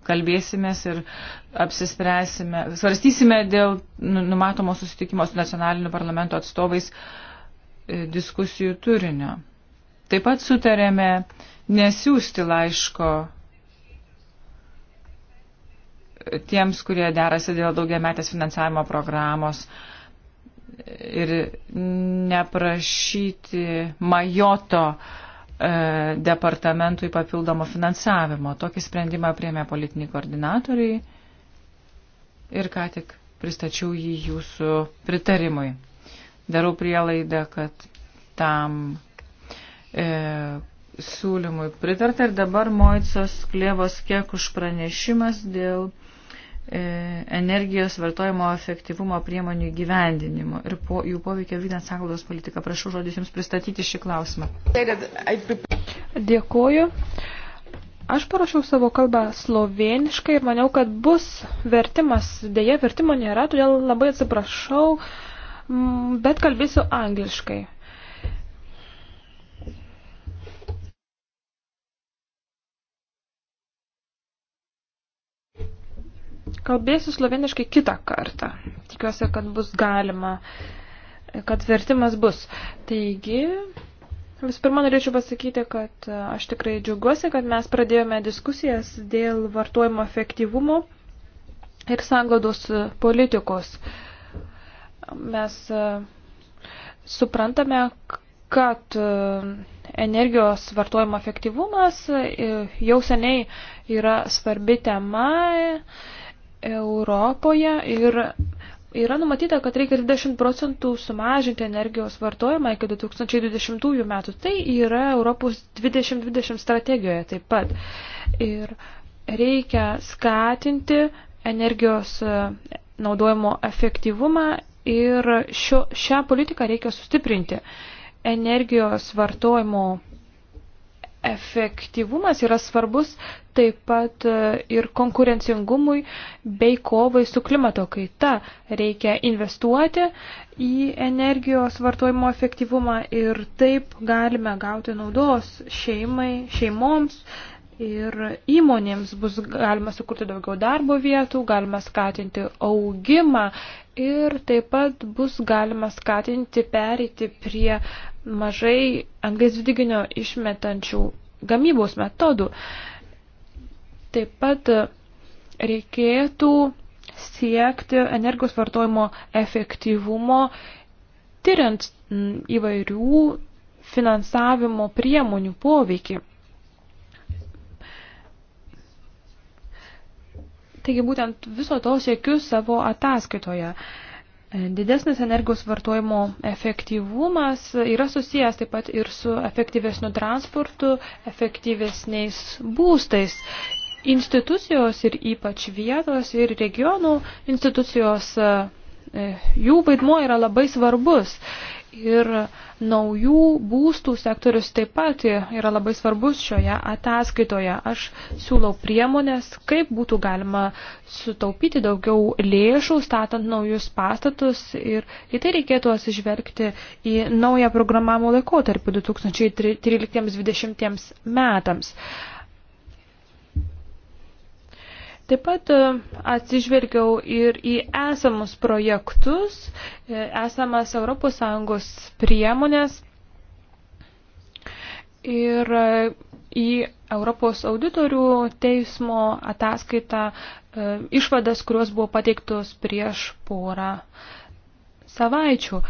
kalbėsimės ir apsispręsime, svarstysime dėl nu, numatomo susitikimo su nacionaliniu parlamento atstovais e, diskusijų turinio. Taip pat sutarėme nesiųsti laiško tiems, kurie derasi dėl daugiametės finansavimo programos ir neprašyti majoto e, departamentui papildomo finansavimo. Tokį sprendimą priemė politiniai koordinatoriai ir ką tik pristačiau jį jūsų pritarimui. Darau prielaidą, kad tam e, siūlymui pritarta ir dabar Moicos Klėvos Kekuš pranešimas dėl E, energijos vartojimo efektyvumo priemonių įgyvendinimu ir po jų poveikio vykdant sąnaudos politiką. Prašau žodis Jums pristatyti šį klausimą. Dėkuoju. Aš parašiau savo kalbą sloveniškai ir maniau, kad bus vertimas. Deja, vertimo nėra, todėl labai atsiprašau, bet kalbėsiu angliškai. Kalbėsiu sloveniškai kitą kartą. Tikiuosi, kad bus galima, kad vertimas bus. Taigi, visų pirma, norėčiau pasakyti, kad e, aš tikrai džiaugiuosi, kad mes pradėjome diskusijas dėl vartojimo efektyvumo ir sanglaudos politikos. Mes e, suprantame, kad e, energijos vartojimo efektyvumas jau seniai yra svarbi tema Europoje ir yra numatyta, kad reikia 20 procentų sumažinti energijos vartojimą iki 2020 metų. Tai yra Europos 2020 strategijoje taip pat. Ir reikia skatinti energijos e, naudojimo efektyvumą ir šio, šią politiką reikia sustiprinti. Energijos vartojimo efektyvumas yra svarbus taip pat e, ir konkurencingumui bei kovai su klimato kaita. Reikia investuoti į energijos vartojimo efektyvumą ir taip galime gauti naudos šeimai, šeimoms. Ir įmonėms bus galima sukurti daugiau darbo vietų, galima skatinti augimą ir taip pat bus galima skatinti pereiti prie mažai anglės dvideginio išmetančių gamybos metodų. Taip pat reikėtų siekti energijos vartojimo efektyvumo, tyriant įvairių finansavimo priemonių poveikį. Taigi būtent viso to siekiu savo ataskaitoje. Uh, Didesnis energijos vartojimo efektyvumas yra susijęs taip pat ir su efektyvesniu transportu, efektyvesniais būstais. Institucijos ir ypač vietos ir regionų institucijos, e, jų vaidmuo yra labai svarbus ir naujų būstų sektorius taip pat yra labai svarbus šioje ataskaitoje. Aš siūlau priemonės, kaip būtų galima sutaupyti daugiau lėšų, statant naujus pastatus ir į tai reikėtų atsižvelgti į naują programavimo laikotarpį 2013-2020 metams. Taip pat e, atsižvelgiau ir į esamus projektus, e, esamas ES priemonės ir e, į Europos auditorių teismo ataskaitą išvadas, kurios buvo pateiktos prieš porą savaičių.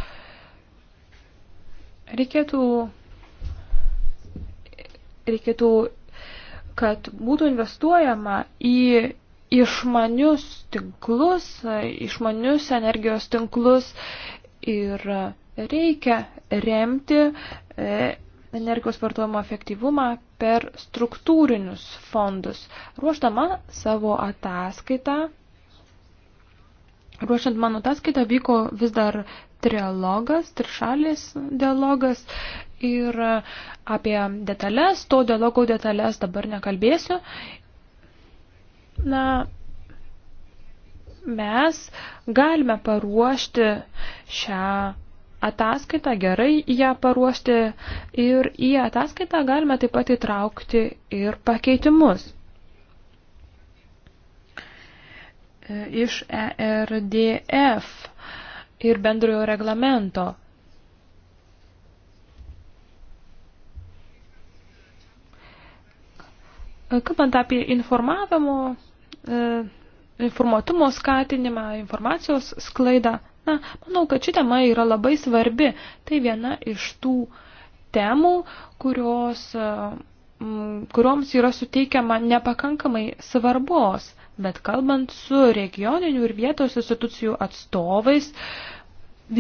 Reikėtų, reikėtų kad būtų investuojama į išmanius tinklus, išmanius energijos tinklus ir reikia remti e, energijos vartojimo efektyvumą per struktūrinius fondus. Ruoždama savo ataskaitą, ruošiant mano ataskaitą, vyko vis dar trialogas, trišalis dialogas ir apie detalės, to dialogo detalės dabar nekalbėsiu Na, mes galime paruošti šią ataskaitą, gerai ją paruošti ir į ataskaitą galime taip pat įtraukti ir pakeitimus. E, iš ERDF ir bendrojo reglamento. Kalbant apie informavimo, e, informatumo skatinimą, informacijos sklaidą, na, manau, kad ši tema yra labai svarbi. Tai viena iš tų temų, kurios, e, kurioms yra suteikiama nepakankamai svarbos. Bet kalbant su regioninių ir vietos institucijų atstovais,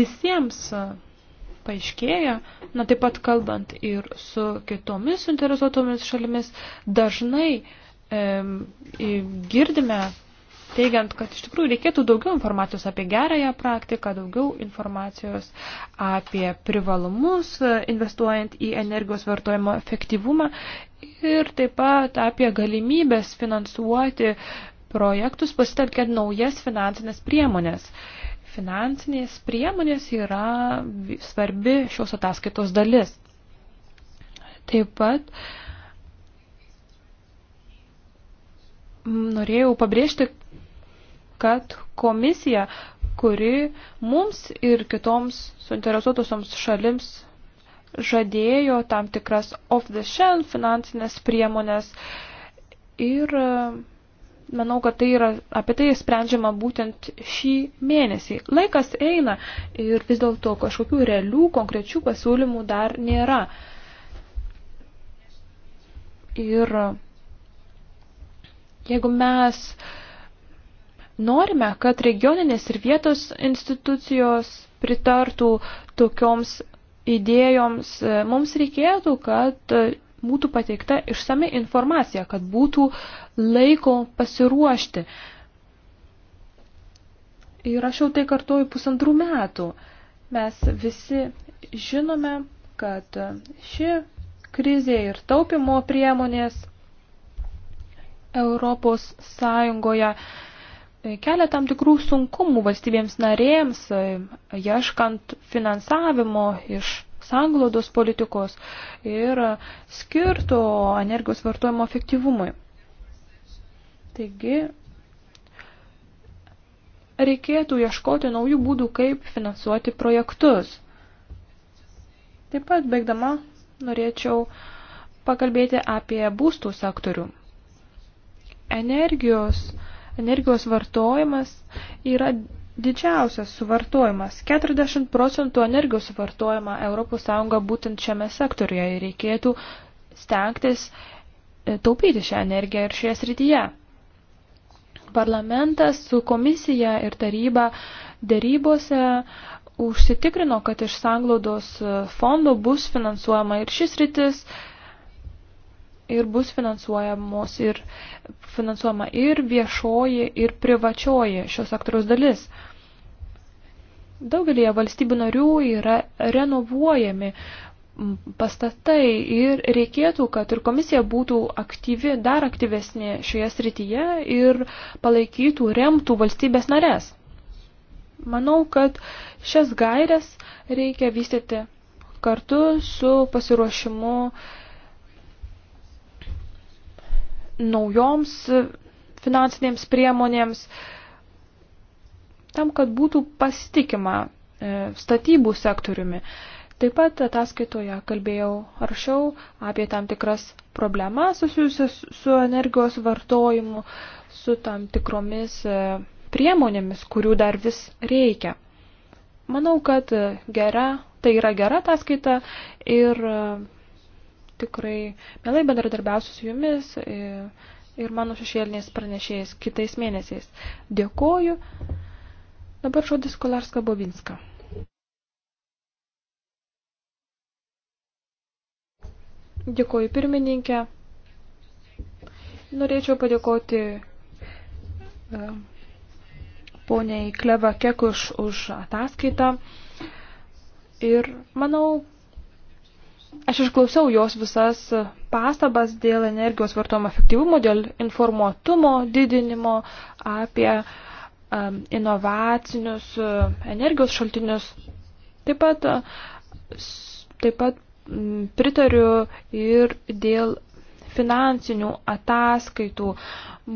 visiems paaiškėja, na taip pat kalbant ir su kitomis suinteresuotomis šalimis, dažnai e, girdime teigiant, kad iš tikrųjų reikėtų daugiau informacijos apie gerąją praktiką, daugiau informacijos apie privalumus e, investuojant į energijos vartojimo efektyvumą ir taip pat apie galimybės finansuoti projektus pasitelkiant naujas finansinės priemonės. E, finansinės priemonės yra svarbi šios ataskaitos dalis. Taip pat norėjau pabrėžti, kad komisija, kuri mums ir kitoms suinteresuotosoms šalims žadėjo tam tikras off-the-shelf finansinės priemonės ir manau, kad tai yra, apie tai sprendžiama būtent šį mėnesį. Laikas eina ir vis dėlto kažkokių realių, konkrečių pasiūlymų dar nėra. Ir jeigu mes norime, kad regioninės ir vietos institucijos pritartų tokioms idėjoms, mums reikėtų, kad būtų pateikta išsami informacija, kad būtų laiko pasiruošti. Ir aš jau tai kartuoju pusantrų metų. Mes visi žinome, kad ši krizė ir taupimo priemonės Europos Sąjungoje kelia tam tikrų sunkumų valstybėms narėms, ieškant finansavimo iš sanglaudos politikos ir skirto energijos vartojimo efektyvumui. Taigi, reikėtų ieškoti naujų būdų, kaip finansuoti projektus. Taip pat, baigdama, norėčiau pakalbėti apie būstų sektorių. Energijos, energijos vartojimas yra didžiausias suvartojimas. 40 procentų energijos suvartojama ES būtent šiame sektoriuje ir reikėtų stengtis e, taupyti šią energiją ir šioje srityje. Parlamentas su komisija ir taryba dėrybose užsitikrino, kad iš sanglaudos fondo bus finansuojama ir šis rytis, ir bus finansuojamos ir finansuojama ir viešoji, ir privačioji šios sektoriaus dalis. Daugelie valstybių narių yra renovuojami pastatai ir reikėtų, kad ir komisija būtų aktyvi, dar aktyvesnė šioje srityje ir palaikytų, remtų valstybės narės. Manau, kad šias gairias reikia vystyti kartu su pasiruošimu uh, naujoms finansinėms priemonėms, tam, kad būtų pasitikima e, statybų sektoriumi. Taip pat ataskaitoje kalbėjau aršiau apie tam tikras problemas susijusias su energijos vartojimu, su tam tikromis e, priemonėmis, kurių dar vis reikia. Manau, kad gera, tai yra gera ataskaita ir e, tikrai mielai bendradarbiausiu su jumis e, ir mano šešėliniais pranešėjais kitais mėnesiais. Dėkoju. Dabar žodis Kolarska Bobinska. Dėkoju pirmininkė. Norėčiau padėkoti e, poniai Kleva Kekuš už ataskaitą. Ir manau, Aš išklausiau jos visas pastabas dėl energijos vartojimo efektyvumo, dėl informuotumo didinimo apie um, inovacinius uh, energijos šaltinius. Taip pat, uh, taip pat mm, pritariu ir dėl finansinių ataskaitų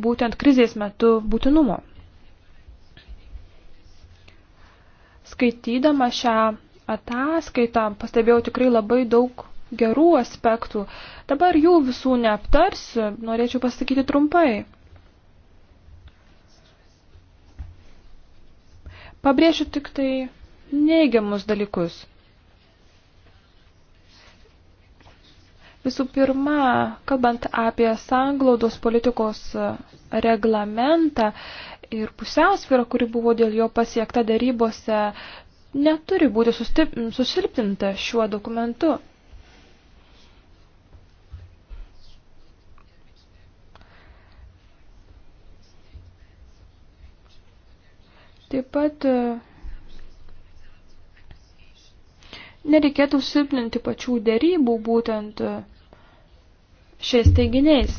būtent krizės metu būtinumo. Skaitydama šią ataskaitą pastebėjau tikrai labai daug gerų aspektų. Dabar jų visų neaptarsiu, norėčiau pasakyti trumpai. Pabrėšiu tik tai neigiamus dalykus. Visų pirma, kalbant apie sanglaudos politikos reglamentą ir pusiausvyrą, kuri buvo dėl jo pasiekta darybose neturi būti sustip, susilpinta šiuo dokumentu. Taip pat e, nereikėtų silpninti pačių dėrybų būtent e, šiais teiginiais.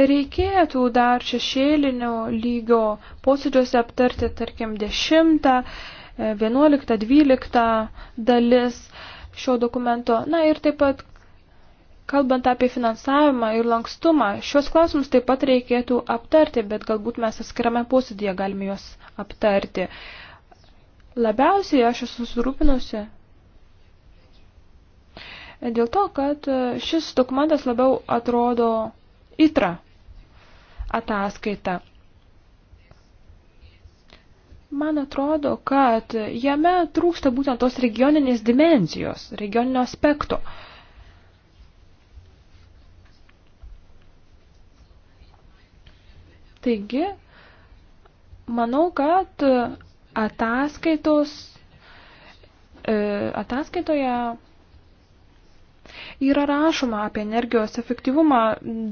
Reikėtų dar šešėlinio lygio posėdžiuose aptarti, tarkim, 10, 11, 12 dalis šio dokumento. Na ir taip pat, kalbant apie finansavimą ir lankstumą, šios klausimus taip pat reikėtų aptarti, bet galbūt mes atskirame posėdėje galime juos aptarti. Labiausiai aš esu susirūpinusi dėl to, kad e, šis dokumentas labiau atrodo ITRA ataskaitą. Man atrodo, kad jame trūksta būtent tos regioninės dimensijos, regioninio aspekto. Taigi, manau, kad ataskaitos, e, ataskaitoje yra rašoma apie energijos efektyvumą,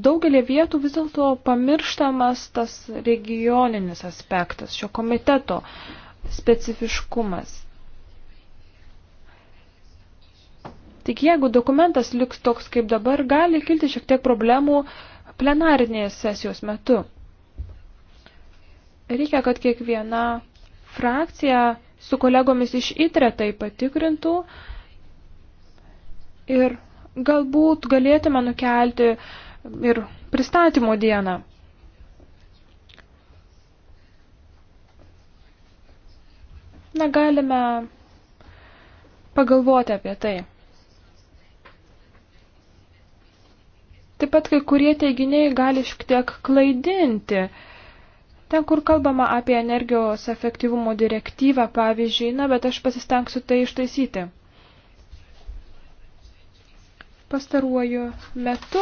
daugelį vietų vis dėlto pamirštamas tas regioninis aspektas, šio komiteto specifiškumas. Tik jeigu dokumentas liks toks kaip dabar, gali kilti šiek tiek problemų plenarinės sesijos metu. Reikia, kad kiekviena frakcija su kolegomis iš ITRE tai patikrintų ir galbūt galėtume nukelti ir pristatymo dieną. Na, galime pagalvoti apie tai. Taip pat kai kurie teiginiai gali šiek tiek klaidinti. Ten, kur kalbama apie energijos efektyvumo direktyvą, pavyzdžiui, na, bet aš pasistengsiu tai ištaisyti. Pastaruoju metu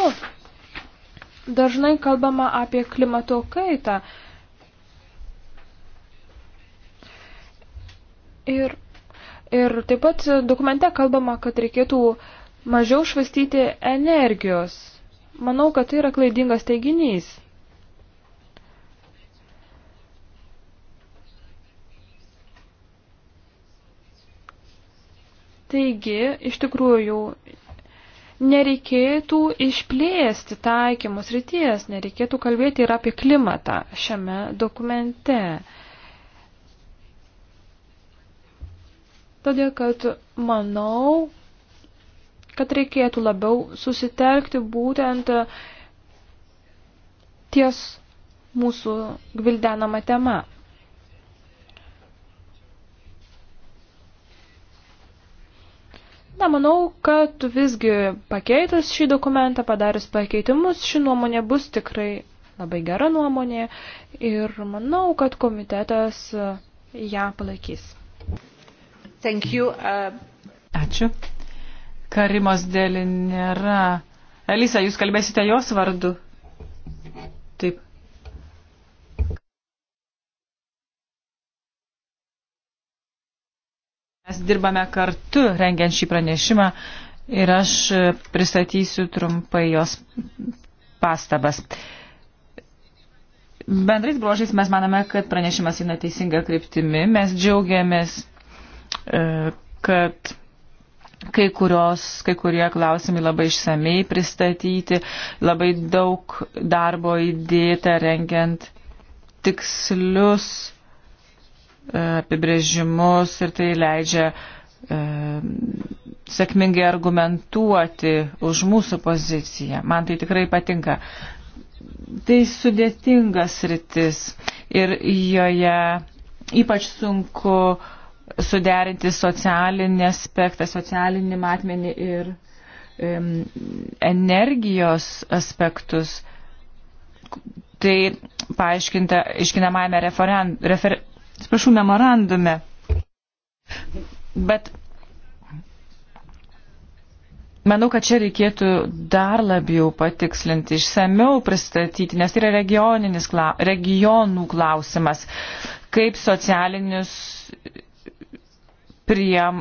dažnai kalbama apie klimato kaitą. Ir, ir taip pat dokumente kalbama, kad reikėtų mažiau švaistyti energijos. Manau, kad tai yra klaidingas teiginys. Taigi, iš tikrųjų, nereikėtų išplėsti taikymus ryties, nereikėtų kalbėti ir apie klimatą šiame dokumente. Todėl, kad manau, kad reikėtų labiau susitelkti būtent ties mūsų gvildenama tema. Na, manau, kad visgi pakeitas šį dokumentą, padarius pakeitimus, ši nuomonė bus tikrai labai gera nuomonė ir manau, kad komitetas e, ją palaikys. Thank you. Uh... Ačiū. Karimos dėlį nėra. Elisa, jūs kalbėsite jos vardu? Taip. Mes dirbame kartu rengiant šį pranešimą ir aš e, pristatysiu trumpai jos pastabas. Bendrais bruožais mes manome, kad pranešimas eina teisinga kryptimi. Mes džiaugiamės, e, kad kai, kurios, kai kurie klausimai labai išsamei pristatyti, labai daug darbo įdėta rengiant tikslius apibrėžimus ir tai leidžia e, sėkmingai argumentuoti už mūsų poziciją. Man tai tikrai patinka. Tai sudėtingas rytis ir joje ypač sunku suderinti socialinį aspektą, socialinį matmenį ir um, energijos aspektus. Tai paaiškinta iškinamajame referen, refer, atsiprašau, memorandume. Bet manau, kad čia reikėtų dar labiau patikslinti, išsameu pristatyti, nes tai yra regioninis, regionų klausimas, kaip socialinius priem,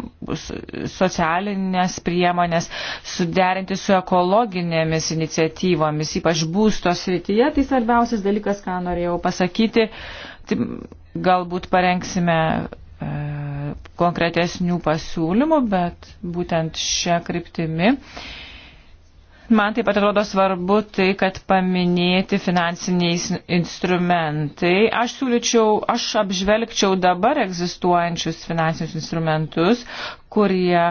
socialinės priemonės suderinti su ekologinėmis iniciatyvomis, ypač būsto srityje. Tai svarbiausias dalykas, ką norėjau pasakyti. Uh, galbūt parengsime e, konkretesnių pasiūlymų, bet būtent šią kryptimį. Man taip pat atrodo svarbu tai, kad paminėti finansiniai instrumentai. Aš siūlyčiau, aš apžvelgčiau dabar egzistuojančius finansinius instrumentus, kurie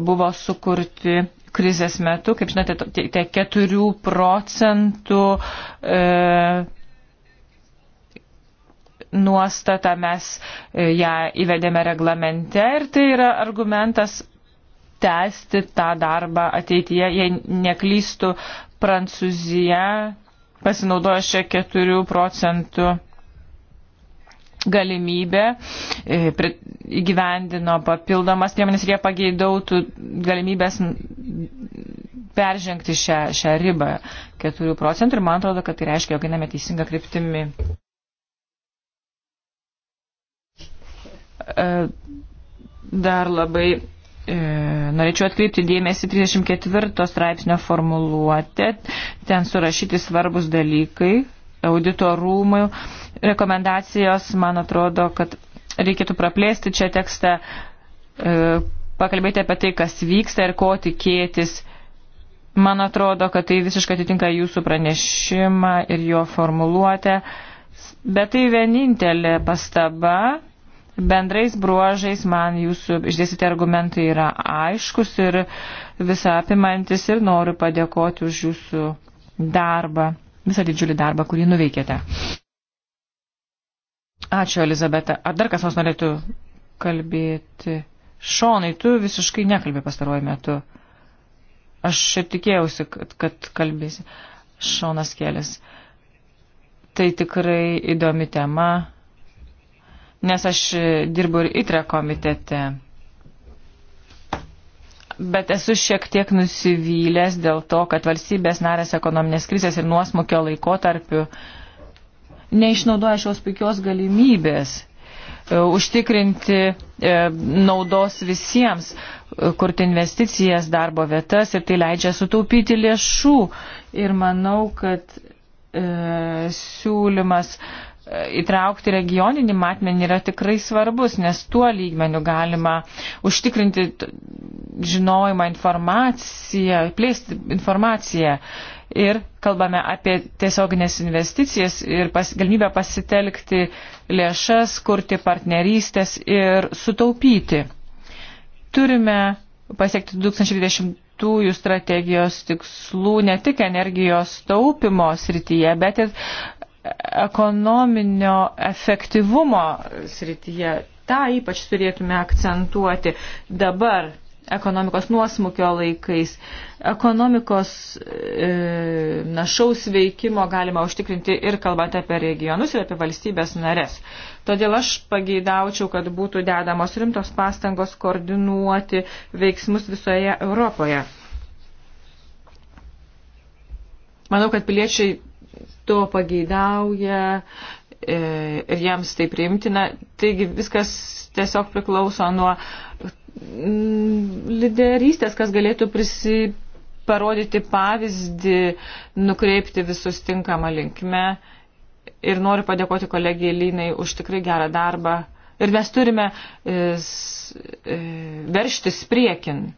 buvo sukurti krizės metu, kaip žinote, tie keturių procentų e, nuostatą, mes e, ją įvedėme reglamente ir tai yra argumentas tęsti tą darbą ateityje. Jei neklystų, Prancūzija pasinaudojo šią 4 procentų galimybę, e, įgyvendino papildomas priemonės ir jie pageidautų galimybės peržengti šią, šią ribą 4 procentų ir man atrodo, kad tai reiškia, jog einame teisinga kryptimi. E, dar labai e, norėčiau atkreipti dėmesį 34 straipsnio formuluotę, ten surašyti svarbus dalykai, audito rūmai, rekomendacijos, man atrodo, kad reikėtų praplėsti čia tekstą, e, pakalbėti apie tai, kas vyksta ir ko tikėtis. Man atrodo, kad tai visiškai atitinka jūsų pranešimą ir jo formuluotę, bet tai vienintelė pastaba Bendrais bruožais man jūsų išdėsite argumentai yra aiškus ir visą apimantis ir noriu padėkoti už jūsų darbą, visą didžiulį darbą, kurį nuveikėte. Ačiū, Elizabeta. Ar dar kas nors norėtų kalbėti? Šonai, tu visiškai nekalbė pastaruoju metu. Aš tikėjausi, kad, kad kalbėsi. Šonas Kėlis. Tai tikrai įdomi tema nes aš e, dirbu ir ITRE komitete. Bet esu šiek tiek nusivylęs dėl to, kad valstybės narės ekonominės krizės ir nuosmukio laikotarpiu neišnaudoja šios puikios galimybės e, užtikrinti e, naudos visiems, kurti investicijas, darbo vietas ir tai leidžia sutaupyti lėšų. Ir manau, kad e, siūlymas įtraukti regioninį matmenį yra tikrai svarbus, nes tuo lygmeniu galima užtikrinti žinojimą informaciją, plėsti informaciją. Ir kalbame apie tiesioginės investicijas ir pas, galimybę pasitelkti lėšas, kurti partnerystės ir sutaupyti. Turime pasiekti 2020 tųjų strategijos tikslų ne tik energijos taupimo srityje, bet ir ekonominio efektyvumo srityje. Ta ypač turėtume akcentuoti dabar ekonomikos nuosmukio laikais. Ekonomikos e, našaus veikimo galima užtikrinti ir kalbant apie regionus ir apie valstybės nares. Todėl aš pageidaučiau, kad būtų dedamos rimtos pastangos koordinuoti veiksmus visoje Europoje. Manau, kad piliečiai to pageidauja e, ir jiems tai priimtina. Taigi viskas tiesiog priklauso nuo mm, lyderystės, kas galėtų prisi, parodyti pavyzdį, nukreipti visus tinkamą linkme. Ir noriu padėkoti kolegijai Lynai už tikrai gerą darbą. Ir mes turime e, e, verštis priekin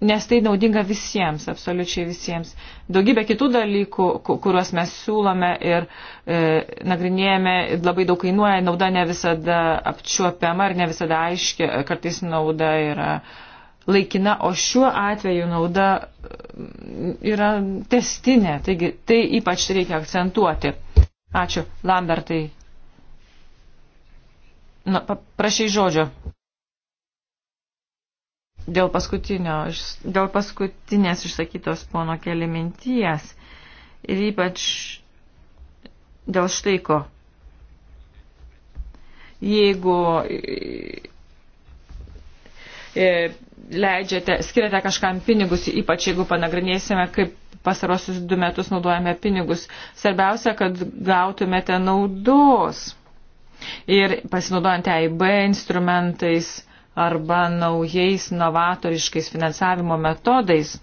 nes tai naudinga visiems, absoliučiai visiems. Daugybė kitų dalykų, kuriuos mes siūlome ir e, nagrinėjame, labai daug kainuoja, nauda ne visada apčiuopiama ir ne visada aiški, kartais nauda yra laikina, o šiuo atveju nauda mm, yra testinė, taigi tai ypač reikia akcentuoti. Ačiū, Lambertai. Na, nu, prašai žodžio dėl, dėl paskutinės išsakytos pono keli minties ir ypač dėl štai ko. Jeigu e, leidžiate, skiriate kažkam pinigus, ypač jeigu panagrinėsime, kaip pasarosius du metus naudojame pinigus. Svarbiausia, kad gautumėte naudos. Ir pasinaudojant EIB instrumentais, arba naujais novatoriškais finansavimo metodais.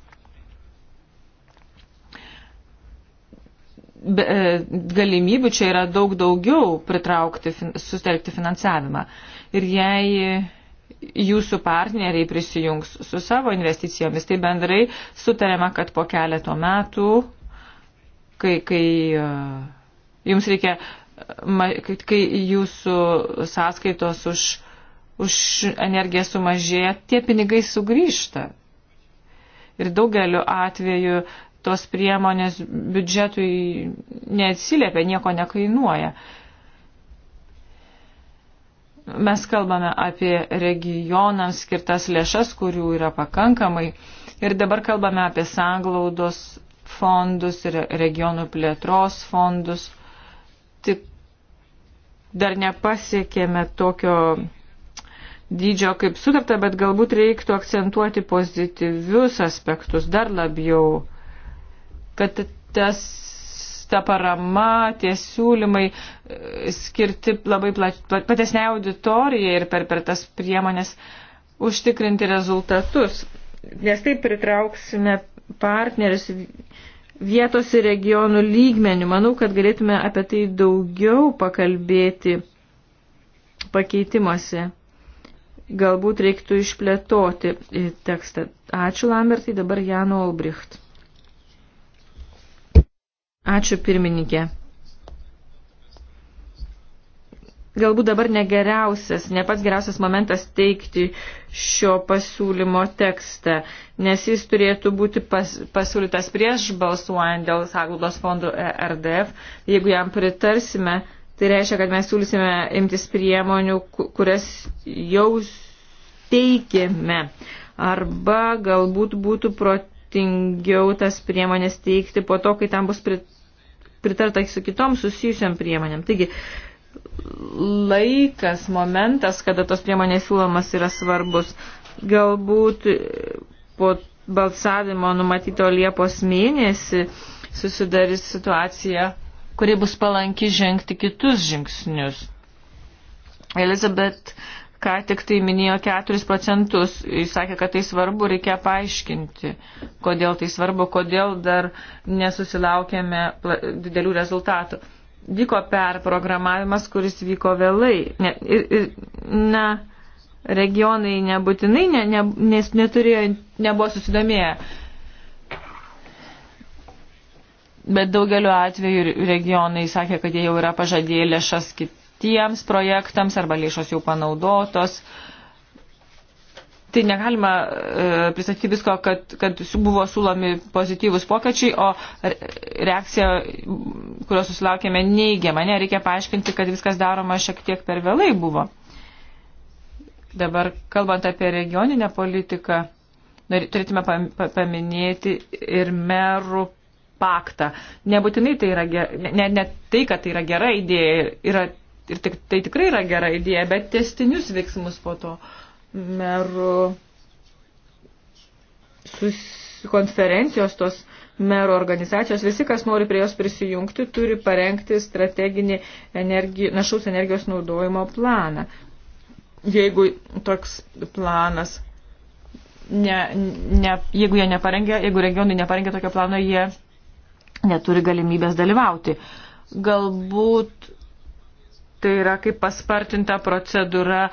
Be, e, galimybių čia yra daug daugiau pritraukti, sutelkti finansavimą. Ir jei jūsų partneriai prisijungs su savo investicijomis, tai bendrai sutarėme, kad po keleto metų, kai, kai e, jums reikia, e, kai jūsų sąskaitos už uh, už energiją sumažėja, tie pinigai sugrįžta. Ir daugeliu atveju tos priemonės biudžetui neatsiliepia, nieko nekainuoja. Mes kalbame apie regionams skirtas lėšas, kurių yra pakankamai. Ir dabar kalbame apie sanglaudos fondus ir regionų plėtros fondus. Tik dar nepasiekėme tokio dydžio kaip sutarta, bet galbūt reiktų akcentuoti pozityvius aspektus dar labiau, kad tas, ta parama, tie siūlymai e, skirti labai platesnė auditorija ir per, per tas priemonės užtikrinti rezultatus, nes taip pritrauksime partnerius vietos ir regionų lygmenių. Manau, kad galėtume apie tai daugiau pakalbėti pakeitimuose galbūt reiktų išplėtoti tekstą. Ačiū Lambertai, dabar Jano Olbricht. Ačiū pirmininkė. Galbūt dabar negeriausias, ne pats geriausias momentas teikti šio pasiūlymo tekstą, nes jis turėtų būti pas, pasiūlytas prieš balsuojant dėl Saglaudos fondų e RDF. Jeigu jam pritarsime, Tai reiškia, kad mes siūlysime imtis priemonių, kurias jau teikėme. Arba galbūt būtų protingiau tas priemonės teikti po to, kai tam bus pritarta su kitom susijusiam priemonėm. Taigi, laikas, momentas, kada tos priemonės siūlomas yra svarbus. Galbūt po balsavimo numatyto Liepos mėnesį susidarys situacija kuri bus palanki žengti kitus žingsnius. Elizabeth ką tik tai minėjo 4 procentus, jis sakė, kad tai svarbu, reikia paaiškinti, kodėl tai svarbu, kodėl dar nesusilaukėme didelių rezultatų. Vyko perprogramavimas, kuris vyko vėlai. Ne, ir, ir, na, regionai nebūtinai, ne, ne, nes neturėjo, nebuvo susidomėję bet daugeliu atveju regionai sakė, kad jie jau yra pažadėję lėšas kitiems projektams arba lėšos jau panaudotos. Tai negalima e, pristatyti visko, kad, kad buvo sulomi pozityvus pokyčiai, o reakcija, kurios susilaukėme, neigiama. Ne, reikia paaiškinti, kad viskas daroma šiek tiek per vėlai buvo. Dabar, kalbant apie regioninę politiką, turėtume paminėti ir merų paktą. Nebūtinai tai yra, ne, ne tai, kad tai yra gera idėja, yra, ir tik, tai tikrai yra gera idėja, bet testinius veiksmus po to merų sus, konferencijos tos mero organizacijos, visi, kas nori prie jos prisijungti, turi parengti strateginį energi, našaus energijos naudojimo planą. Jeigu toks planas, ne, ne, jeigu jie neparengia, jeigu regionai neparengia tokio plano, jie neturi galimybės dalyvauti. Galbūt tai yra kaip paspartinta procedūra.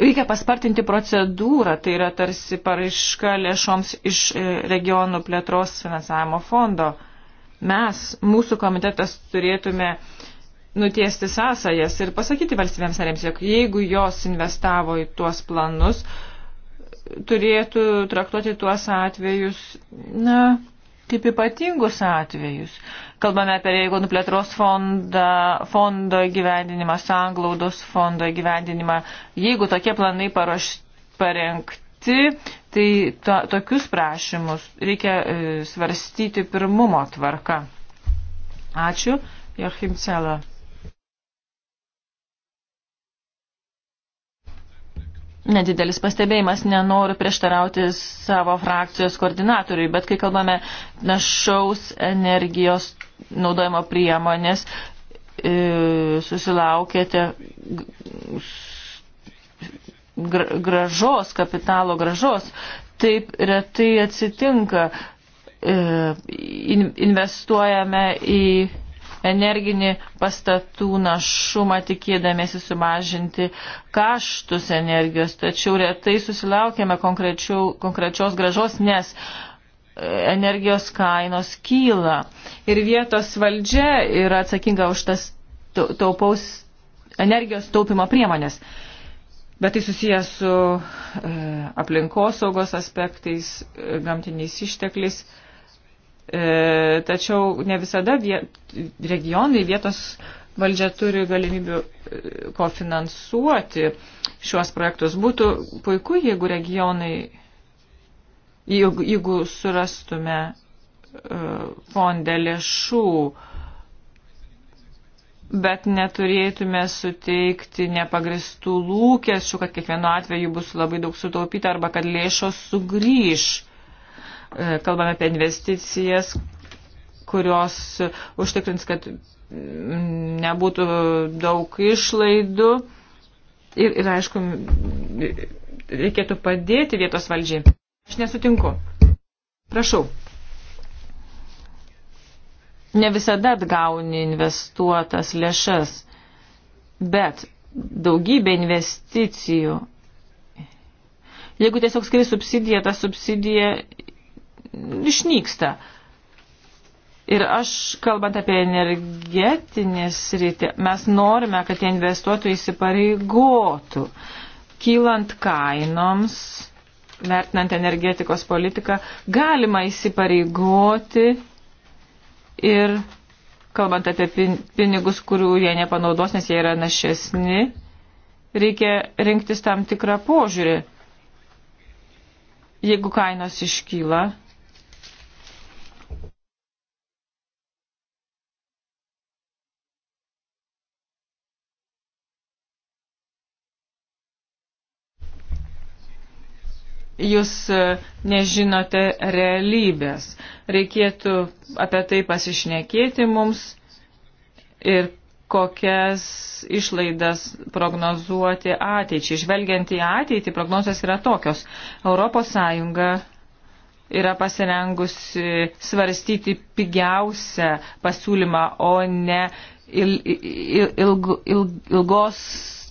Reikia paspartinti procedūrą, tai yra tarsi paraiška lėšoms iš e, regionų plėtros finansavimo fondo. Mes, mūsų komitetas, turėtume nutiesti sąsajas ir pasakyti valstybėms narėms, jog jeigu jos investavo į tuos planus, turėtų traktuoti tuos atvejus, na, kaip ypatingus atvejus. Kalbame apie reigonų plėtros fondą, fondo įgyvendinimą, sanglaudos fondo įgyvendinimą. Jeigu tokie planai paruoš, parengti, tai to, tokius prašymus reikia e, svarstyti pirmumo tvarka. Ačiū, Joachim Cela. nedidelis pastebėjimas, nenoriu prieštarauti savo frakcijos koordinatoriui, bet kai kalbame našaus energijos naudojimo priemonės, e, susilaukėte gražos, kapitalo gražos. Taip retai atsitinka, e, investuojame į energinį pastatų našumą tikėdamėsi sumažinti kaštus energijos, tačiau retai susilaukėme konkrečios gražos, nes e, energijos kainos kyla. Ir vietos valdžia yra atsakinga už tas taupaus energijos taupimo priemonės. Bet tai susijęs su e, aplinkosaugos aspektais, e, gamtiniais ištekliais. E, E, tačiau ne visada viet, regionai vietos valdžia turi galimybių e, kofinansuoti šiuos projektus. Būtų puiku, jeigu regionai, jeigu, jeigu surastume e, fondę lėšų, bet neturėtume suteikti nepagristų lūkesčių, kad kiekvienu atveju bus labai daug sutaupyta arba kad lėšos sugrįž E, kalbame apie investicijas, kurios užtikrins, kad nebūtų daug išlaidų ir, ir aišku, reikėtų padėti vietos valdžiai. Aš nesutinku. Prašau. Ne visada atgauni investuotas lėšas, bet daugybė investicijų. Jeigu tiesiog skiri subsidiją, ta subsidija išnyksta. Ir aš, kalbant apie energetinį sritį, mes norime, kad tie investuotojai įsipareigotų, kylant kainoms, vertinant energetikos politiką, galima įsipareigoti ir, kalbant apie pinigus, kurių jie nepanaudos, nes jie yra našesni, reikia rinktis tam tikrą požiūrį. Jeigu kainos iškyla, jūs e, nežinote realybės. Reikėtų apie tai pasišnekėti mums ir kokias išlaidas prognozuoti ateičiai. Žvelgiant į ateitį, prognozijos yra tokios. Europos Sąjunga yra pasirengusi svarstyti pigiausią pasiūlymą, o ne il, il, il, il, ilgos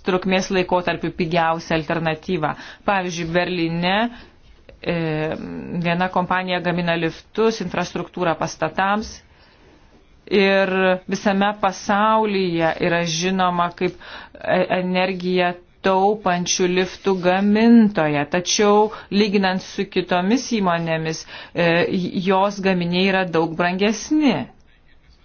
trukmės laikotarpių pigiausią alternatyvą. Pavyzdžiui, Berlyne e, viena kompanija gamina liftus, infrastruktūrą pastatams ir visame pasaulyje yra žinoma kaip e, energija taupančių liftų gamintoje. Tačiau, lyginant su kitomis įmonėmis, e, jos gaminiai yra daug brangesni.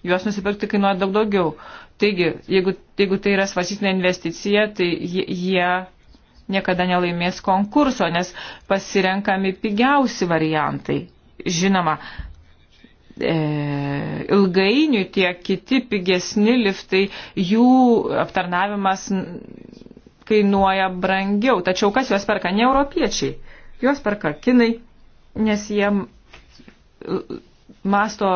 Juos nusipirkti kainuoja daug daugiau. Taigi, jeigu, jeigu tai yra svarsytinė investicija, tai jie niekada nelaimės konkurso, nes pasirenkami pigiausi variantai. Žinoma, e, ilgainiui tie kiti pigesni liftai, jų aptarnavimas kainuoja brangiau. Tačiau kas juos perka? Ne europiečiai. Juos perka kinai, nes jie masto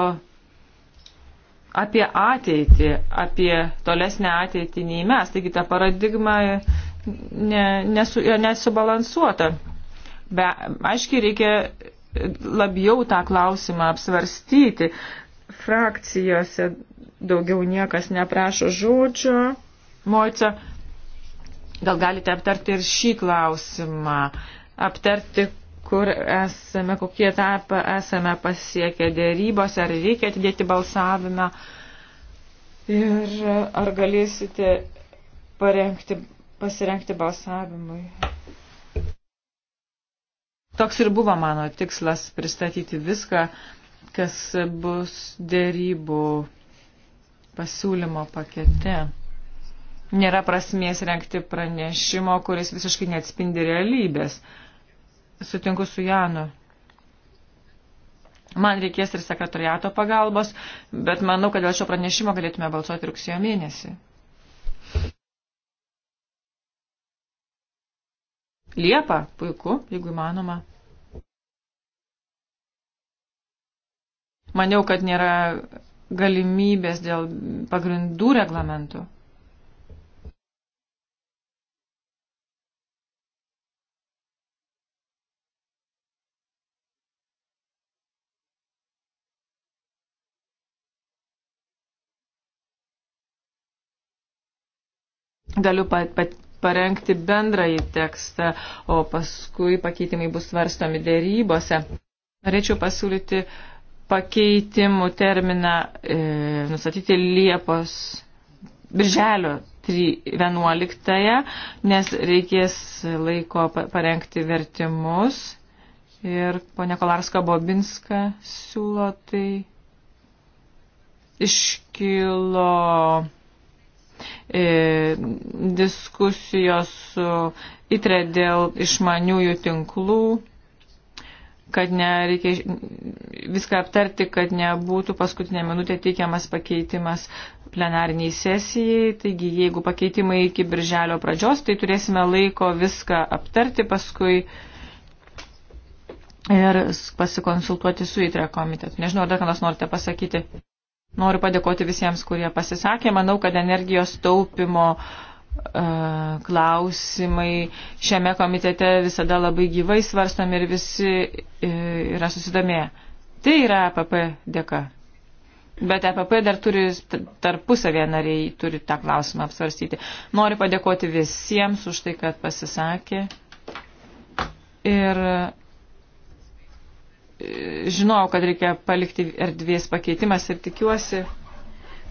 apie ateitį, apie tolesnę ateitį nei mes. Taigi ta paradigma ne, nesu, nesubalansuota. Be, aiškiai, reikia labiau tą klausimą apsvarstyti. Frakcijose daugiau niekas neprašo žodžio. Moica, gal galite aptarti ir šį klausimą, aptarti, kur esame, kokie etapą esame pasiekę dėrybos, ar reikia atidėti balsavimą ir ar galėsite parengti, pasirengti balsavimui. Toks ir buvo mano tikslas pristatyti viską, kas bus dėrybų pasiūlymo pakete. Nėra prasmės renkti pranešimo, kuris visiškai neatspindi realybės. Uh, sutinku su Janu. Man reikės ir sekretariato pagalbos, bet manau, kad dėl šio pranešimo galėtume balsuoti rugsėjo mėnesį. Liepa, puiku, jeigu įmanoma. Maniau, kad nėra galimybės dėl pagrindų reglamentų. galiu pat, pat, parengti bendrąjį tekstą, o paskui pakeitimai bus svarstomi dėrybose. Norėčiau pasiūlyti pakeitimų terminą, e, nustatyti Liepos birželio 11, nes reikės laiko parengti vertimus. Ir ponia Kolarska Bobinska siūlo tai iškilo E, diskusijos su ITRE dėl išmaniųjų tinklų, kad nereikia viską aptarti, kad nebūtų paskutinė minutė teikiamas pakeitimas plenariniai sesijai. Taigi, jeigu pakeitimai iki birželio pradžios, tai turėsime laiko viską aptarti paskui ir pasikonsultuoti su ITRE komitetu. Nežinau, ar dar ką nors norite pasakyti. Noriu padėkoti visiems, kurie pasisakė. Manau, kad energijos taupimo e, klausimai šiame komitete visada labai gyvai svarstomi ir visi e, yra susidomėję. Tai yra APP e dėka. Bet EPP dar turi tarpusavė nariai, turi tą klausimą apsvarstyti. Noriu padėkoti visiems už tai, kad pasisakė. Ir žinojau, kad reikia palikti erdvės pakeitimas ir tikiuosi,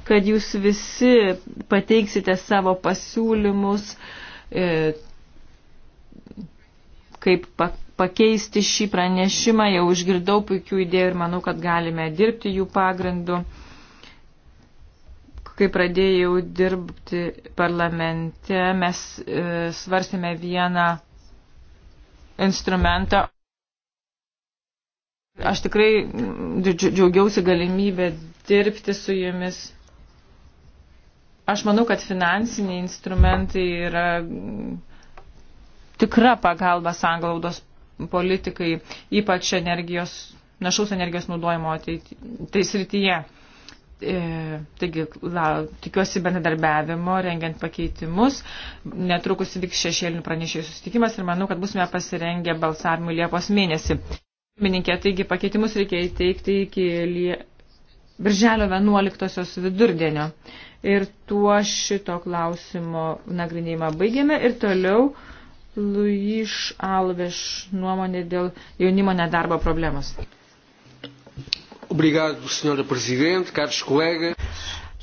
kad jūs visi pateiksite savo pasiūlymus, e, kaip pakeisti šį pranešimą. Jau išgirdau puikių idėjų ir manau, kad galime dirbti jų pagrindu. Kai pradėjau dirbti parlamente, mes e, svarstėme vieną instrumentą Aš tikrai džiaugiausi galimybę dirbti su jumis. Aš manau, kad finansiniai instrumentai yra tikra pagalba sanglaudos politikai, ypač energijos, našaus energijos naudojimo ateity, tai srityje. E, taigi, la, tikiuosi bendradarbiavimo, rengiant pakeitimus. Netrukus vyks šešėlinių pranešėjų susitikimas ir manau, kad busime pasirengę balsavimui Liepos mėnesį. Mininkė, taigi pakeitimus reikia įteikti iki lie... birželio 11 vidurdienio. Ir tuo šito klausimo nagrinėjimą baigėme ir toliau Luiš Alveš nuomonė dėl jaunimo nedarbo problemos. Obrigado, senhora presidente, caros colegas.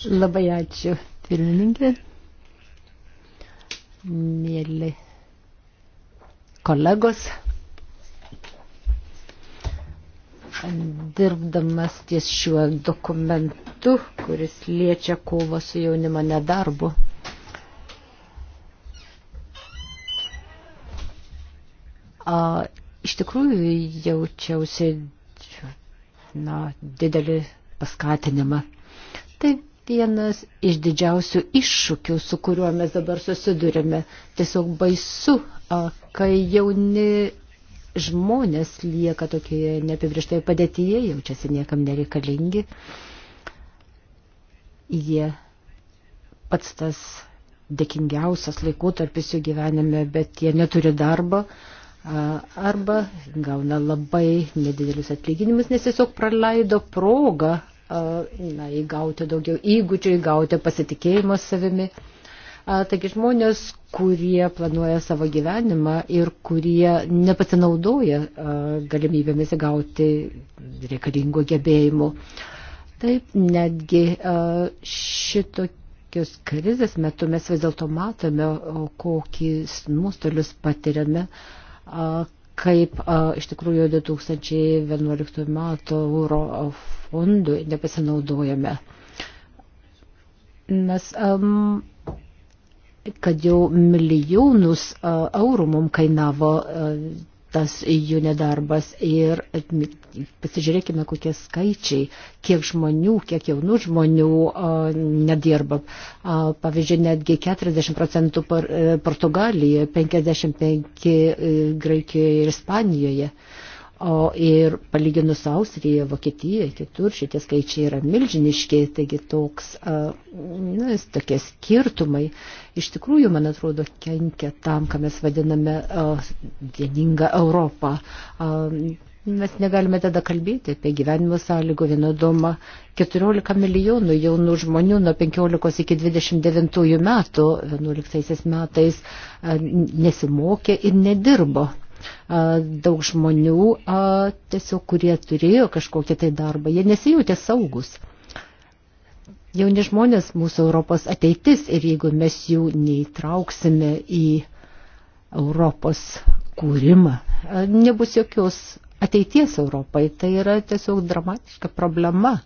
Labai ačiū, pirmininkė. Mėly kolegos. dirbdamas ties šiuo dokumentu, kuris liečia kovą su jaunimo nedarbu. A, iš tikrųjų jaučiausi na, didelį paskatinimą. Tai vienas iš didžiausių iššūkių, su kuriuo mes dabar susidurime. Tiesiog baisu, kai jauni žmonės lieka tokioje neapibrieštoje padėtyje, jaučiasi niekam nereikalingi. Jie pats tas dėkingiausias laikotarpis jų gyvenime, bet jie neturi darbo arba gauna labai nedidelius atlyginimus, nes tiesiog praleido progą na, įgauti daugiau įgūdžių, įgauti pasitikėjimo savimi. Taigi žmonės, kurie planuoja savo gyvenimą ir kurie nepasinaudoja galimybėmis įgauti reikalingų gebėjimų. Taip, netgi šitokios krizės metu mes vis dėlto matome, kokius nuostolius patiriame, kaip iš tikrųjų 2011 metų euro fondų nepasinaudojame. Mes um, kad jau milijonus eurų mums kainavo tas jų nedarbas ir pasižiūrėkime, kokie skaičiai, kiek žmonių, kiek jaunų žmonių a, nedirba. A, pavyzdžiui, netgi 40 procentų par, e, Portugalijoje, 55 e, Graikijoje ir Ispanijoje. A, O ir palyginus Austriją, Vokietiją, kitur šitie skaičiai yra milžiniški, taigi toks, na, tokie skirtumai iš tikrųjų, man atrodo, kenkia tam, ką mes vadiname vieningą Europą. Mes negalime tada kalbėti apie gyvenimo sąlygų vienodumą. 14 milijonų jaunų žmonių nuo 15 iki 29 metų, 11 metais nesimokė ir nedirbo daug žmonių tiesiog, kurie turėjo kažkokį tai darbą, jie nesijūtė saugus. Jauni žmonės mūsų Europos ateitis ir jeigu mes jų neįtrauksime į Europos kūrimą, nebus jokios ateities Europai. Tai yra tiesiog dramatiška problema.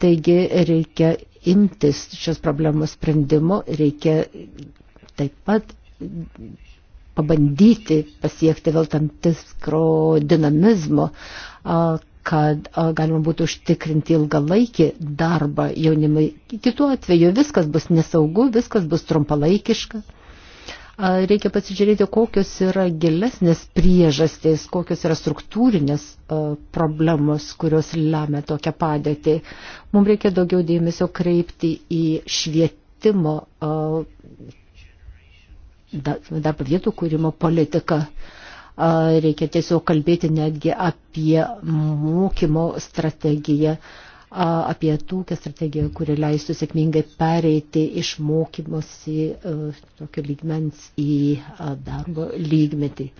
Taigi reikia imtis šios problemos sprendimo, reikia taip pat pabandyti pasiekti vėl tam tikro dinamizmo, kad galima būtų užtikrinti ilgalaikį darbą jaunimai. Kitu atveju viskas bus nesaugu, viskas bus trumpalaikiška. Reikia pasižiūrėti, kokios yra gilesnės priežastys, kokios yra struktūrinės problemos, kurios lemia tokią padėtį. Mums reikia daugiau dėmesio kreipti į švietimo darbo vietų kūrimo politiką. Reikia tiesiog kalbėti netgi apie mokymo strategiją, apie tokią strategiją, kuri leistų sėkmingai pereiti iš mokymosi tokio lygmens į darbo lygmetį.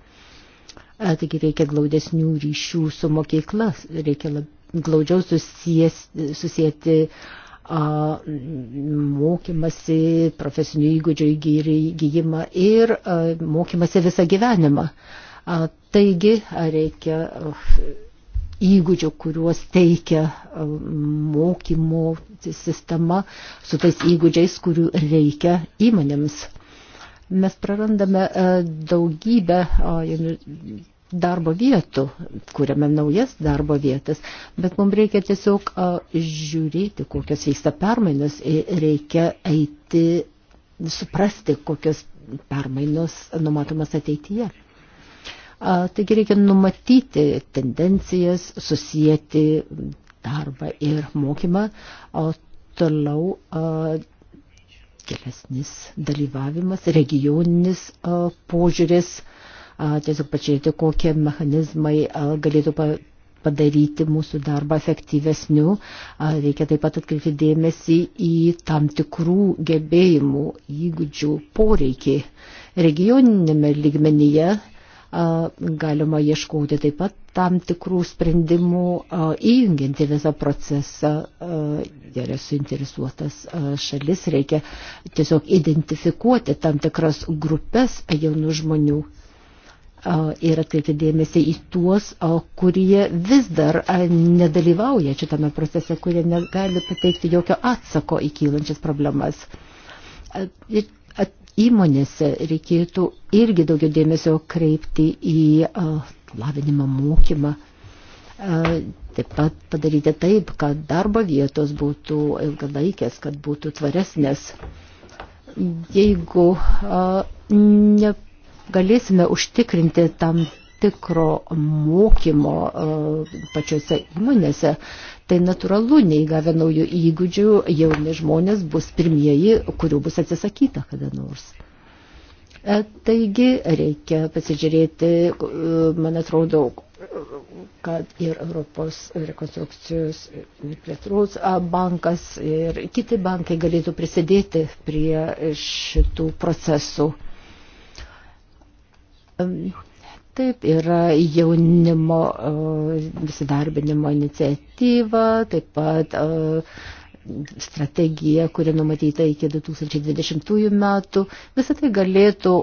Taigi reikia glaudesnių ryšių su mokykla, reikia glaudžiau susijęti mokymasi, profesinių įgūdžių įgyjimą ir mokymasi visą gyvenimą. Taigi reikia įgūdžių, kuriuos teikia mokymo sistema su tais įgūdžiais, kurių reikia įmonėms. Mes prarandame daugybę darbo vietų, kuriame naujas darbo vietas, bet mums reikia tiesiog žiūrėti, kokios vyksta permainos ir reikia eiti, suprasti, kokios permainos numatomas ateityje. Taigi reikia numatyti tendencijas, susijęti darbą ir mokymą, o toliau gilesnis dalyvavimas, regioninis požiūris, tiesiog pažiūrėti, kokie mechanizmai galėtų padaryti mūsų darbą efektyvesniu. Reikia taip pat atkreipti dėmesį į tam tikrų gebėjimų, įgūdžių poreikį. Regioninėme lygmenyje galima ieškoti taip pat tam tikrų sprendimų, įjungianti visą procesą. Gerai suinteresuotas šalis reikia tiesiog identifikuoti tam tikras grupės jaunų žmonių ir atkreipti dėmesį į tuos, kurie vis dar nedalyvauja šitame procese, kurie negali pateikti jokio atsako į kylančias problemas. Įmonėse reikėtų irgi daugiau dėmesio kreipti į lavinimą mokymą. Taip pat padaryti taip, kad darbo vietos būtų ilgalaikės, kad būtų tvaresnės. Jeigu ne galėsime užtikrinti tam tikro mokymo e, pačiose įmonėse, tai natūralu, neįgavę naujų įgūdžių, jauni žmonės bus pirmieji, kurių bus atsisakyta kada nors. E, taigi reikia pasižiūrėti, e, man atrodo, kad ir Europos rekonstrukcijos ir plėtros bankas ir kiti bankai galėtų prisidėti prie šitų procesų. Taip, yra jaunimo e, įsidarbinimo iniciatyva, taip pat e, strategija, kuri numatyta iki 2020 metų. Visą tai galėtų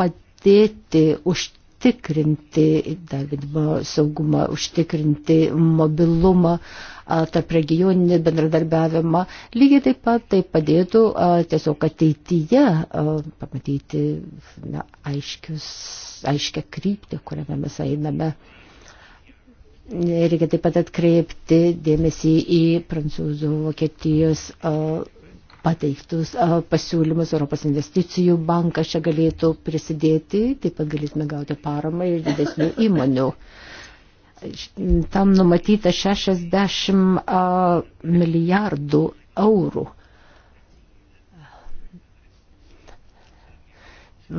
padėti užtikrinti darbinimo saugumą, užtikrinti mobilumą, tarp regioninį bendradarbiavimą. Lygiai taip pat tai padėtų tiesiog ateityje pamatyti na, aiškius, aiškę kryptį, kuriame mes einame. Reikia taip pat atkreipti dėmesį į prancūzų, vokietijos pateiktus pasiūlymus Europos investicijų bankas čia galėtų prisidėti, taip pat galėtume gauti paramą ir didesnių įmonių tam numatyta 60 milijardų eurų.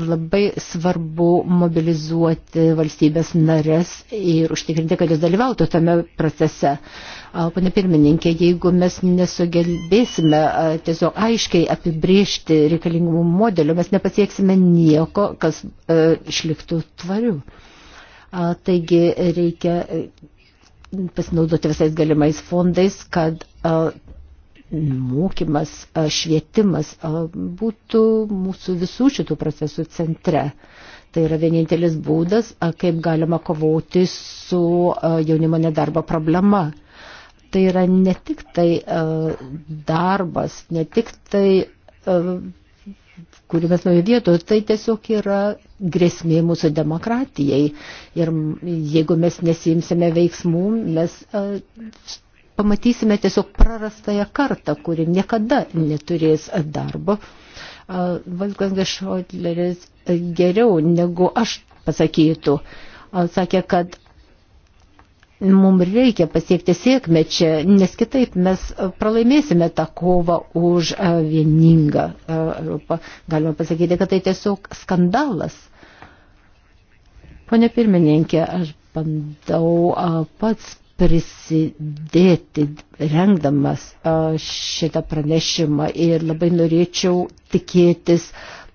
labai svarbu mobilizuoti valstybės narės ir užtikrinti, kad jis dalyvautų tame procese. Pane pirmininkė, jeigu mes nesugelbėsime tiesiog aiškiai apibriežti reikalingumų modelio, mes nepasieksime nieko, kas išliktų tvariu. Taigi reikia e, pasinaudoti visais galimais fondais, kad mokymas, švietimas būtų mūsų visų šitų procesų centre. Tai yra vienintelis būdas, kaip galima kovoti su jaunimo nedarbo problema. Tai yra ne tik tai darbas, ne tik tai kūrimas naujų vietų, tai tiesiog yra grėsmė mūsų demokratijai. Ir jeigu mes nesimsime veiksmų, mes e, pamatysime tiesiog prarastąją kartą, kuri niekada neturės darbo. Valgangas e, Šodleris e, geriau negu aš pasakytų, sakė, kad Mums reikia pasiekti sėkmę čia, nes kitaip mes e, pralaimėsime tą kovą už e, vieningą e, Europą. Galima pasakyti, kad tai tiesiog skandalas. Pone pirmininkė, aš bandau pats prisidėti rengdamas šitą pranešimą ir labai norėčiau tikėtis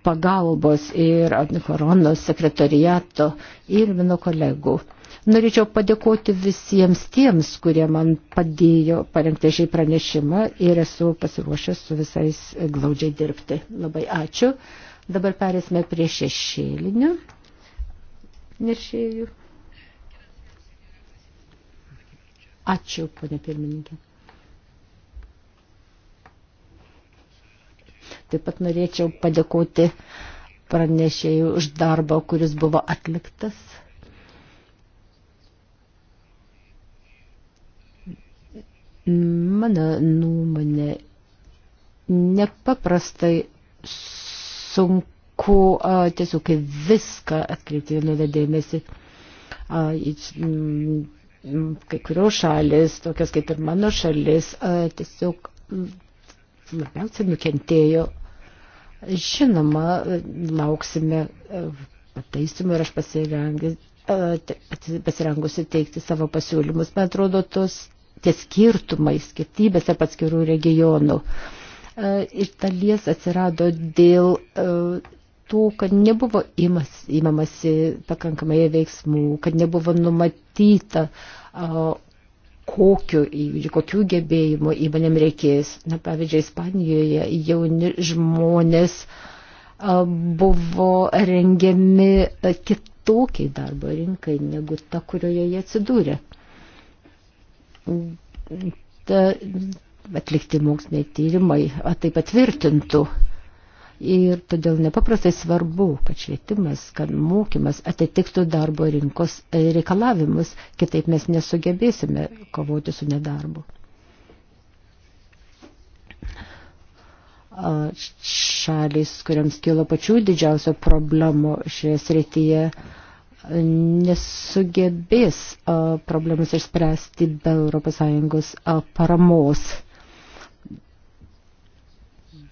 pagalbos ir Koronos sekretoriato ir mano kolegų. Norėčiau padėkoti visiems tiems, kurie man padėjo parengti šį pranešimą ir esu pasiruošęs su visais glaudžiai dirbti. Labai ačiū. Dabar perėsime prie šešėlinio nešėjų. Ačiū, ponė pirmininkė. Taip pat norėčiau padėkoti pranešėjų už darbą, kuris buvo atliktas. Mano nuomonė, nepaprastai sunku a, tiesiog viską atkreipti vienodą dėmesį. A, kai kurios šalis, tokios kaip ir mano šalis, a, tiesiog labiausiai nukentėjo. Žinoma, lauksime pataisimų ir aš pasirengusi teikti savo pasiūlymus. Man atrodo, tos tie skirtumai, skirtybės tarp atskirų regionų. E, iš dalies atsirado dėl e, to, kad nebuvo imas, imamasi pakankamai veiksmų, kad nebuvo numatyta, e, kokiu įgūdžiu, kokių gebėjimų įmonėm reikės. Na, pavyzdžiui, Ispanijoje jauni žmonės buvo rengiami kitokiai darbo rinkai negu ta, kurioje jie atsidūrė ta, atlikti moksliniai tyrimai tai patvirtintų. Ir todėl nepaprastai svarbu, kad švietimas, kad mokymas atitiktų darbo rinkos e, reikalavimus, kitaip mes nesugebėsime kovoti su nedarbu. Šalis, kuriams kilo pačių didžiausio problemų šioje srityje, nesugebės problemas išspręsti be ES paramos,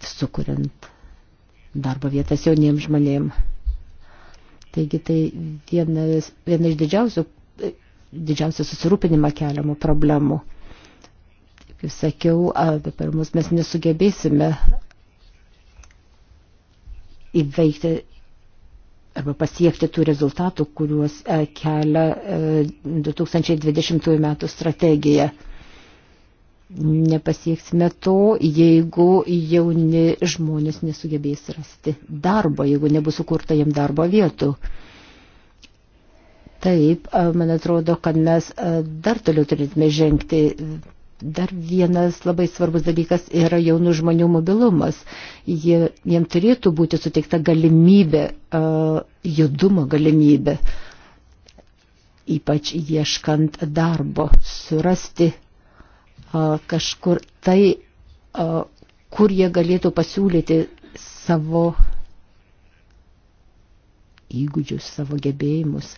sukuriant darbo vietas jauniems žmonėms. Taigi tai viena, viena iš didžiausių, e, didžiausią susirūpinimą keliamų problemų. Kaip sakiau, per mus mes nesugebėsime įveikti arba pasiekti tų rezultatų, kuriuos e, kelia 2020 e, m. strategija. Nepasieksime to, jeigu jauni žmonės nesugebės rasti darbo, jeigu nebus sukurta jam darbo vietų. Taip, man atrodo, kad mes dar toliau turėtume žengti Dar vienas labai svarbus dalykas yra jaunų žmonių mobilumas. Jie, jiem turėtų būti suteikta galimybė, judumo galimybė, ypač ieškant darbo, surasti kažkur tai, kur jie galėtų pasiūlyti savo įgūdžius, savo gebėjimus.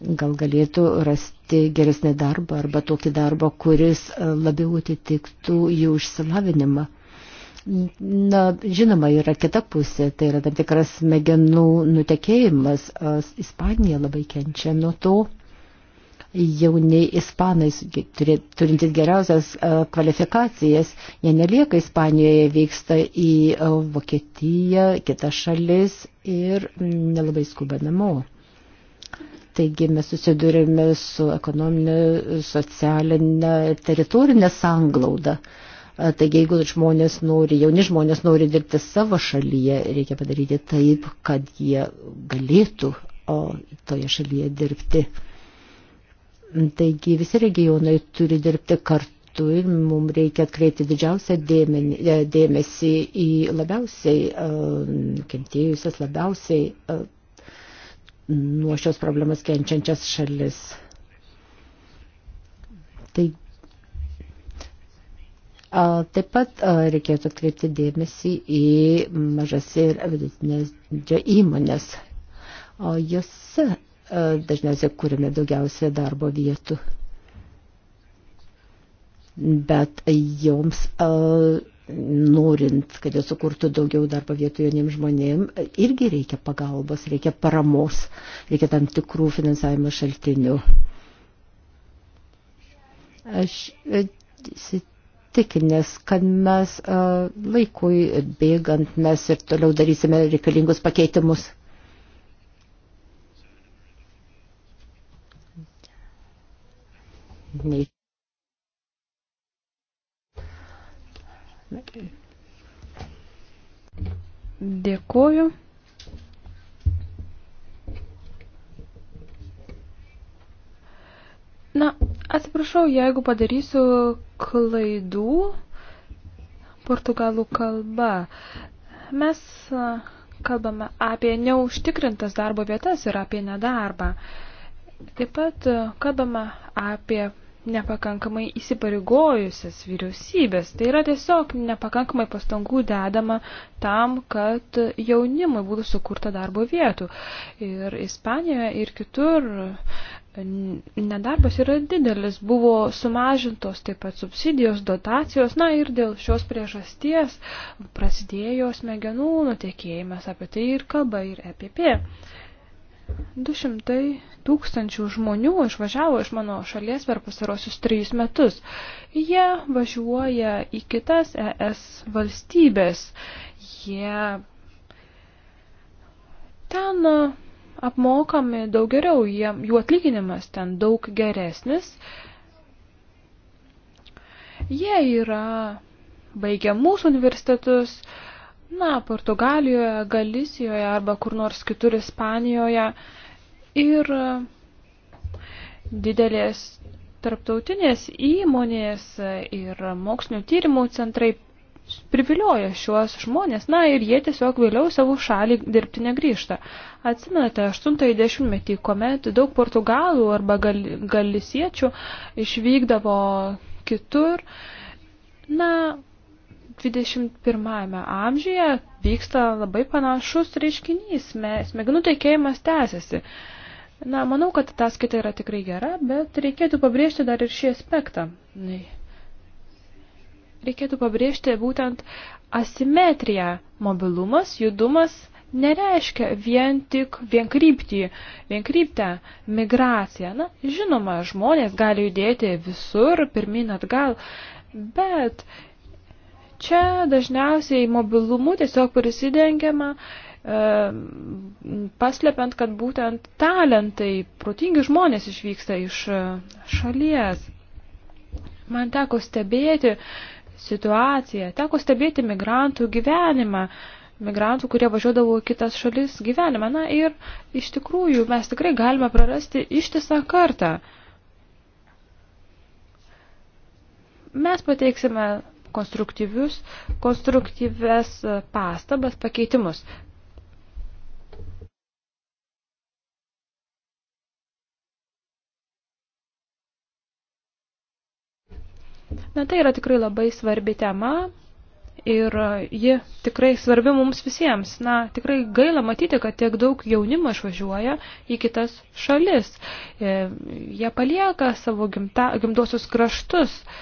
gal galėtų rasti geresnį darbą arba tokį darbą, kuris e, labiau atitiktų jų išsilavinimą. Na, žinoma, yra kita pusė, tai yra tam tikras smegenų nutekėjimas. E, Ispanija labai kenčia nuo to. Jauniai ispanai, turintys geriausias e, kvalifikacijas, jie nelieka Ispanijoje, vyksta į Vokietiją, kitas šalis ir mm, nelabai skuba namo. Taigi mes susidurime su ekonominė, socialinė, teritorinė sanglauda. Taigi jeigu žmonės nori, jauni žmonės nori dirbti savo šalyje, reikia padaryti taip, kad jie galėtų o, toje šalyje dirbti. Taigi visi regionai turi dirbti kartu ir mums reikia atkreipti didžiausią dėmenį, e, dėmesį į labiausiai nukentėjusias, labiausiai nuo šios problemas kenčiančias šalis. Tai Taip pat reikėtų atkreipti dėmesį į mažas ir vidutinės įmonės. O jose dažniausiai kūrime daugiausia darbo vietų. Bet joms norint, kad jie sukurtų daugiau darbo vietų jauniems žmonėm, irgi reikia pagalbos, reikia paramos, reikia tam tikrų finansavimo šaltinių. Aš e, įsitikinęs, kad mes e, laikui bėgant mes ir toliau darysime reikalingus pakeitimus. Nei. Dėkuoju. Na, atsiprašau, jeigu padarysiu klaidų portugalų kalba. Mes kalbame apie neužtikrintas darbo vietas ir apie nedarbą. Taip pat kalbame apie nepakankamai įsipareigojusias vyriausybės. Tai yra tiesiog nepakankamai pastangų dedama tam, kad jaunimui būtų sukurta darbo vietų. Ir Ispanijoje, ir kitur nedarbas yra didelis, buvo sumažintos taip pat subsidijos, dotacijos, na ir dėl šios priežasties prasidėjo smegenų nutekėjimas, apie tai ir kalba ir EPP. 200 tūkstančių žmonių išvažiavo iš mano šalies per pasarosius trejus metus. Jie važiuoja į kitas ES valstybės. Jie ten apmokami daug geriau, jie, jų atlyginimas ten daug geresnis. Jie yra baigę mūsų universitetus, uh, na, Portugalijoje, Galisijoje arba kur nors kitur Ispanijoje ir e, didelės tarptautinės įmonės ir mokslinio tyrimų centrai privilioja šiuos žmonės, na ir jie tiesiog vėliau savo šalį dirbti negrįžta. Atsimenate, 80 metį, kuomet daug portugalų arba gal, galisiečių išvykdavo kitur, na, 21 amžiuje vyksta labai panašus reiškinys, smegenų tekėjimas tęsiasi. Na, manau, kad ataskaita yra tikrai gera, bet reikėtų pabrėžti dar ir šį aspektą. Reikėtų pabrėžti būtent asimetriją. Mobilumas, judumas nereiškia vien tik vienkryptį, vienkryptę migraciją. Na, žinoma, žmonės gali judėti visur, pirmin atgal, bet Čia dažniausiai mobilumu tiesiog prisidengiama, e, paslepiant, kad būtent talentai, protingi žmonės išvyksta iš e, šalies. Man teko stebėti situaciją, teko stebėti migrantų gyvenimą, migrantų, kurie važiuodavo į kitas šalis gyvenimą. Na ir iš tikrųjų mes tikrai galime prarasti ištisą kartą. Mes pateiksime konstruktyvius, konstruktyves pastabas, pakeitimus. Na tai yra tikrai labai svarbi tema ir ji tikrai svarbi mums visiems. Na tikrai gaila matyti, kad tiek daug jaunimo išvažiuoja į kitas šalis. E, jie palieka savo gimta, gimdosius kraštus. E,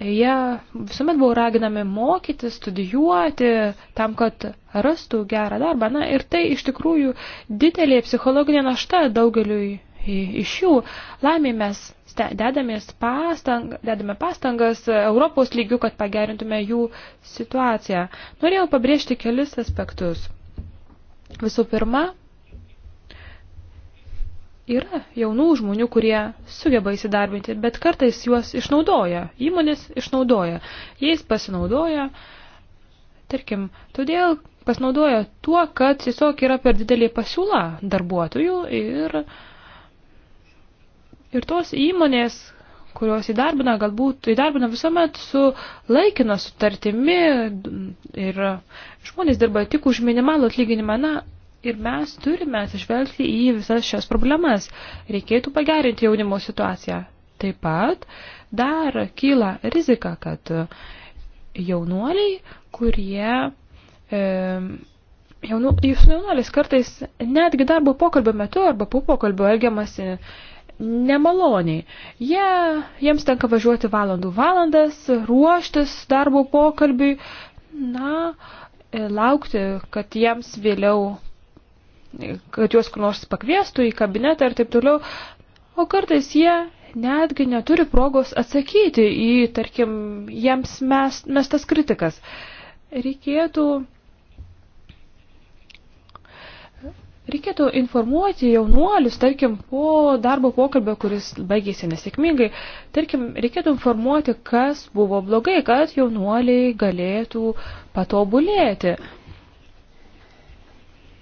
jie visuomet buvo raginami mokyti, studijuoti, tam, kad rastų gerą darbą. Na ir tai iš tikrųjų didelė psichologinė našta daugeliui iš jų. Laimė mes dedamės pastang, dedame pastangas Europos lygių, kad pagerintume jų situaciją. Norėjau pabrėžti kelis aspektus. Visų pirma, Yra jaunų žmonių, kurie sugeba įsidarbinti, bet kartais juos išnaudoja, įmonės išnaudoja, jais pasinaudoja, tarkim, todėl pasinaudoja tuo, kad tiesiog yra per didelį pasiūlą darbuotojų ir, ir tos įmonės, kurios įdarbina, galbūt įdarbina visuomet su laikina sutartimi ir žmonės dirba tik už minimalų atlyginimą. Na, Ir mes turime atsižvelgti į visas šias problemas. Reikėtų pagerinti jaunimo situaciją. Taip pat dar kyla rizika, kad e, jaunuoliai, kurie. E, jaunu, jūs jaunuolis kartais netgi darbo pokalbio metu arba po pokalbio elgiamasi nemaloniai. Jie, jiems tenka važiuoti valandų valandas, ruoštis darbo pokalbiui, na, e, laukti, kad jiems vėliau kad juos kur nors pakviestų į kabinetą ir taip toliau, o kartais jie netgi neturi progos atsakyti į, tarkim, jiems mes, mes tas kritikas. Reikėtų reikėtų informuoti jaunuolius, tarkim, po darbo pokalbio, kuris baigėsi nesėkmingai, tarkim, reikėtų informuoti, kas buvo blogai, kad jaunuoliai galėtų patobulėti.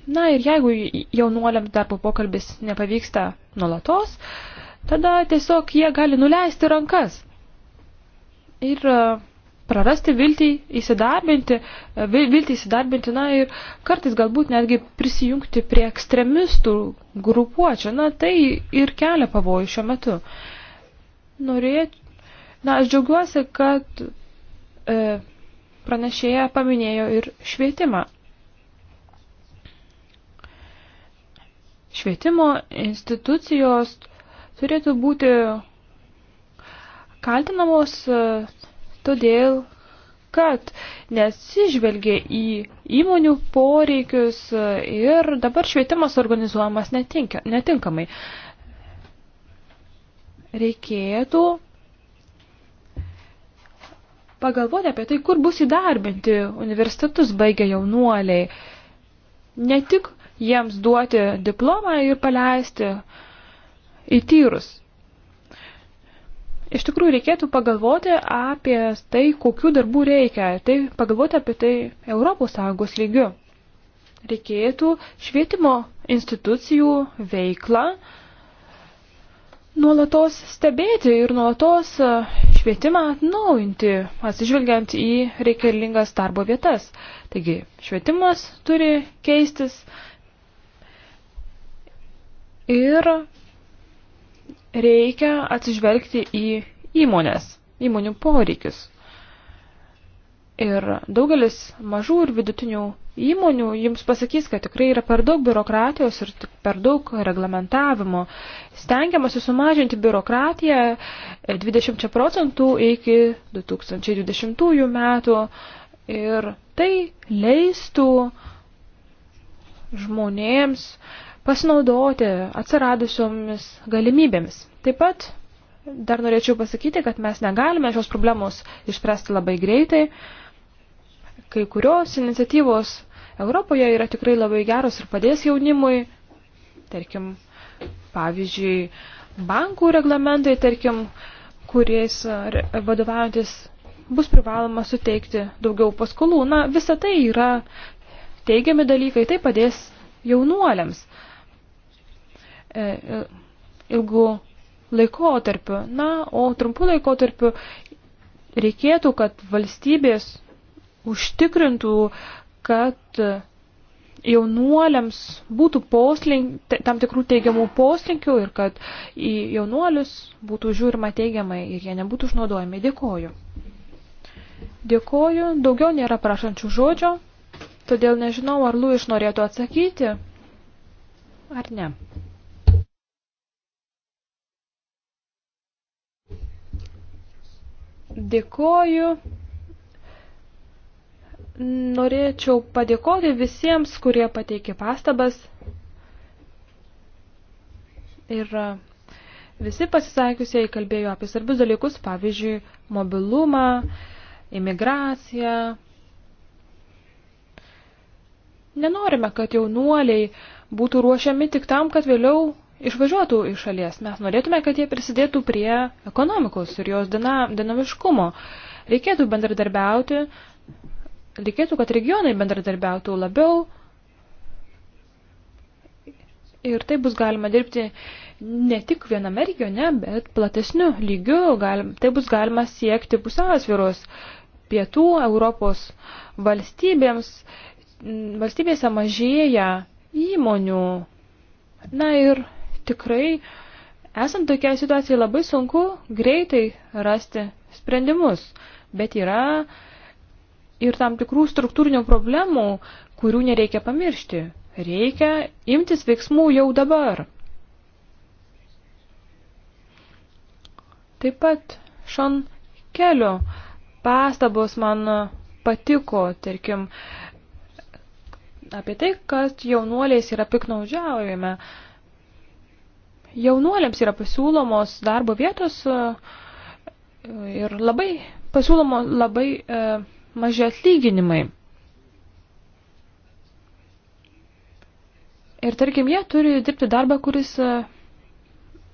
Na ir jeigu jaunuoliams darbo pokalbis nepavyksta nulatos, tada tiesiog jie gali nuleisti rankas ir e, prarasti viltį įsidarbinti, e, viltį įsidarbinti, na ir kartais galbūt netgi prisijungti prie ekstremistų grupuočio, na tai ir kelia pavojų šiuo metu. Norėčiau, na aš džiaugiuosi, kad e, pranešėja paminėjo ir švietimą. Švietimo institucijos turėtų būti kaltinamos e, todėl, kad nesižvelgia į įmonių poreikius e, ir dabar švietimas organizuojamas netinka, netinkamai. Reikėtų pagalvoti apie tai, kur bus įdarbinti universitetus baigę jaunuoliai. Ne tik jiems duoti diplomą ir paleisti į tyrus. Iš tikrųjų reikėtų pagalvoti apie tai, kokiu darbu reikia, tai pagalvoti apie tai ES lygiu. Reikėtų švietimo institucijų veiklą nuolatos stebėti ir nuolatos švietimą atnaujinti, atsižvelgiant į reikalingas darbo vietas. Taigi, švietimas turi keistis, ir reikia atsižvelgti į įmonės, įmonių poreikius. Ir daugelis mažų ir vidutinių įmonių jums pasakys, kad tikrai yra per daug biurokratijos ir per daug reglamentavimo. Stengiamasi sumažinti biurokratiją 20 procentų iki 2020 metų ir tai leistų žmonėms uh, pasinaudoti atsiradusiomis galimybėmis. Taip pat dar norėčiau pasakyti, kad mes negalime šios problemos išspręsti labai greitai. Kai kurios iniciatyvos Europoje yra tikrai labai geros ir padės jaunimui. Tarkim, pavyzdžiui, bankų reglamentai, tarkim, kuriais vadovaujantis bus privaloma suteikti daugiau paskolų. Na, visa tai yra teigiami dalykai, tai padės jaunuoliams. E, e, ilgu laikotarpiu. Na, o trumpu laikotarpiu reikėtų, kad valstybės užtikrintų, kad jaunuoliams būtų poslink, tam tikrų teigiamų poslinkių ir kad į jaunuolius būtų žiūrima teigiamai ir jie nebūtų išnaudojami. Dėkoju. Dėkoju, daugiau nėra prašančių žodžio, todėl nežinau, ar Lu iš norėtų atsakyti, ar ne. Dėkoju. Norėčiau padėkoti visiems, kurie pateikė pastabas. Ir e, visi pasisakiusieji kalbėjo apie svarbius dalykus, pavyzdžiui, mobilumą, imigraciją. Nenorime, kad jaunuoliai būtų ruošiami tik tam, kad vėliau išvažiuotų iš šalies. Mes norėtume, kad jie prisidėtų prie ekonomikos ir jos dinamiškumo. Reikėtų bendradarbiauti, reikėtų, kad regionai bendradarbiautų labiau ir tai bus galima dirbti ne tik viename regione, bet platesniu lygiu. Galim, tai bus galima siekti pusiausviros pietų Europos valstybėms. Valstybėse mažėja įmonių. Na ir tikrai esant tokiai situacijai labai sunku greitai rasti sprendimus, bet yra ir tam tikrų struktūrinių problemų, kurių nereikia pamiršti. Reikia imtis veiksmų jau dabar. Taip pat šon kelio pastabos man patiko, tarkim, apie tai, kad jaunuoliais yra piknaudžiaujame. Uh, jaunuoliams yra pasiūlomos darbo vietos e, ir labai pasiūlomo labai e, maži atlyginimai. Ir tarkim, jie turi dirbti darbą, kuris e,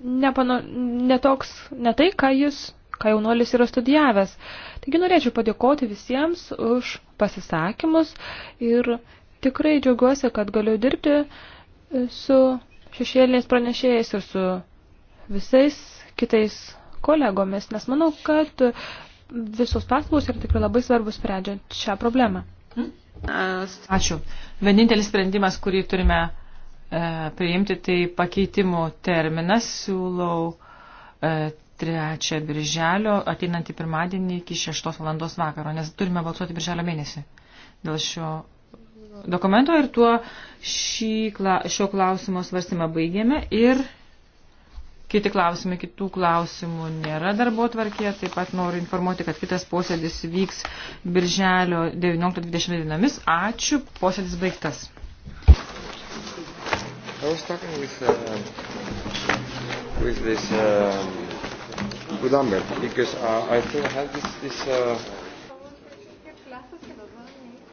nepano, netoks, ne tai, ką jis, ką jaunuolis yra studijavęs. Taigi norėčiau padėkoti visiems už pasisakymus ir tikrai džiaugiuosi, kad galiu dirbti su šešėliniais pranešėjais ir su visais kitais kolegomis, nes manau, kad visos paslaugos yra tikrai labai svarbus sprendžiant šią problemą. Ačiū. Vienintelis sprendimas, kurį turime e, priimti, tai pakeitimų terminas. Siūlau e, 3 birželio, ateinantį pirmadienį iki 6 valandos vakaro, nes turime balsuoti birželio mėnesį dėl šio dokumento ir tuo šį, šio klausimo svarstymą baigėme ir kiti klausimai, kitų klausimų nėra darbo tvarkėje, taip pat noriu informuoti, kad kitas posėdis vyks birželio 19-20 dienomis. Ačiū, posėdis baigtas. I was talking with, uh, with this, uh, um, with Amber, because uh, I still have this, this uh,